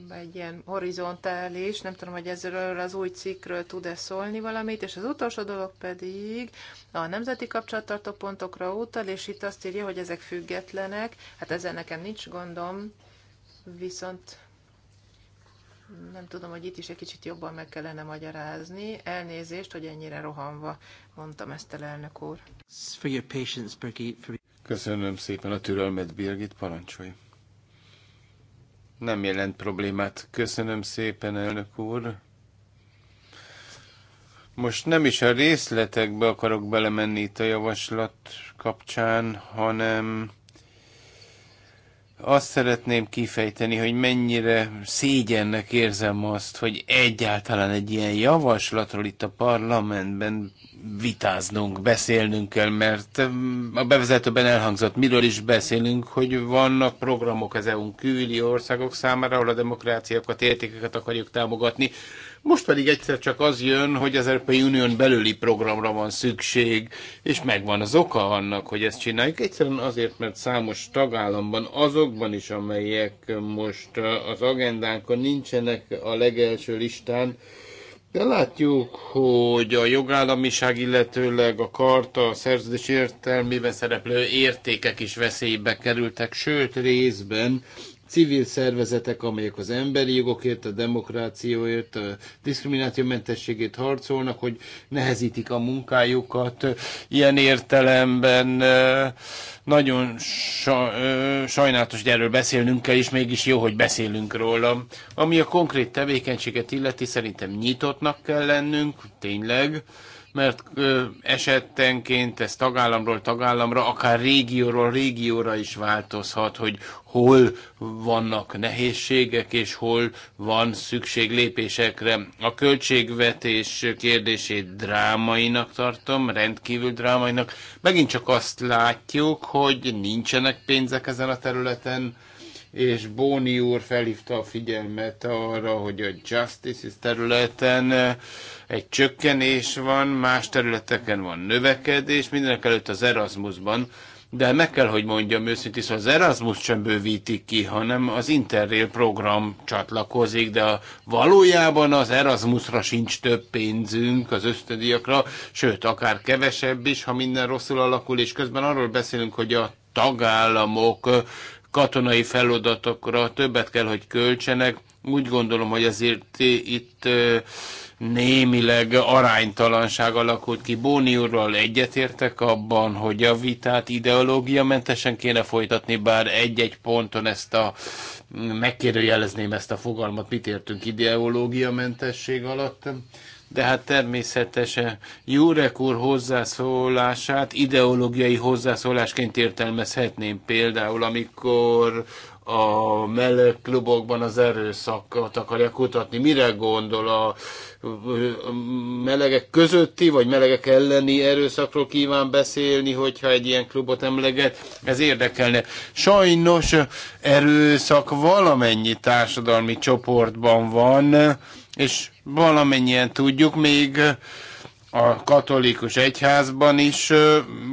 B: egy ilyen horizontális, nem tudom, hogy ezzel az új cikkről tud-e szólni valamit, és az utolsó dolog pedig a nemzeti kapcsolattartó pontokra utal, és itt azt írja, hogy ezek függetlenek, hát ezzel nekem nincs gondom, viszont nem tudom, hogy itt is egy kicsit jobban meg kellene magyarázni. Elnézést, hogy ennyire rohanva mondtam ezt el, elnök úr.
C: Köszönöm szépen a türelmet, Birgit, parancsolj! nem jelent problémát. Köszönöm szépen, elnök úr. Most nem is a részletekbe akarok belemenni itt a javaslat kapcsán, hanem azt szeretném kifejteni, hogy mennyire szégyennek érzem azt, hogy egyáltalán egy ilyen javaslatról itt a parlamentben vitáznunk, beszélnünk kell, mert a bevezetőben elhangzott, miről is beszélünk, hogy vannak programok az EU-n országok számára, ahol a demokráciákat, értékeket akarjuk támogatni, most pedig egyszer csak az jön, hogy az Európai Unión belüli programra van szükség, és megvan az oka annak, hogy ezt csináljuk. Egyszerűen azért, mert számos tagállamban, azokban is, amelyek most az agendánkon nincsenek a legelső listán, de látjuk, hogy a jogállamiság, illetőleg a karta, a szerződés értelmében szereplő értékek is veszélybe kerültek, sőt részben civil szervezetek, amelyek az emberi jogokért, a demokrációért, a diszkriminációmentességét harcolnak, hogy nehezítik a munkájukat. Ilyen értelemben nagyon sajnálatos, hogy erről beszélnünk kell, és mégis jó, hogy beszélünk róla. Ami a konkrét tevékenységet illeti, szerintem nyitottnak kell lennünk, tényleg, mert ö, esettenként ez tagállamról tagállamra, akár régióról régióra is változhat, hogy hol vannak nehézségek, és hol van szükség lépésekre. A költségvetés kérdését drámainak tartom, rendkívül drámainak. Megint csak azt látjuk, hogy nincsenek pénzek ezen a területen, és Bóni úr felhívta a figyelmet arra, hogy a Justice területen eh, egy csökkenés van, más területeken van növekedés, mindenek előtt az Erasmusban, de meg kell, hogy mondjam őszintén, hogy szóval az Erasmus sem bővítik ki, hanem az Interrail program csatlakozik, de a, valójában az Erasmusra sincs több pénzünk, az ösztödiakra, sőt, akár kevesebb is, ha minden rosszul alakul, és közben arról beszélünk, hogy a tagállamok katonai feladatokra többet kell, hogy költsenek. Úgy gondolom, hogy azért eh, itt eh, némileg aránytalanság alakult ki. Bóni úrral egyetértek abban, hogy a vitát mentesen kéne folytatni, bár egy-egy ponton ezt a megkérdőjelezném ezt a fogalmat, mit értünk mentesség alatt de hát természetesen Jurek úr hozzászólását ideológiai hozzászólásként értelmezhetném például, amikor a meleg klubokban az erőszakot akarja kutatni. Mire gondol a melegek közötti, vagy melegek elleni erőszakról kíván beszélni, hogyha egy ilyen klubot emleget? Ez érdekelne. Sajnos erőszak valamennyi társadalmi csoportban van, és Valamennyien tudjuk, még a katolikus egyházban is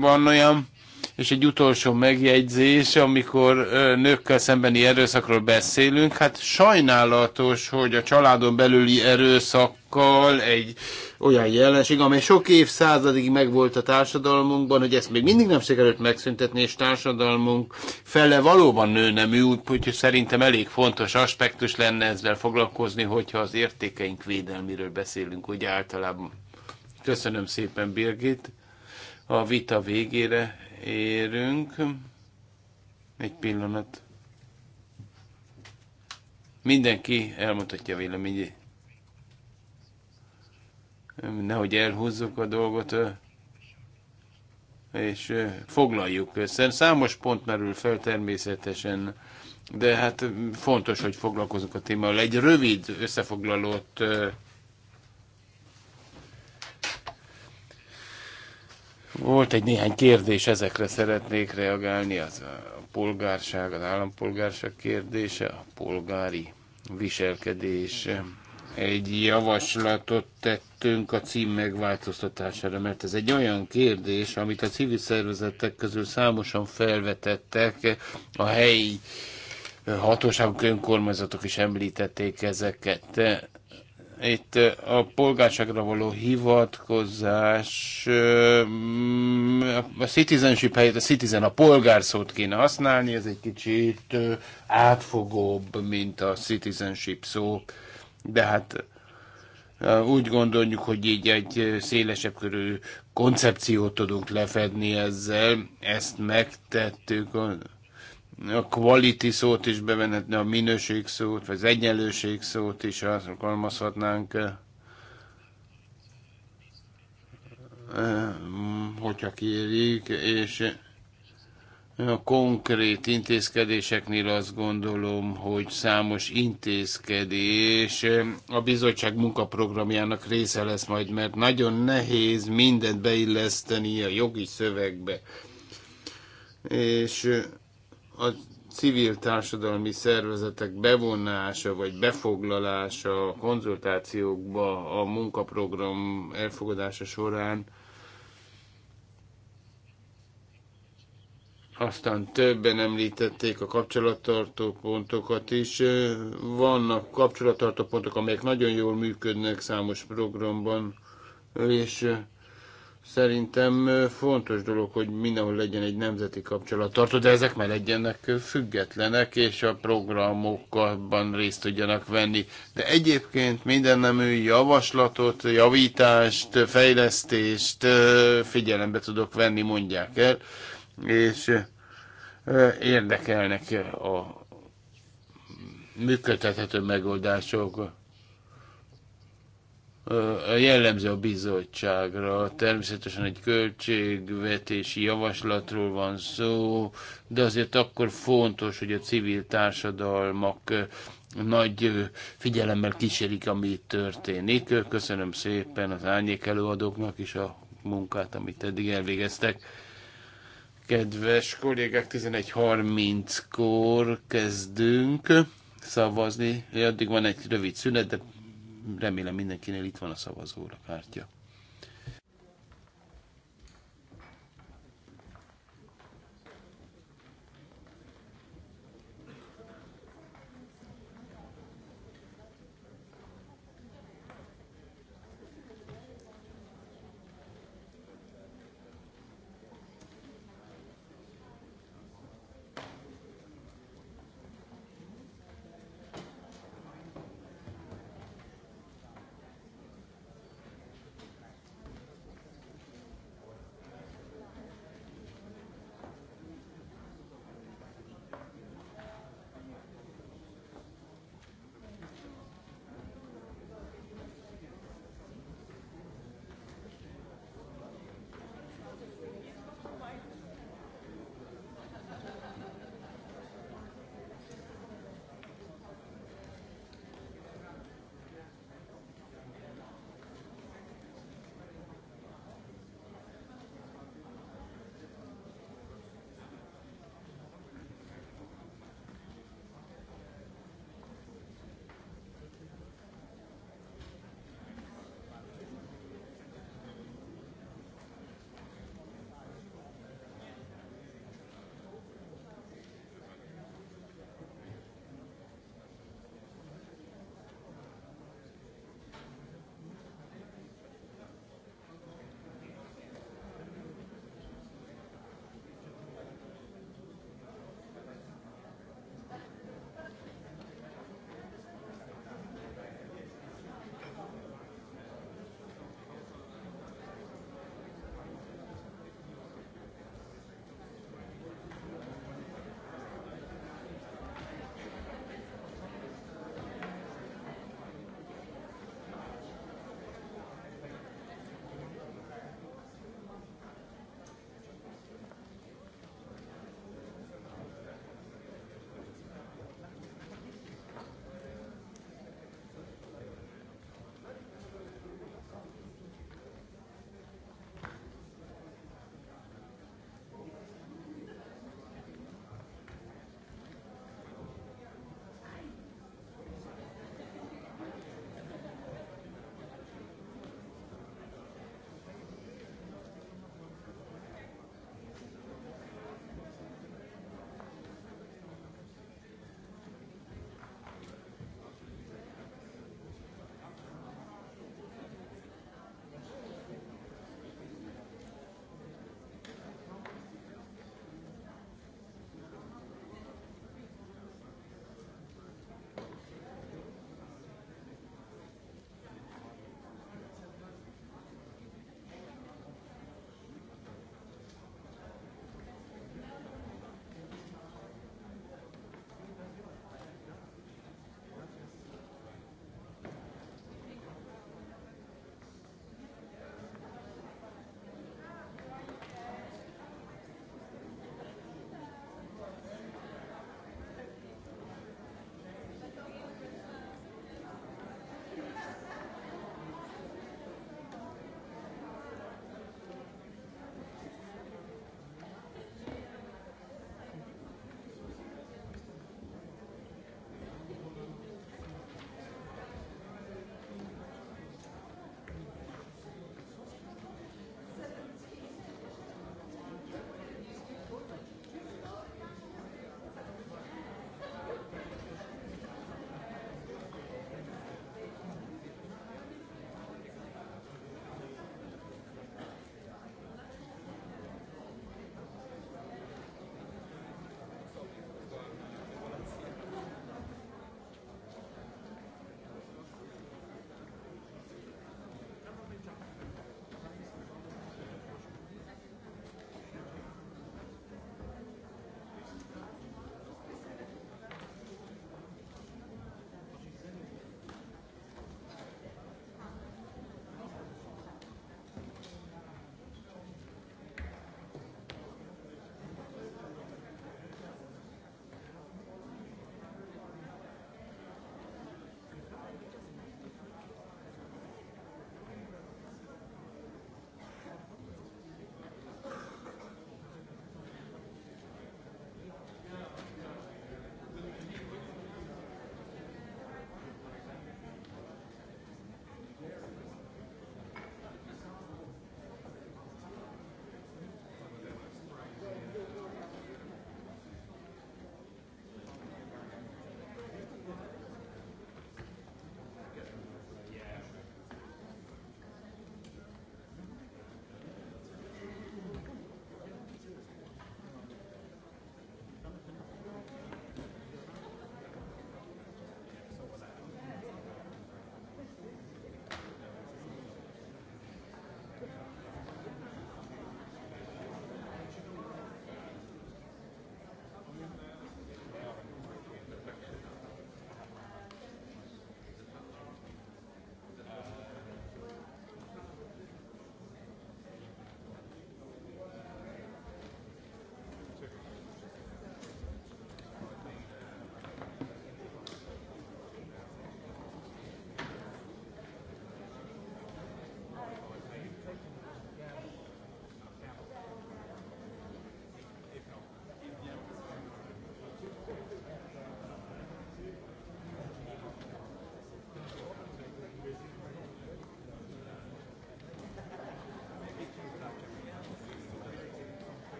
C: van olyan és egy utolsó megjegyzés, amikor nőkkel szembeni erőszakról beszélünk, hát sajnálatos, hogy a családon belüli erőszakkal egy olyan jelenség, amely sok évszázadig megvolt a társadalmunkban, hogy ezt még mindig nem sikerült megszüntetni, és társadalmunk fele valóban nő, nem úgy, úgyhogy szerintem elég fontos aspektus lenne ezzel foglalkozni, hogyha az értékeink védelmiről beszélünk úgy általában. Köszönöm szépen, Birgit. A vita végére érünk. Egy pillanat. Mindenki elmutatja a véleményét. Nehogy elhúzzuk a dolgot, és foglaljuk össze. Számos pont merül fel természetesen, de hát fontos, hogy foglalkozunk a témával. Egy rövid összefoglalót Volt egy néhány kérdés, ezekre szeretnék reagálni, az a polgárság, az állampolgárság kérdése, a polgári viselkedés. Egy javaslatot tettünk a cím megváltoztatására, mert ez egy olyan kérdés, amit a civil szervezetek közül számosan felvetettek, a helyi hatóságok, önkormányzatok is említették ezeket. Itt a polgárságra való hivatkozás, mm, a citizenship helyett a citizen, a polgár szót kéne használni, ez egy kicsit átfogóbb, mint a citizenship szó, de hát úgy gondoljuk, hogy így egy szélesebb körű koncepciót tudunk lefedni ezzel. Ezt megtettük a quality szót is bevenhetne, a minőség szót, vagy az egyenlőség szót is alkalmazhatnánk, ehm, hogyha kérjük, és a konkrét intézkedéseknél azt gondolom, hogy számos intézkedés a bizottság munkaprogramjának része lesz majd, mert nagyon nehéz mindent beilleszteni a jogi szövegbe. És a civil társadalmi szervezetek bevonása vagy befoglalása a konzultációkba a munkaprogram elfogadása során, Aztán többen említették a kapcsolattartó pontokat is. Vannak kapcsolattartó pontok, amelyek nagyon jól működnek számos programban, és Szerintem fontos dolog, hogy mindenhol legyen egy nemzeti tartó, de ezek már legyenek függetlenek, és a programokban részt tudjanak venni. De egyébként minden nemű javaslatot, javítást, fejlesztést figyelembe tudok venni, mondják el, és érdekelnek a működtethető megoldások jellemző a bizottságra. Természetesen egy költségvetési javaslatról van szó, de azért akkor fontos, hogy a civil társadalmak nagy figyelemmel kísérik, ami történik. Köszönöm szépen az árnyék előadóknak is a munkát, amit eddig elvégeztek. Kedves kollégák, 11.30-kor kezdünk szavazni. Addig van egy rövid szünet, de Remélem mindenkinél itt van a szavazóra kártya.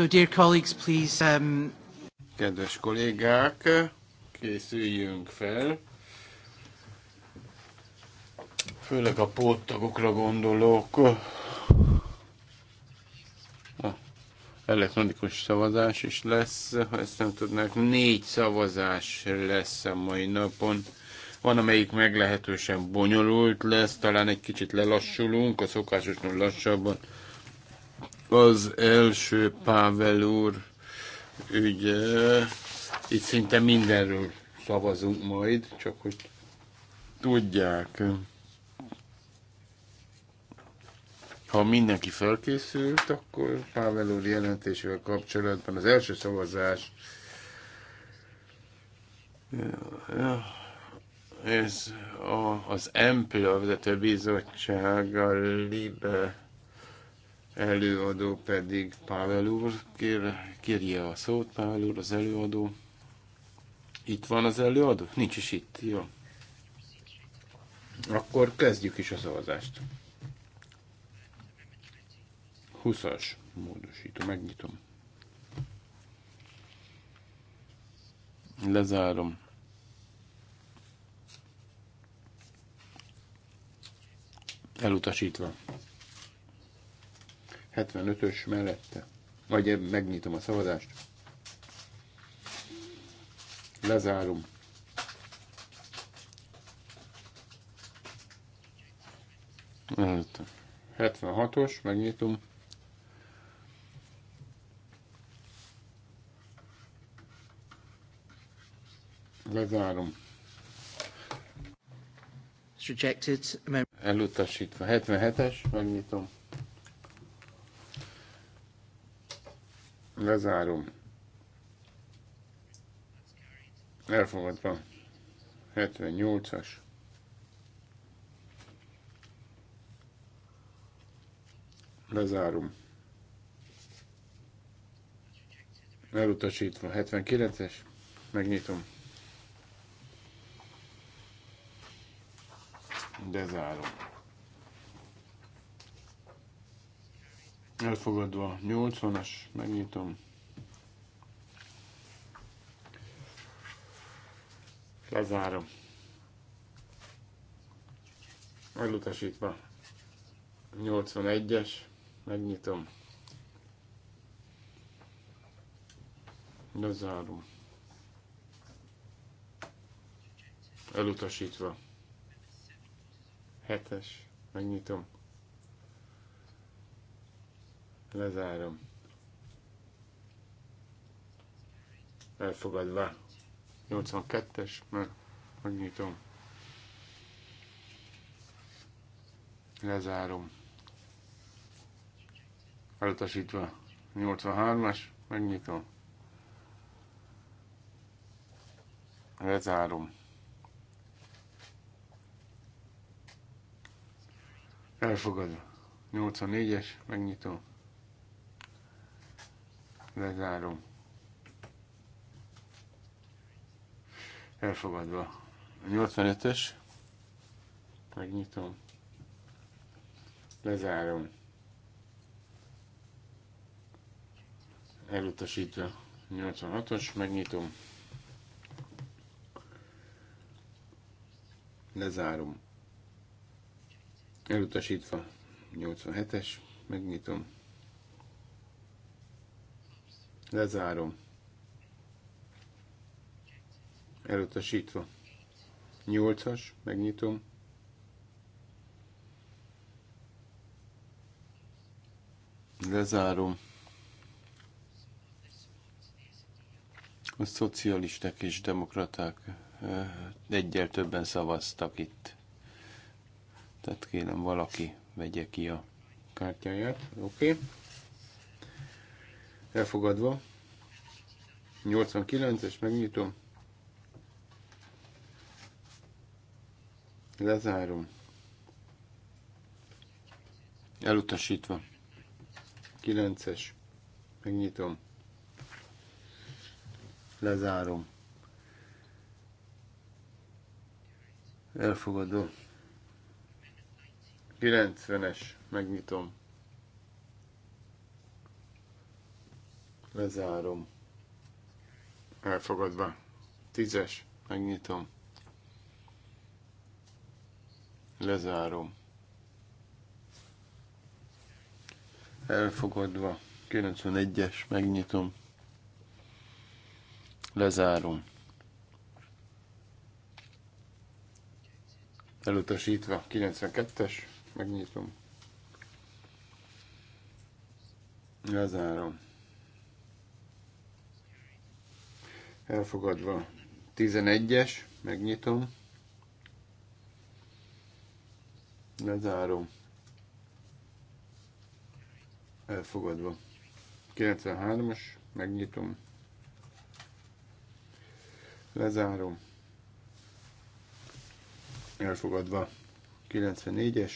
A: So, dear colleagues, please, um...
C: Kedves kollégák, készüljünk fel. Főleg a póttagokra gondolok. Ah, elektronikus szavazás is lesz, ha ezt nem tudnák. Négy szavazás lesz a mai napon. Van, amelyik meglehetősen bonyolult lesz, talán egy kicsit lelassulunk, a szokásosnál lassabban az első Pável úr ügye, itt szinte mindenről szavazunk majd, csak hogy tudják. Ha mindenki felkészült, akkor Pável úr jelentésével kapcsolatban az első szavazás ez a, az MPL vezető bizottság, a LIBE előadó pedig Pável úr. Kér, kérje a szót, Pável úr, az előadó. Itt van az előadó? Nincs is itt, jó. Akkor kezdjük is a szavazást. 20-as módosító, megnyitom. Lezárom. Elutasítva. 75-ös mellette. Vagy eh, megnyitom a szavazást. Lezárom. Hát, 76-os, megnyitom. Lezárom. Rejected. Elutasítva. 77-es, megnyitom. Lezárom. Elfogadva. 78-as. Lezárom. Elutasítva. 79-es. Megnyitom. Lezárom. Elfogadva 80-as, megnyitom. Lezárom. Elutasítva 81-es, megnyitom. Lezárom. Elutasítva. Hetes. Megnyitom. Lezárom. Elfogadva. 82-es, mert megnyitom. Lezárom. Elutasítva. 83-as, megnyitom. Lezárom. Elfogadva. 84-es, megnyitom. Lezárom. Elfogadva. 85-ös. Megnyitom. Lezárom. Elutasítva. 86-os. Megnyitom. Lezárom. Elutasítva. 87-es. Megnyitom Lezárom. Elutasítva. 8-as, megnyitom. Lezárom. A szocialisták és demokraták eh, egyel többen szavaztak itt. Tehát kérem, valaki vegye ki a kártyáját. Oké. Okay. Elfogadva. 89-es, megnyitom. Lezárom. Elutasítva. 9-es. Megnyitom. Lezárom. Elfogadom. 90-es. Megnyitom. Lezárom. Elfogadva. Tízes. Megnyitom. Lezárom. Elfogadva. 91-es. Megnyitom. Lezárom. Elutasítva. 92-es. Megnyitom. Lezárom. elfogadva. 11-es, megnyitom, lezárom, elfogadva. 93-as, megnyitom, lezárom, elfogadva. 94-es,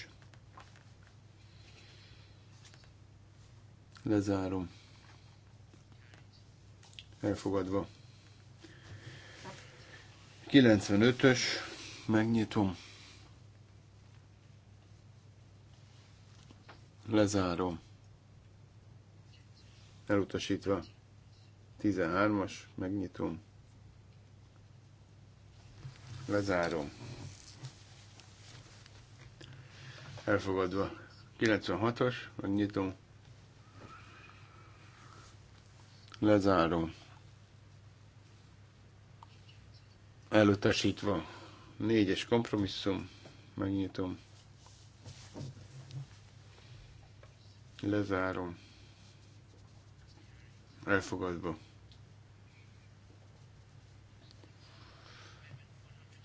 C: lezárom, elfogadva. 95-ös, megnyitom. Lezárom. Elutasítva. 13-as, megnyitom. Lezárom. Elfogadva. 96-os, megnyitom. Lezárom elutasítva. Négyes kompromisszum, megnyitom. Lezárom. Elfogadva.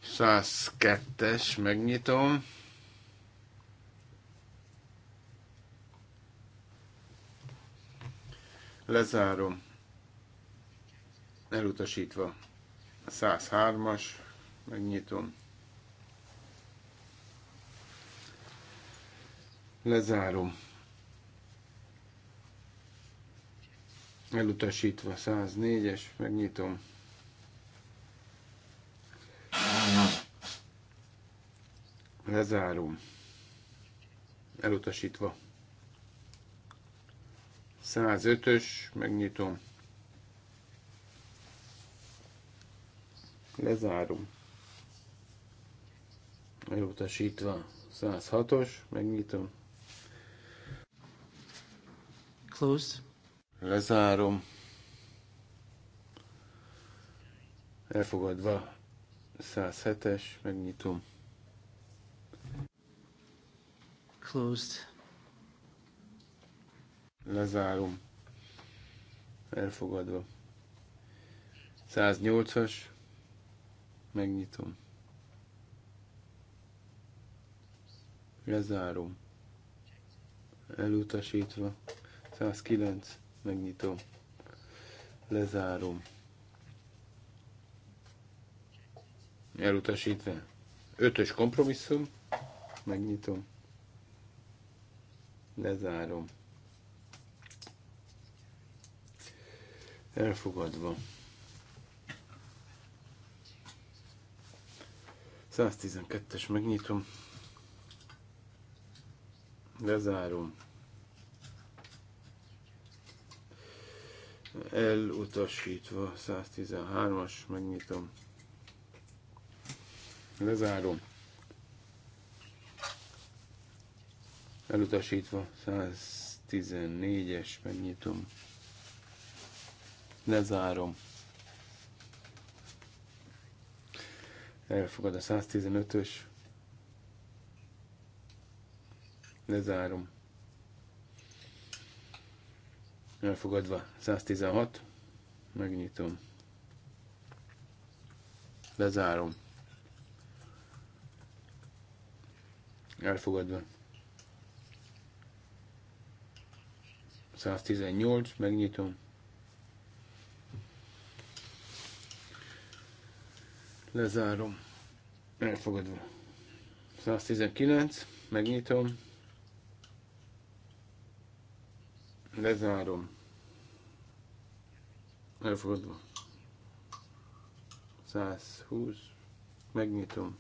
C: 102-es, megnyitom. Lezárom. Elutasítva. 103-as, megnyitom. Lezárom. Elutasítva 104-es, megnyitom. Lezárom. Elutasítva. 105-ös, megnyitom. Lezárom. Elutasítva 106-os, megnyitom. Closed. Lezárom. Elfogadva 107-es, megnyitom. Closed. Lezárom. Elfogadva. 108-as, megnyitom, lezárom, elutasítva, 109, megnyitom, lezárom, elutasítva, ötös kompromisszum, megnyitom, lezárom, elfogadva. 112-es megnyitom. Lezárom. Elutasítva 113-as megnyitom. Lezárom. Elutasítva 114-es megnyitom. Lezárom. elfogad a 115-ös, lezárom, elfogadva 116, megnyitom, lezárom, elfogadva 118, megnyitom, Lezárom. Elfogadva. 119. Megnyitom. Lezárom. Elfogadva. 120. Megnyitom.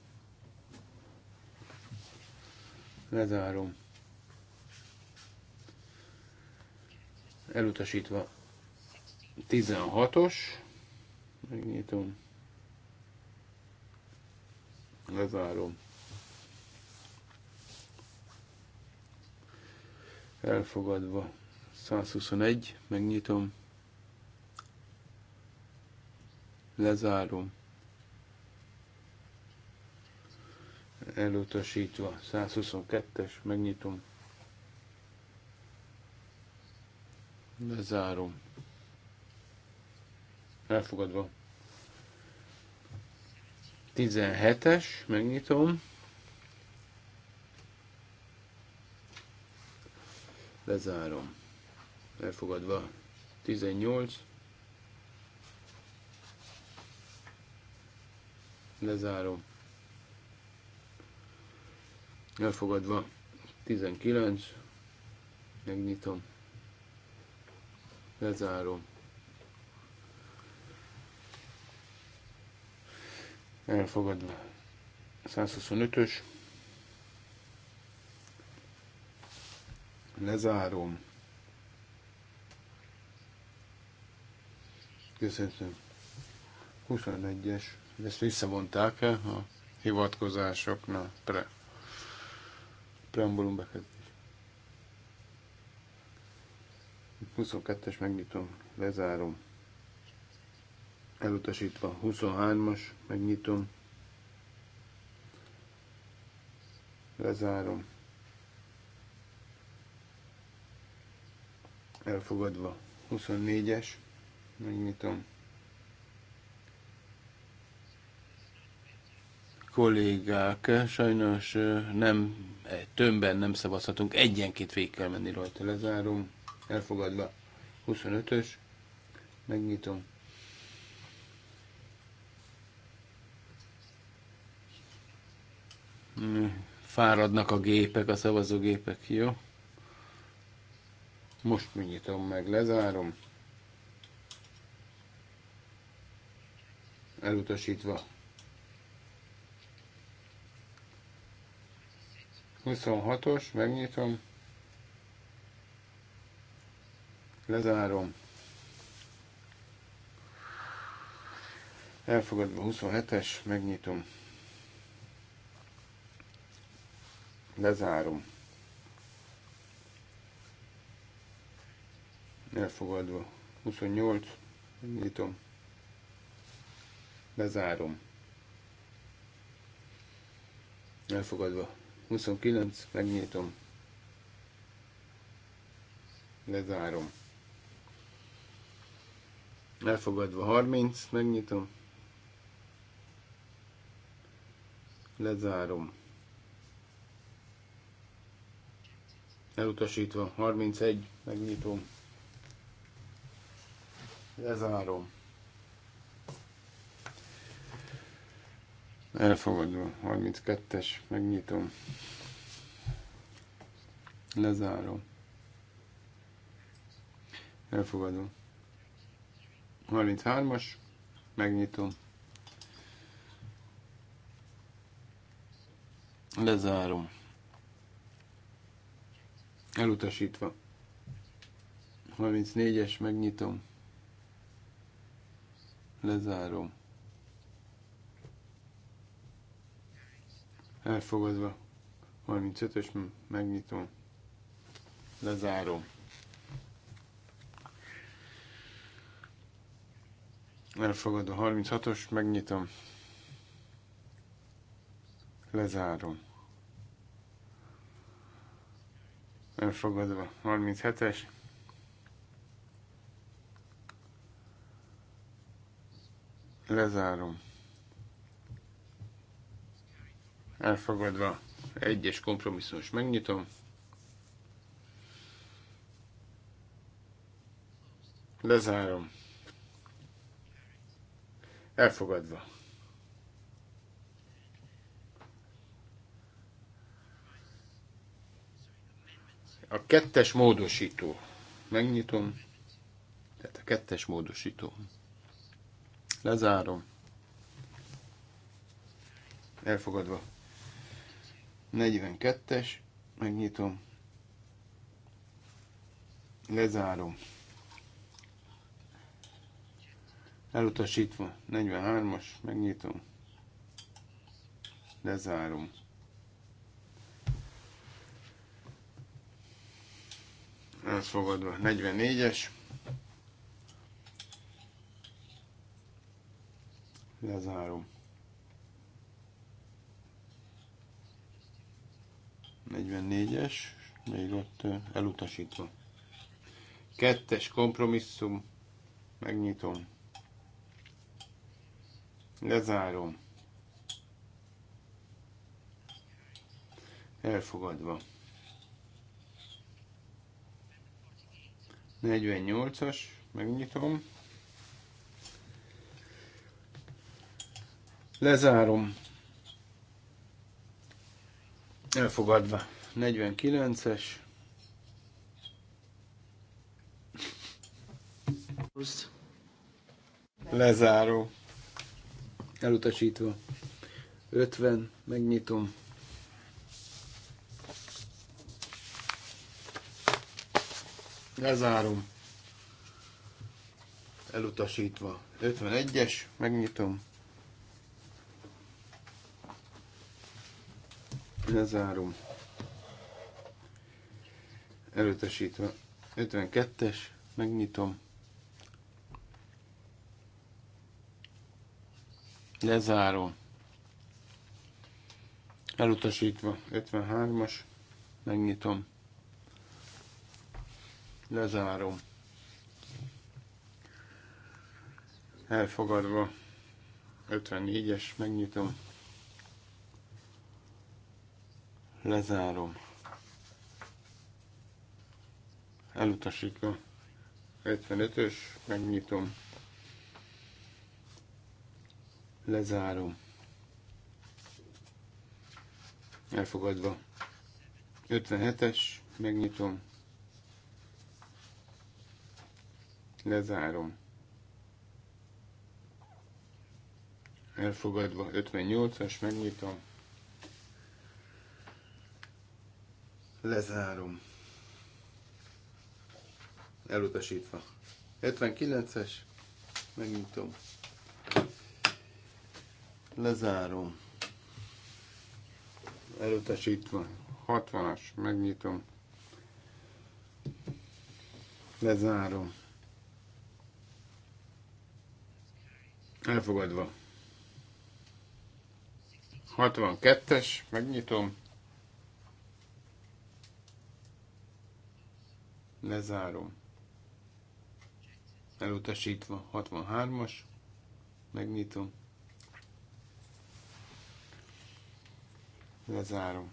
C: Lezárom. Elutasítva. 16-os. Megnyitom. Lezárom. Elfogadva. 121, megnyitom. Lezárom. Elutasítva. 122-es, megnyitom. Lezárom. Elfogadva. 17-es, megnyitom. Lezárom. Elfogadva 18. Lezárom. Elfogadva 19. Megnyitom. Lezárom. elfogadva. 125-ös. Lezárom. Köszönöm. 21-es. Ezt visszavonták -e a hivatkozásoknál? Pre. Preambulum bekezdés. 22-es megnyitom, lezárom elutasítva. 23-as, megnyitom, lezárom, elfogadva. 24-es, megnyitom. kollégák, sajnos nem, e, tömbben nem szavazhatunk, egyenként végig kell menni rajta. Lezárom, elfogadva. 25-ös, megnyitom. Fáradnak a gépek, a szavazógépek, jó? Most nyitom meg, lezárom. Elutasítva. 26-os, megnyitom. Lezárom. Elfogadva 27-es, megnyitom. Lezárom. Elfogadva. 28. Nyitom. Lezárom. Elfogadva. 29. Megnyitom. Lezárom. Elfogadva 30, megnyitom. Lezárom. elutasítva, 31, megnyitom, lezárom, elfogadva, 32-es, megnyitom, lezárom, elfogadom, 33-as, megnyitom, lezárom, Elutasítva. 34-es, megnyitom. Lezárom. Elfogadva. 35-ös, megnyitom. Lezárom. Elfogadva. 36-os, megnyitom. Lezárom. elfogadva. 37-es. Lezárom. Elfogadva. Egyes kompromisszumos megnyitom. Lezárom. Elfogadva. A kettes módosító. Megnyitom. Tehát a kettes módosító. Lezárom. Elfogadva. 42-es. Megnyitom. Lezárom. Elutasítva. 43-as. Megnyitom. Lezárom. elfogadva. 44-es. Lezárom. 44-es, még ott elutasítva. Kettes kompromisszum, megnyitom. Lezárom. Elfogadva. 48-as, megnyitom. Lezárom. Elfogadva. 49-es. Lezáró. Elutasítva. 50, megnyitom. Lezárom. Elutasítva. 51-es, megnyitom. Lezárom. Elutasítva. 52-es, megnyitom. Lezárom. Elutasítva. 53-as. Megnyitom. Lezárom. Elfogadva. 54-es, megnyitom. Lezárom. Elutasítva. 55-ös, megnyitom. Lezárom. Elfogadva. 57-es, megnyitom. Lezárom. Elfogadva 58-as, megnyitom. Lezárom. Elutasítva. 79-es, megnyitom. Lezárom. Elutasítva. 60-as, megnyitom. Lezárom. Elfogadva. 62-es, megnyitom. Lezárom. Elutasítva. 63-as, megnyitom. Lezárom.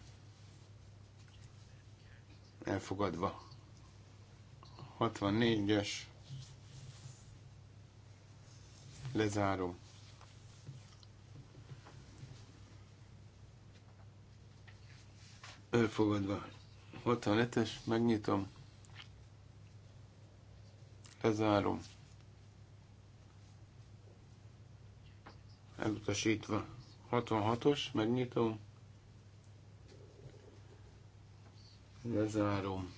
C: Elfogadva. 64-es, Lezárom. Elfogadva. 65-es, megnyitom. Lezárom. Elutasítva. 66-os, megnyitom. Lezárom.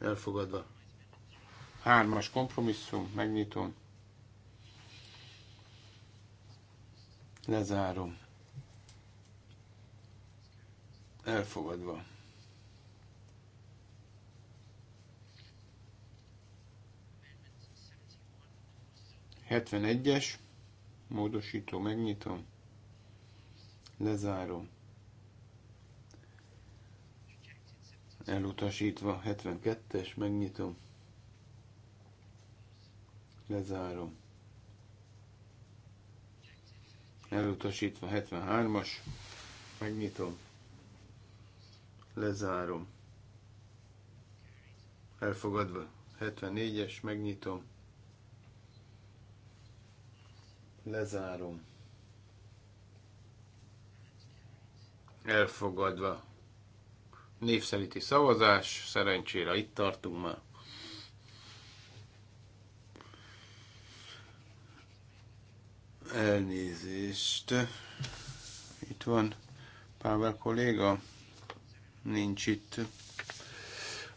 C: Elfogadva. Hármas kompromisszum, megnyitom. Lezárom. Elfogadva. Hetvenegyes, módosító, megnyitom. Lezárom. Elutasítva, 72-es, megnyitom Lezárom. Elutasítva 73-as. Megnyitom. Lezárom. Elfogadva 74-es. Megnyitom. Lezárom. Elfogadva név szavazás, szerencsére itt tartunk már. Elnézést. Itt van Pável kolléga. Nincs itt.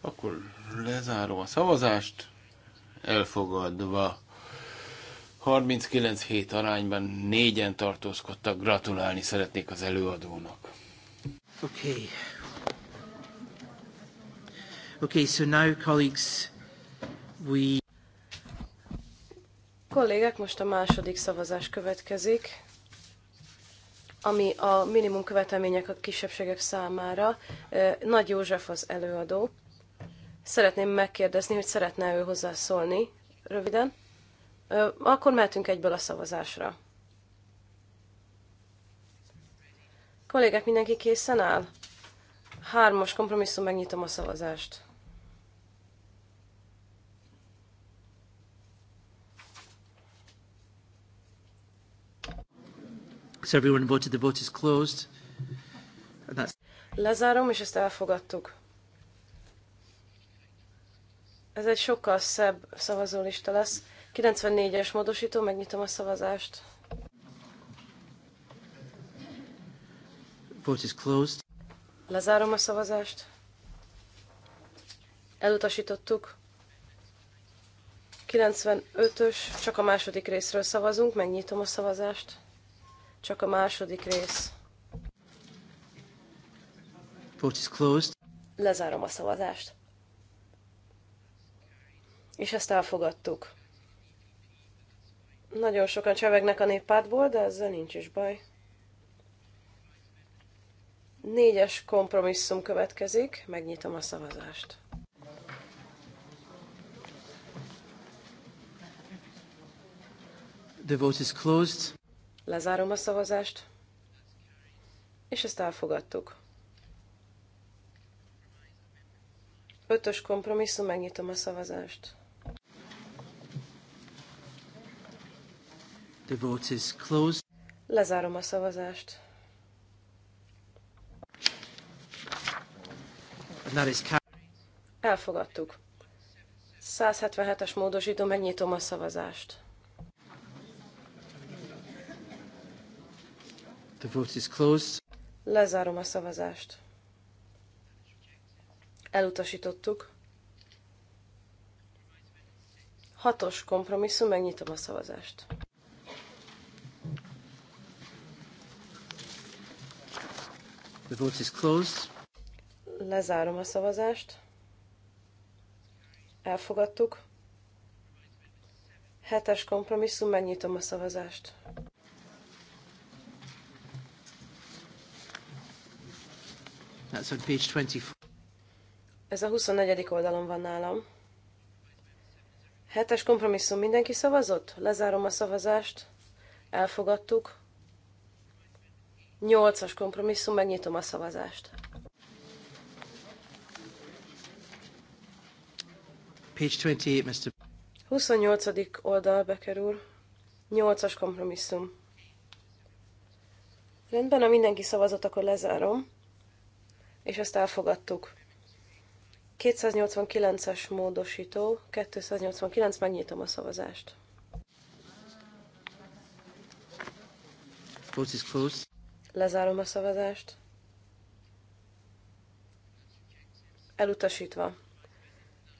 C: Akkor lezárom a szavazást. Elfogadva. 39 hét arányban négyen tartózkodtak. Gratulálni szeretnék az előadónak.
D: Oké. Okay.
A: Okay, so now, colleagues, we...
D: Kollégák, most a második szavazás következik, ami a minimum követelmények a kisebbségek számára. Nagy József az előadó. Szeretném megkérdezni, hogy szeretne ő hozzászólni röviden. Akkor mehetünk egyből a szavazásra. Kollégák, mindenki készen áll? Hármas kompromisszum, megnyitom a szavazást.
A: So everyone voted, the vote is closed. that's...
D: Lezárom, és ezt elfogadtuk. Ez egy sokkal szebb szavazólista lesz. 94-es módosító, megnyitom a szavazást.
A: Vote is closed.
D: Lezárom a szavazást. Elutasítottuk. 95-ös, csak a második részről szavazunk, megnyitom a szavazást. Csak a második rész.
A: Vote is closed.
D: Lezárom a szavazást. És ezt elfogadtuk. Nagyon sokan csevegnek a néppádból, de ezzel nincs is baj. Négyes kompromisszum következik, megnyitom a szavazást.
A: The vote is closed.
D: Lezárom a szavazást, és ezt elfogadtuk. Ötös kompromisszum, megnyitom a szavazást.
A: The vote is closed.
D: Lezárom a szavazást. that is Elfogadtuk. 177-es módosító, megnyitom a szavazást.
A: The vote is closed.
D: Lezárom a szavazást. Elutasítottuk. Hatos kompromisszum, megnyitom a szavazást.
A: The vote is closed.
D: Lezárom a szavazást. Elfogadtuk. Hetes kompromisszum, megnyitom a szavazást.
A: That's on page 24.
D: Ez a 24. oldalon van nálam. Hetes kompromisszum mindenki szavazott? Lezárom a szavazást. Elfogadtuk. Nyolcas kompromisszum, megnyitom a szavazást.
A: Page 28, Mr.
D: 28. oldal, bekerül. Nyolcas 8 kompromisszum. Rendben, ha mindenki szavazott, akkor lezárom és ezt elfogadtuk. 289-es módosító, 289, megnyitom a szavazást. is closed. Lezárom a szavazást. Elutasítva.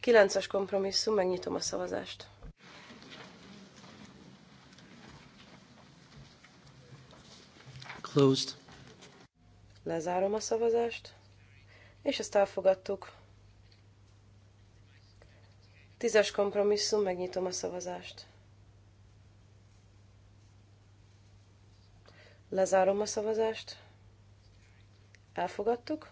D: 9-es kompromisszum, megnyitom a szavazást. Closed. Lezárom a szavazást és ezt elfogadtuk. Tízes kompromisszum, megnyitom a szavazást. Lezárom a szavazást. Elfogadtuk.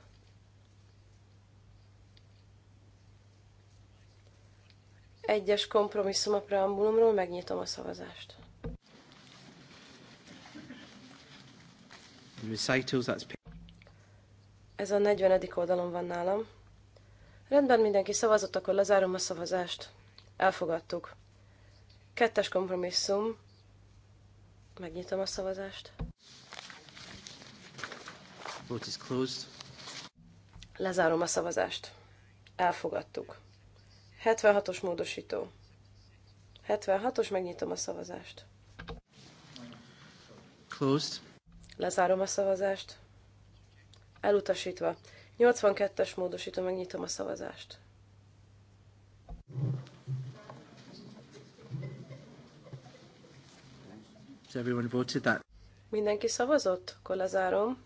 D: Egyes kompromisszum a preambulumról, megnyitom a szavazást.
A: Recitals, that's
D: ez a 40. oldalon van nálam. Rendben, mindenki szavazott, akkor lezárom a szavazást. Elfogadtuk. Kettes kompromisszum. Megnyitom a szavazást.
A: Vote is closed.
D: Lezárom a szavazást. Elfogadtuk. 76-os módosító. 76-os, megnyitom a szavazást. Closed. Lezárom a szavazást. Elutasítva. 82-es módosító, megnyitom a szavazást. Mindenki szavazott? Akkor lezárom.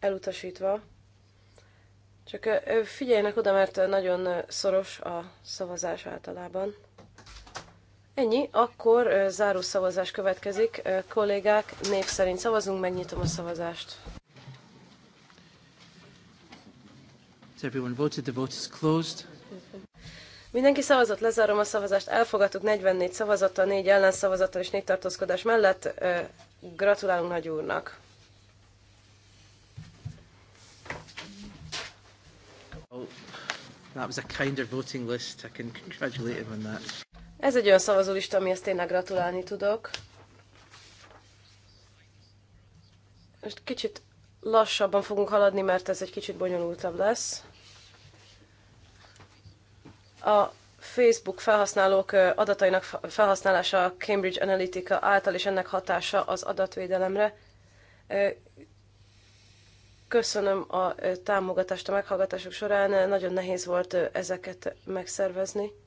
D: Elutasítva. Csak figyeljenek oda, mert nagyon szoros a szavazás általában. Ennyi, akkor záró szavazás következik. Kollégák, név szerint szavazunk, megnyitom a szavazást.
A: Everyone voted, the vote is closed.
D: Mindenki szavazott, lezárom a szavazást, elfogadtuk 44 szavazattal, 4 ellenszavazattal és 4 tartózkodás mellett. Gratulálunk nagy úrnak!
A: Oh, that was a kinder voting list. I can congratulate him on that.
D: Ez egy olyan szavazólista, ami ezt tényleg gratulálni tudok. Most kicsit lassabban fogunk haladni, mert ez egy kicsit bonyolultabb lesz. A Facebook felhasználók adatainak felhasználása a Cambridge Analytica által és ennek hatása az adatvédelemre. Köszönöm a támogatást a meghallgatások során, nagyon nehéz volt ezeket megszervezni.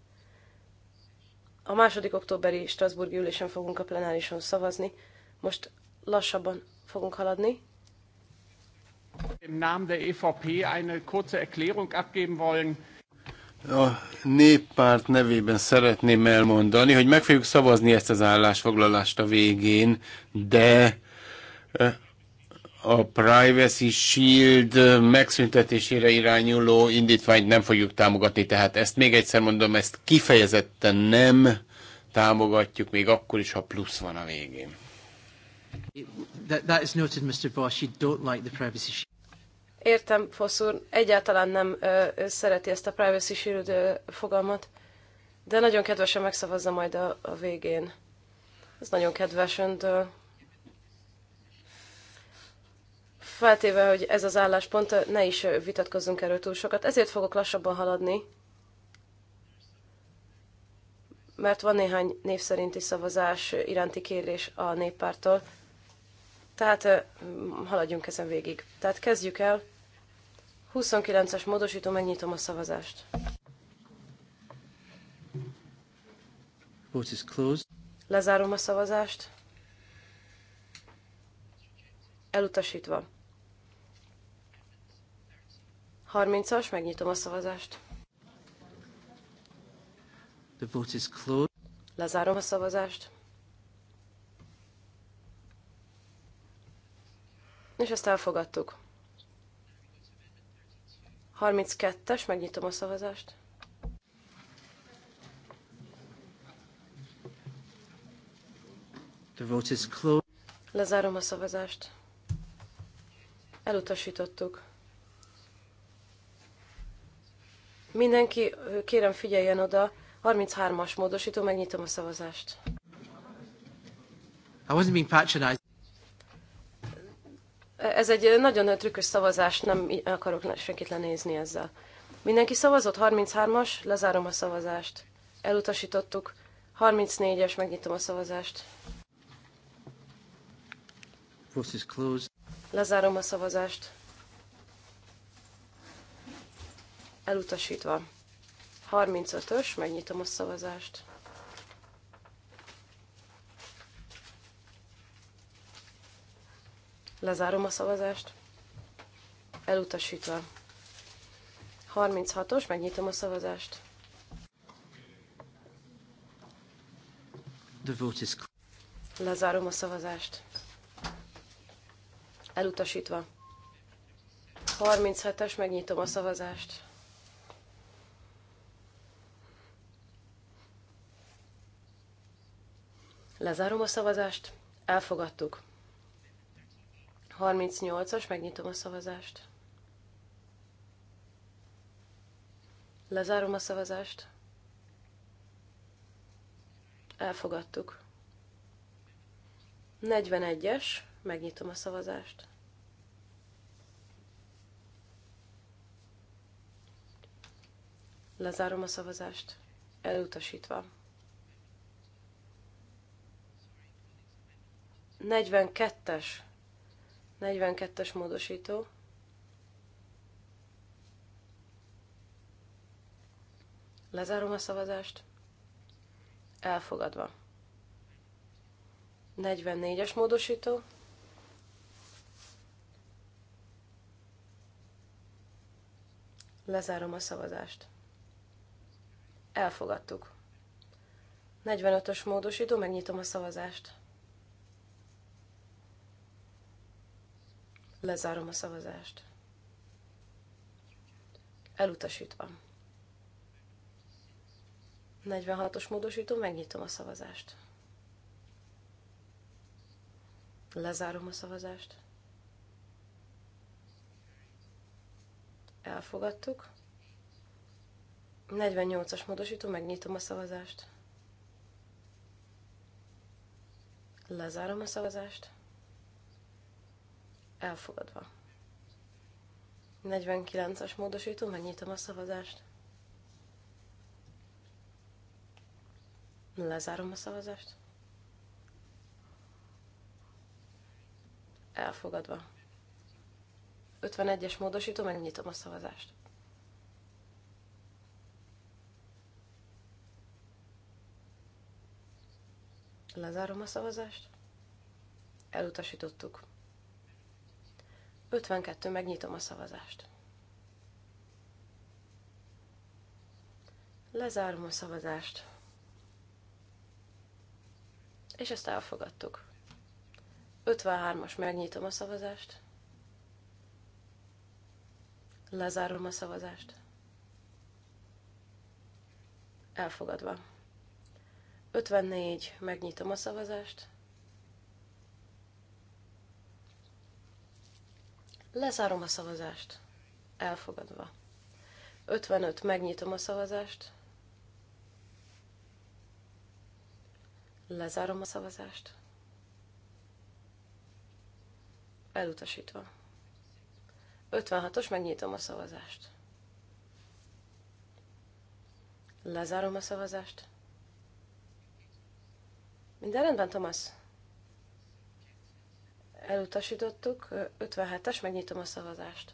D: A második októberi Strasburgi ülésen fogunk a plenárison szavazni. Most lassabban fogunk haladni. Im Namen der EVP eine kurze Erklärung abgeben wollen.
C: A néppárt nevében szeretném elmondani, hogy meg fogjuk szavazni ezt az állásfoglalást a végén, de eh, a Privacy Shield megszüntetésére irányuló indítványt nem fogjuk támogatni, tehát ezt még egyszer mondom, ezt kifejezetten nem támogatjuk, még akkor is, ha plusz van a végén.
D: That,
A: is noted, Mr. You don't like the privacy shield.
D: Értem, Fosz úr, egyáltalán nem ö, szereti ezt a privacy shield ö, fogalmat, de nagyon kedvesen megszavazza majd a, a végén. Ez nagyon kedves öntől. feltéve, hogy ez az álláspont, ne is vitatkozzunk erről túl sokat. Ezért fogok lassabban haladni, mert van néhány név szerinti szavazás iránti kérés a néppártól. Tehát haladjunk ezen végig. Tehát kezdjük el. 29-es módosító, megnyitom a szavazást.
A: Vote is closed.
D: Lezárom a szavazást. Elutasítva. 30-as, megnyitom a szavazást.
A: The vote is closed.
D: Lezárom a szavazást. És ezt elfogadtuk. 32-es, megnyitom a szavazást.
A: The vote is closed.
D: Lezárom a szavazást. Elutasítottuk. Mindenki, kérem figyeljen oda, 33-as módosító, megnyitom a szavazást.
A: I wasn't being patronized.
D: Ez egy nagyon trükkös szavazás, nem akarok senkit lenézni ezzel. Mindenki szavazott? 33-as, lezárom a szavazást. Elutasítottuk. 34-es, megnyitom a szavazást. Lezárom a szavazást. elutasítva. 35-ös, megnyitom a szavazást. Lezárom a szavazást. Elutasítva. 36-os, megnyitom a szavazást. The vote is... Lezárom a szavazást. Elutasítva. 37-es, megnyitom a szavazást. Lezárom a szavazást. Elfogadtuk. 38-as, megnyitom a szavazást. Lezárom a szavazást. Elfogadtuk. 41-es, megnyitom a szavazást. Lezárom a szavazást. Elutasítva. 42-es. 42-es módosító. Lezárom a szavazást. Elfogadva. 44-es módosító. Lezárom a szavazást. Elfogadtuk. 45-ös módosító, megnyitom a szavazást. Lezárom a szavazást. Elutasítva. 46-os módosító, megnyitom a szavazást. Lezárom a szavazást. Elfogadtuk. 48-as módosító, megnyitom a szavazást. Lezárom a szavazást. Elfogadva. 49-as módosító, megnyitom a szavazást. Lezárom a szavazást. Elfogadva. 51-es módosító, megnyitom a szavazást. Lezárom a szavazást. Elutasítottuk. 52, megnyitom a szavazást. Lezárom a szavazást. És ezt elfogadtuk. 53-as, megnyitom a szavazást. Lezárom a szavazást. Elfogadva. 54, megnyitom a szavazást. Lezárom a szavazást. Elfogadva. 55. Megnyitom a szavazást. Lezárom a szavazást. Elutasítva. 56-os, megnyitom a szavazást. Lezárom a szavazást. Minden rendben, Tomasz? Elutasítottuk. 57-es, megnyitom a szavazást.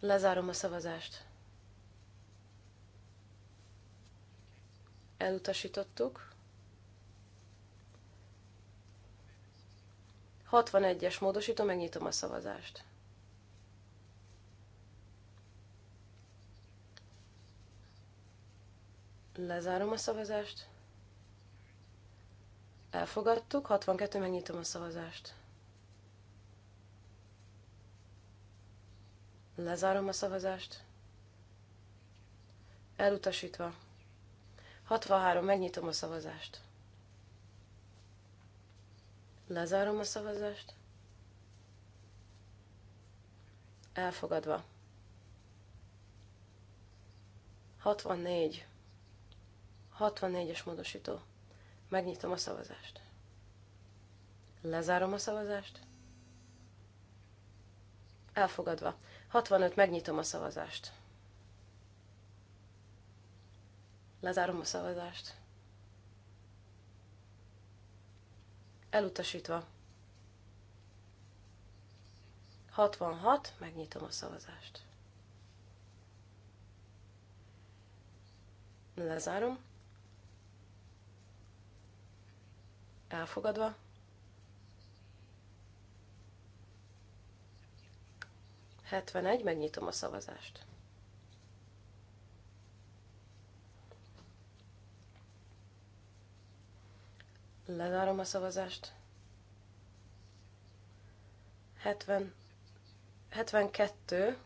D: Lezárom a szavazást. Elutasítottuk. 61-es módosító, megnyitom a szavazást. Lezárom a szavazást. Elfogadtuk. 62, megnyitom a szavazást. Lezárom a szavazást. Elutasítva. 63, megnyitom a szavazást. Lezárom a szavazást. Elfogadva. 64. 64-es módosító. Megnyitom a szavazást. Lezárom a szavazást. Elfogadva. 65. Megnyitom a szavazást. Lezárom a szavazást. Elutasítva. 66. Megnyitom a szavazást. Lezárom. elfogadva. Hetvenegy, megnyitom a szavazást. Lezárom a szavazást. 70, 72.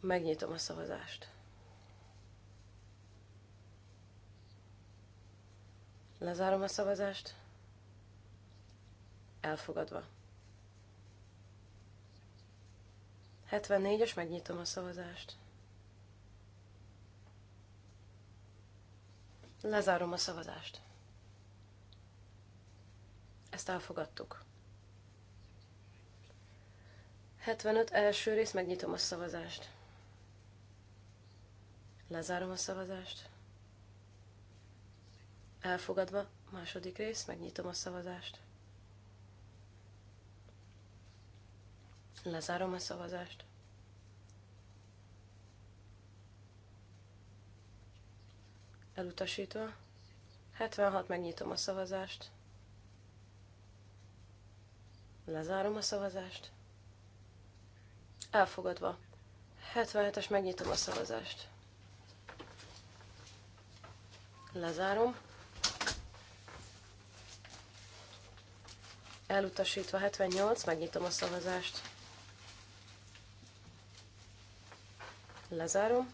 D: Megnyitom a szavazást. Lezárom a szavazást. Elfogadva. 74-es, megnyitom a szavazást. Lezárom a szavazást. Ezt elfogadtuk. 75 első rész, megnyitom a szavazást. Lezárom a szavazást. Elfogadva. Második rész. Megnyitom a szavazást. Lezárom a szavazást. Elutasítva. 76. Megnyitom a szavazást. Lezárom a szavazást. Elfogadva. 77-es megnyitom a szavazást. Lezárom. elutasítva 78, megnyitom a szavazást. Lezárom.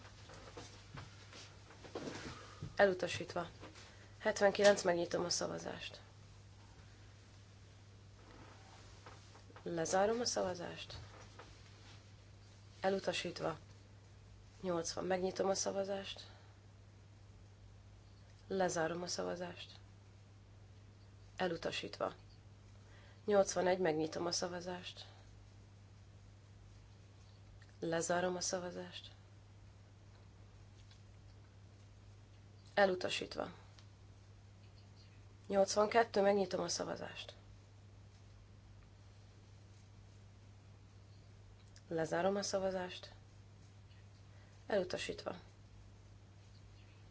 D: Elutasítva. 79, megnyitom a szavazást. Lezárom a szavazást. Elutasítva. 80, megnyitom a szavazást. Lezárom a szavazást. Elutasítva. 81, megnyitom a szavazást. Lezárom a szavazást. Elutasítva. 82, megnyitom a szavazást. Lezárom a szavazást. Elutasítva.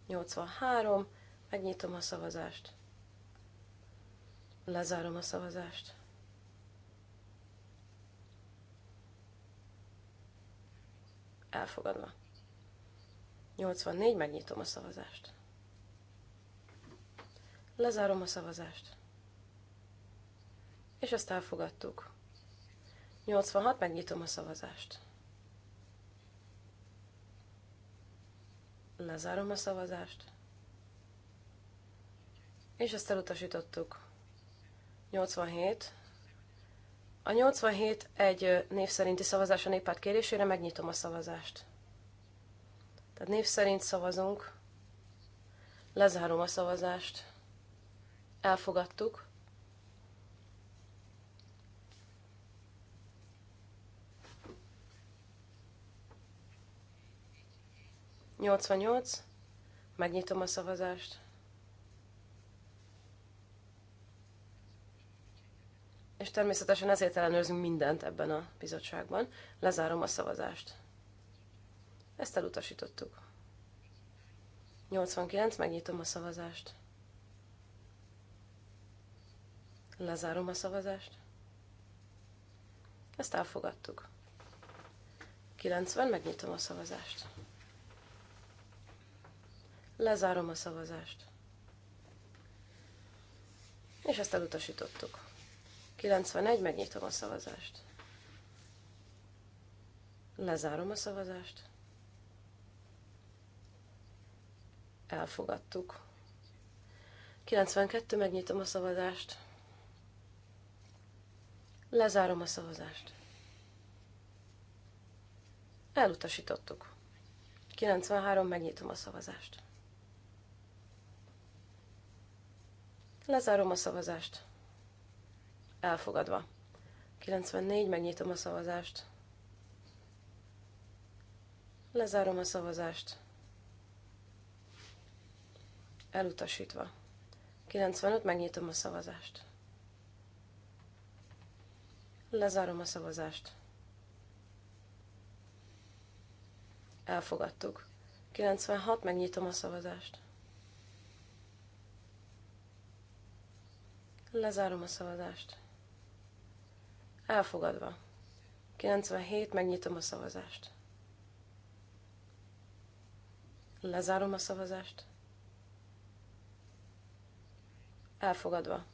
D: 83, megnyitom a szavazást. Lezárom a szavazást. elfogadva. 84, megnyitom a szavazást. Lezárom a szavazást. És ezt elfogadtuk. 86, megnyitom a szavazást. Lezárom a szavazást. És ezt elutasítottuk. 87, a 87 egy név szerinti szavazás a néppárt kérésére, megnyitom a szavazást. Tehát név szerint szavazunk, lezárom a szavazást, elfogadtuk. Nyolcvannyolc, megnyitom a szavazást. és természetesen ezért ellenőrzünk mindent ebben a bizottságban. Lezárom a szavazást. Ezt elutasítottuk. 89, megnyitom a szavazást. Lezárom a szavazást. Ezt elfogadtuk. 90, megnyitom a szavazást. Lezárom a szavazást. És ezt elutasítottuk. 91, megnyitom a szavazást. Lezárom a szavazást. Elfogadtuk. 92, megnyitom a szavazást. Lezárom a szavazást. Elutasítottuk. 93, megnyitom a szavazást. Lezárom a szavazást elfogadva. 94, megnyitom a szavazást. Lezárom a szavazást. Elutasítva. 95, megnyitom a szavazást. Lezárom a szavazást. Elfogadtuk. 96, megnyitom a szavazást. Lezárom a szavazást. Elfogadva. 97, megnyitom a szavazást. Lezárom a szavazást. Elfogadva.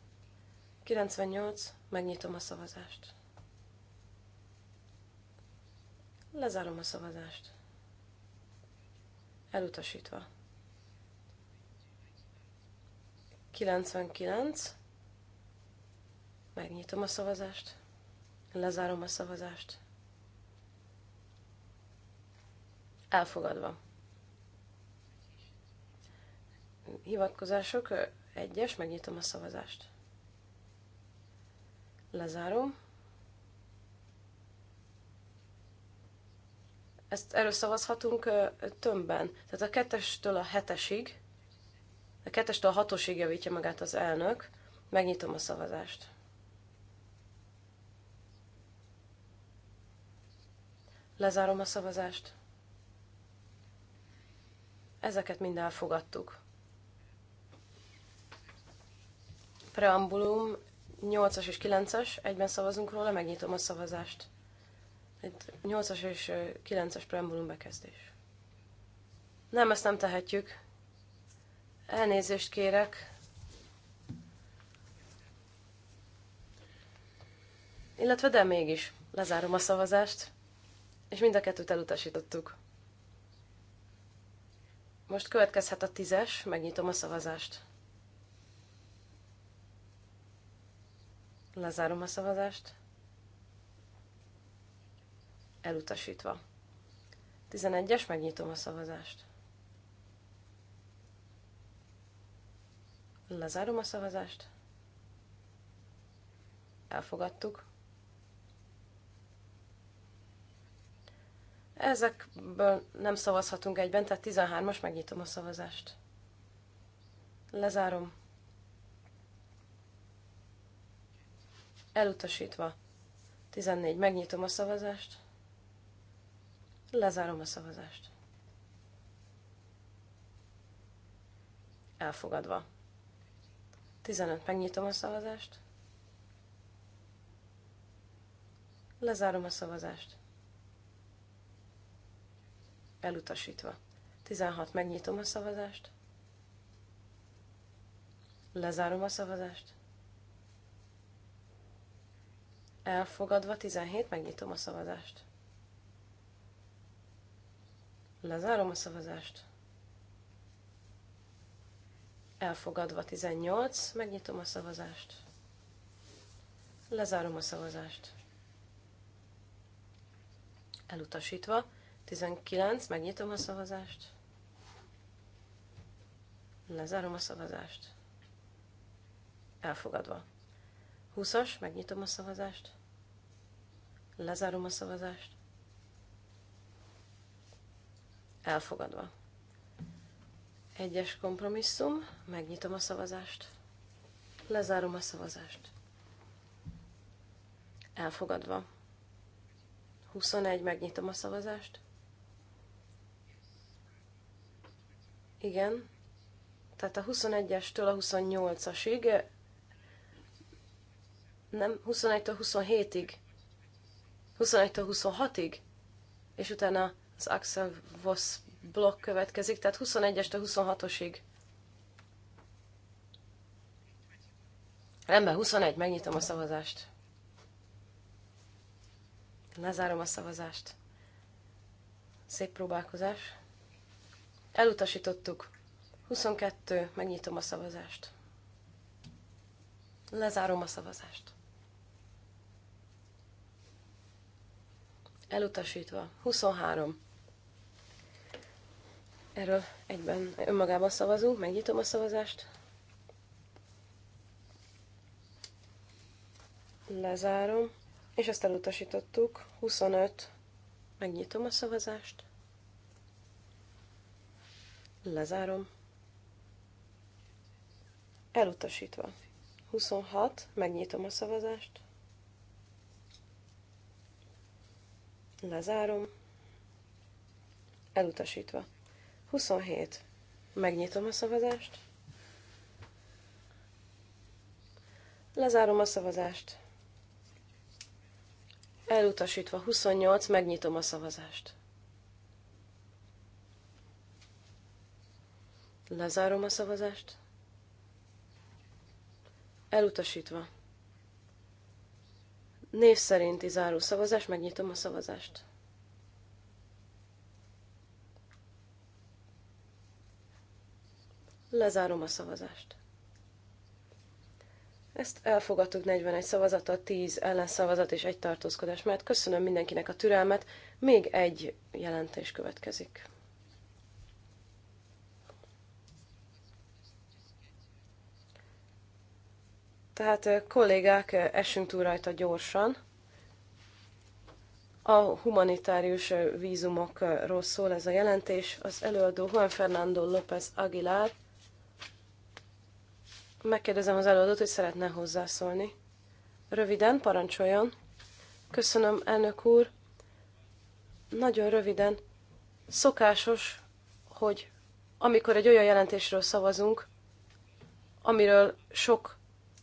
D: 98, megnyitom a szavazást. Lezárom a szavazást. Elutasítva. 99. Megnyitom a szavazást. Lezárom a szavazást. Elfogadva. Hivatkozások. Egyes, megnyitom a szavazást. Lezárom. Ezt erről szavazhatunk tömbben. Tehát a kettestől a hetesig, a kettestől a hatosig javítja magát az elnök. Megnyitom a szavazást. Lezárom a szavazást. Ezeket mind elfogadtuk. Preambulum 8-as és 9 as egyben szavazunk róla, megnyitom a szavazást. Itt 8-as és 9 as preambulum bekezdés. Nem, ezt nem tehetjük. Elnézést kérek. Illetve de mégis, lezárom a szavazást és mind a kettőt elutasítottuk. Most következhet a tízes, megnyitom a szavazást. Lezárom a szavazást. Elutasítva. Tizenegyes megnyitom a szavazást. Lezárom a szavazást. Elfogadtuk. Ezekből nem szavazhatunk egyben, tehát 13-as, megnyitom a szavazást. Lezárom. Elutasítva. 14. Megnyitom a szavazást. Lezárom a szavazást. Elfogadva. 15. Megnyitom a szavazást. Lezárom a szavazást elutasítva. 16. Megnyitom a szavazást. Lezárom a szavazást. Elfogadva 17, megnyitom a szavazást. Lezárom a szavazást. Elfogadva 18, megnyitom a szavazást. Lezárom a szavazást. Elutasítva 19, megnyitom a szavazást. Lezárom a szavazást. Elfogadva. 20-as, megnyitom a szavazást. Lezárom a szavazást. Elfogadva. Egyes kompromisszum, megnyitom a szavazást. Lezárom a szavazást. Elfogadva. 21, megnyitom a szavazást. Igen. Tehát a 21-estől a 28-asig, eh, nem, 21-től 27-ig, 21-től 26-ig, és utána az Axel Voss blokk következik, tehát 21-estől 26-osig. Rendben, 21, megnyitom a szavazást. Lezárom a szavazást. Szép próbálkozás. Elutasítottuk. 22. Megnyitom a szavazást. Lezárom a szavazást. Elutasítva. 23. Erről egyben önmagában szavazunk, megnyitom a szavazást. Lezárom, és ezt elutasítottuk. 25. Megnyitom a szavazást. Lezárom. Elutasítva. 26. Megnyitom a szavazást. Lezárom. Elutasítva. 27. Megnyitom a szavazást. Lezárom a szavazást. Elutasítva 28, megnyitom a szavazást. Lezárom a szavazást. Elutasítva. Név szerinti záró szavazás, megnyitom a szavazást. Lezárom a szavazást. Ezt elfogadtuk 41 szavazata, 10 ellenszavazat és egy tartózkodás, mert köszönöm mindenkinek a türelmet, még egy jelentés következik. Tehát kollégák, esünk túl rajta gyorsan. A humanitárius vízumokról szól ez a jelentés. Az előadó Juan Fernando López Aguilar. Megkérdezem az előadót, hogy szeretne hozzászólni. Röviden, parancsoljon. Köszönöm, elnök úr. Nagyon röviden. Szokásos, hogy amikor egy olyan jelentésről szavazunk, amiről sok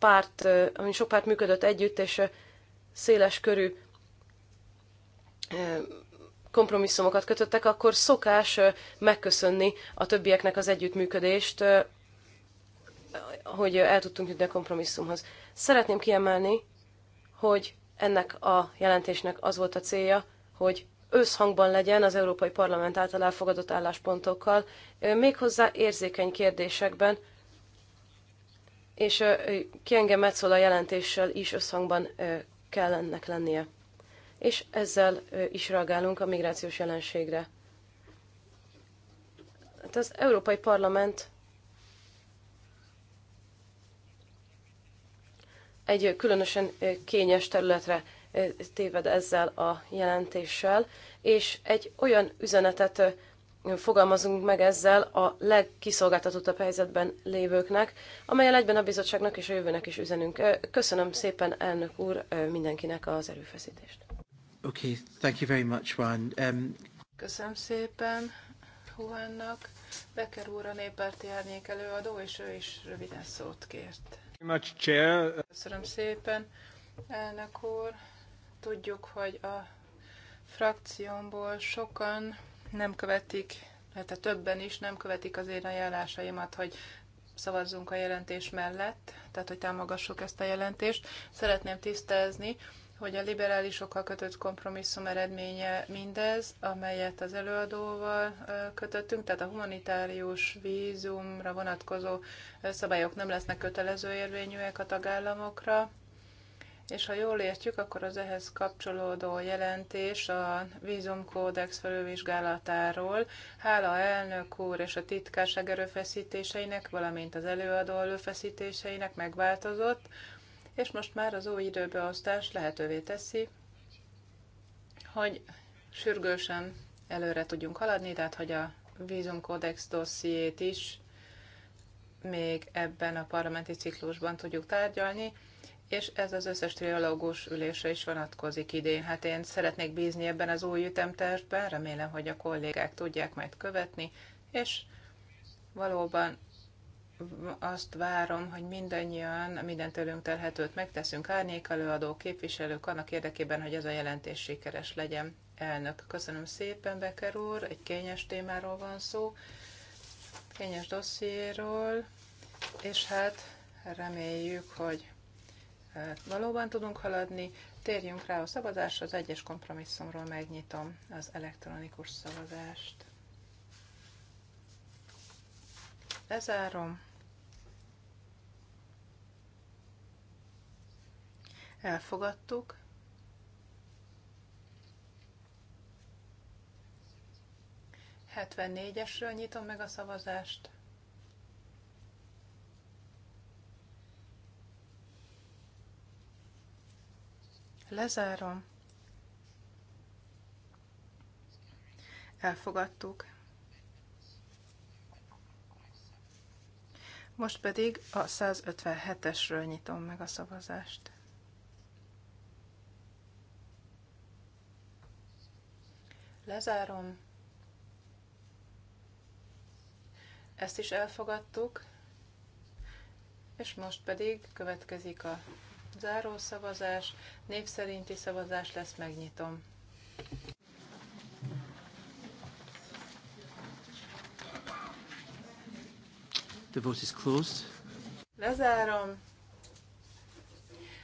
D: párt, ami sok párt működött együtt, és széles körű kompromisszumokat kötöttek, akkor szokás megköszönni a többieknek az együttműködést, hogy el tudtunk jutni a kompromisszumhoz. Szeretném kiemelni, hogy ennek a jelentésnek az volt a célja, hogy összhangban legyen az Európai Parlament által elfogadott álláspontokkal, méghozzá érzékeny kérdésekben, és Kienge Metzola jelentéssel is összhangban kell ennek lennie. És ezzel is reagálunk a migrációs jelenségre. Hát az Európai Parlament egy különösen kényes területre téved ezzel a jelentéssel, és egy olyan üzenetet fogalmazunk meg ezzel a legkiszolgáltatottabb helyzetben lévőknek, amelyel egyben a bizottságnak és a jövőnek is üzenünk. Köszönöm szépen, elnök úr, mindenkinek az erőfeszítést.
A: Okay, thank you very much, Juan. Um...
D: Köszönöm szépen Juannak. Becker úr a néppárti árnyék
B: előadó, és ő is röviden szót kért. Much, chair. Köszönöm szépen, elnök úr. Tudjuk, hogy a frakciómból sokan nem követik, mert hát a többen is nem követik az én ajánlásaimat, hogy szavazzunk a jelentés mellett, tehát hogy támogassuk ezt a jelentést. Szeretném tisztázni, hogy a liberálisokkal kötött kompromisszum eredménye mindez, amelyet az előadóval kötöttünk, tehát a humanitárius vízumra vonatkozó szabályok nem lesznek kötelező érvényűek a tagállamokra, és ha jól értjük, akkor az ehhez kapcsolódó jelentés a vízumkódex felülvizsgálatáról, hála elnök úr és a titkárság erőfeszítéseinek, valamint az előadó erőfeszítéseinek megváltozott, és most már az új időbeosztás lehetővé teszi, hogy sürgősen előre tudjunk haladni, tehát hogy a vízumkódex dossziét is még ebben a parlamenti ciklusban tudjuk tárgyalni és ez az összes triológus ülése is vonatkozik idén. Hát én szeretnék bízni ebben az új ütemtervben, remélem, hogy a kollégák tudják majd követni, és valóban azt várom, hogy mindannyian minden tőlünk telhetőt megteszünk árnyék előadó képviselők annak érdekében, hogy ez a jelentés sikeres legyen. Elnök, köszönöm szépen, Becker úr, egy kényes témáról van szó, kényes dossziéról, és hát reméljük, hogy Hát, valóban tudunk haladni. Térjünk rá a szavazásra, az egyes kompromisszumról megnyitom az elektronikus szavazást. Lezárom. Elfogadtuk. Hetvennégyesről nyitom meg a szavazást. Lezárom. Elfogadtuk. Most pedig a 157-esről nyitom meg a szavazást. Lezárom. Ezt is elfogadtuk. És most pedig következik a Záró szavazás, név szerinti szavazás lesz, megnyitom.
A: The vote is closed.
B: Lezárom.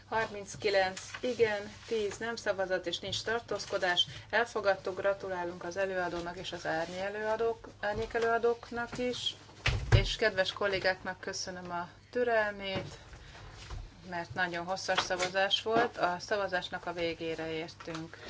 B: 39 igen, 10 nem szavazat és nincs tartózkodás. Elfogadtuk, gratulálunk az előadónak és az árny előadók, árnyék előadóknak is. És kedves kollégáknak köszönöm a türelmét mert nagyon hosszas szavazás volt. A szavazásnak a végére értünk.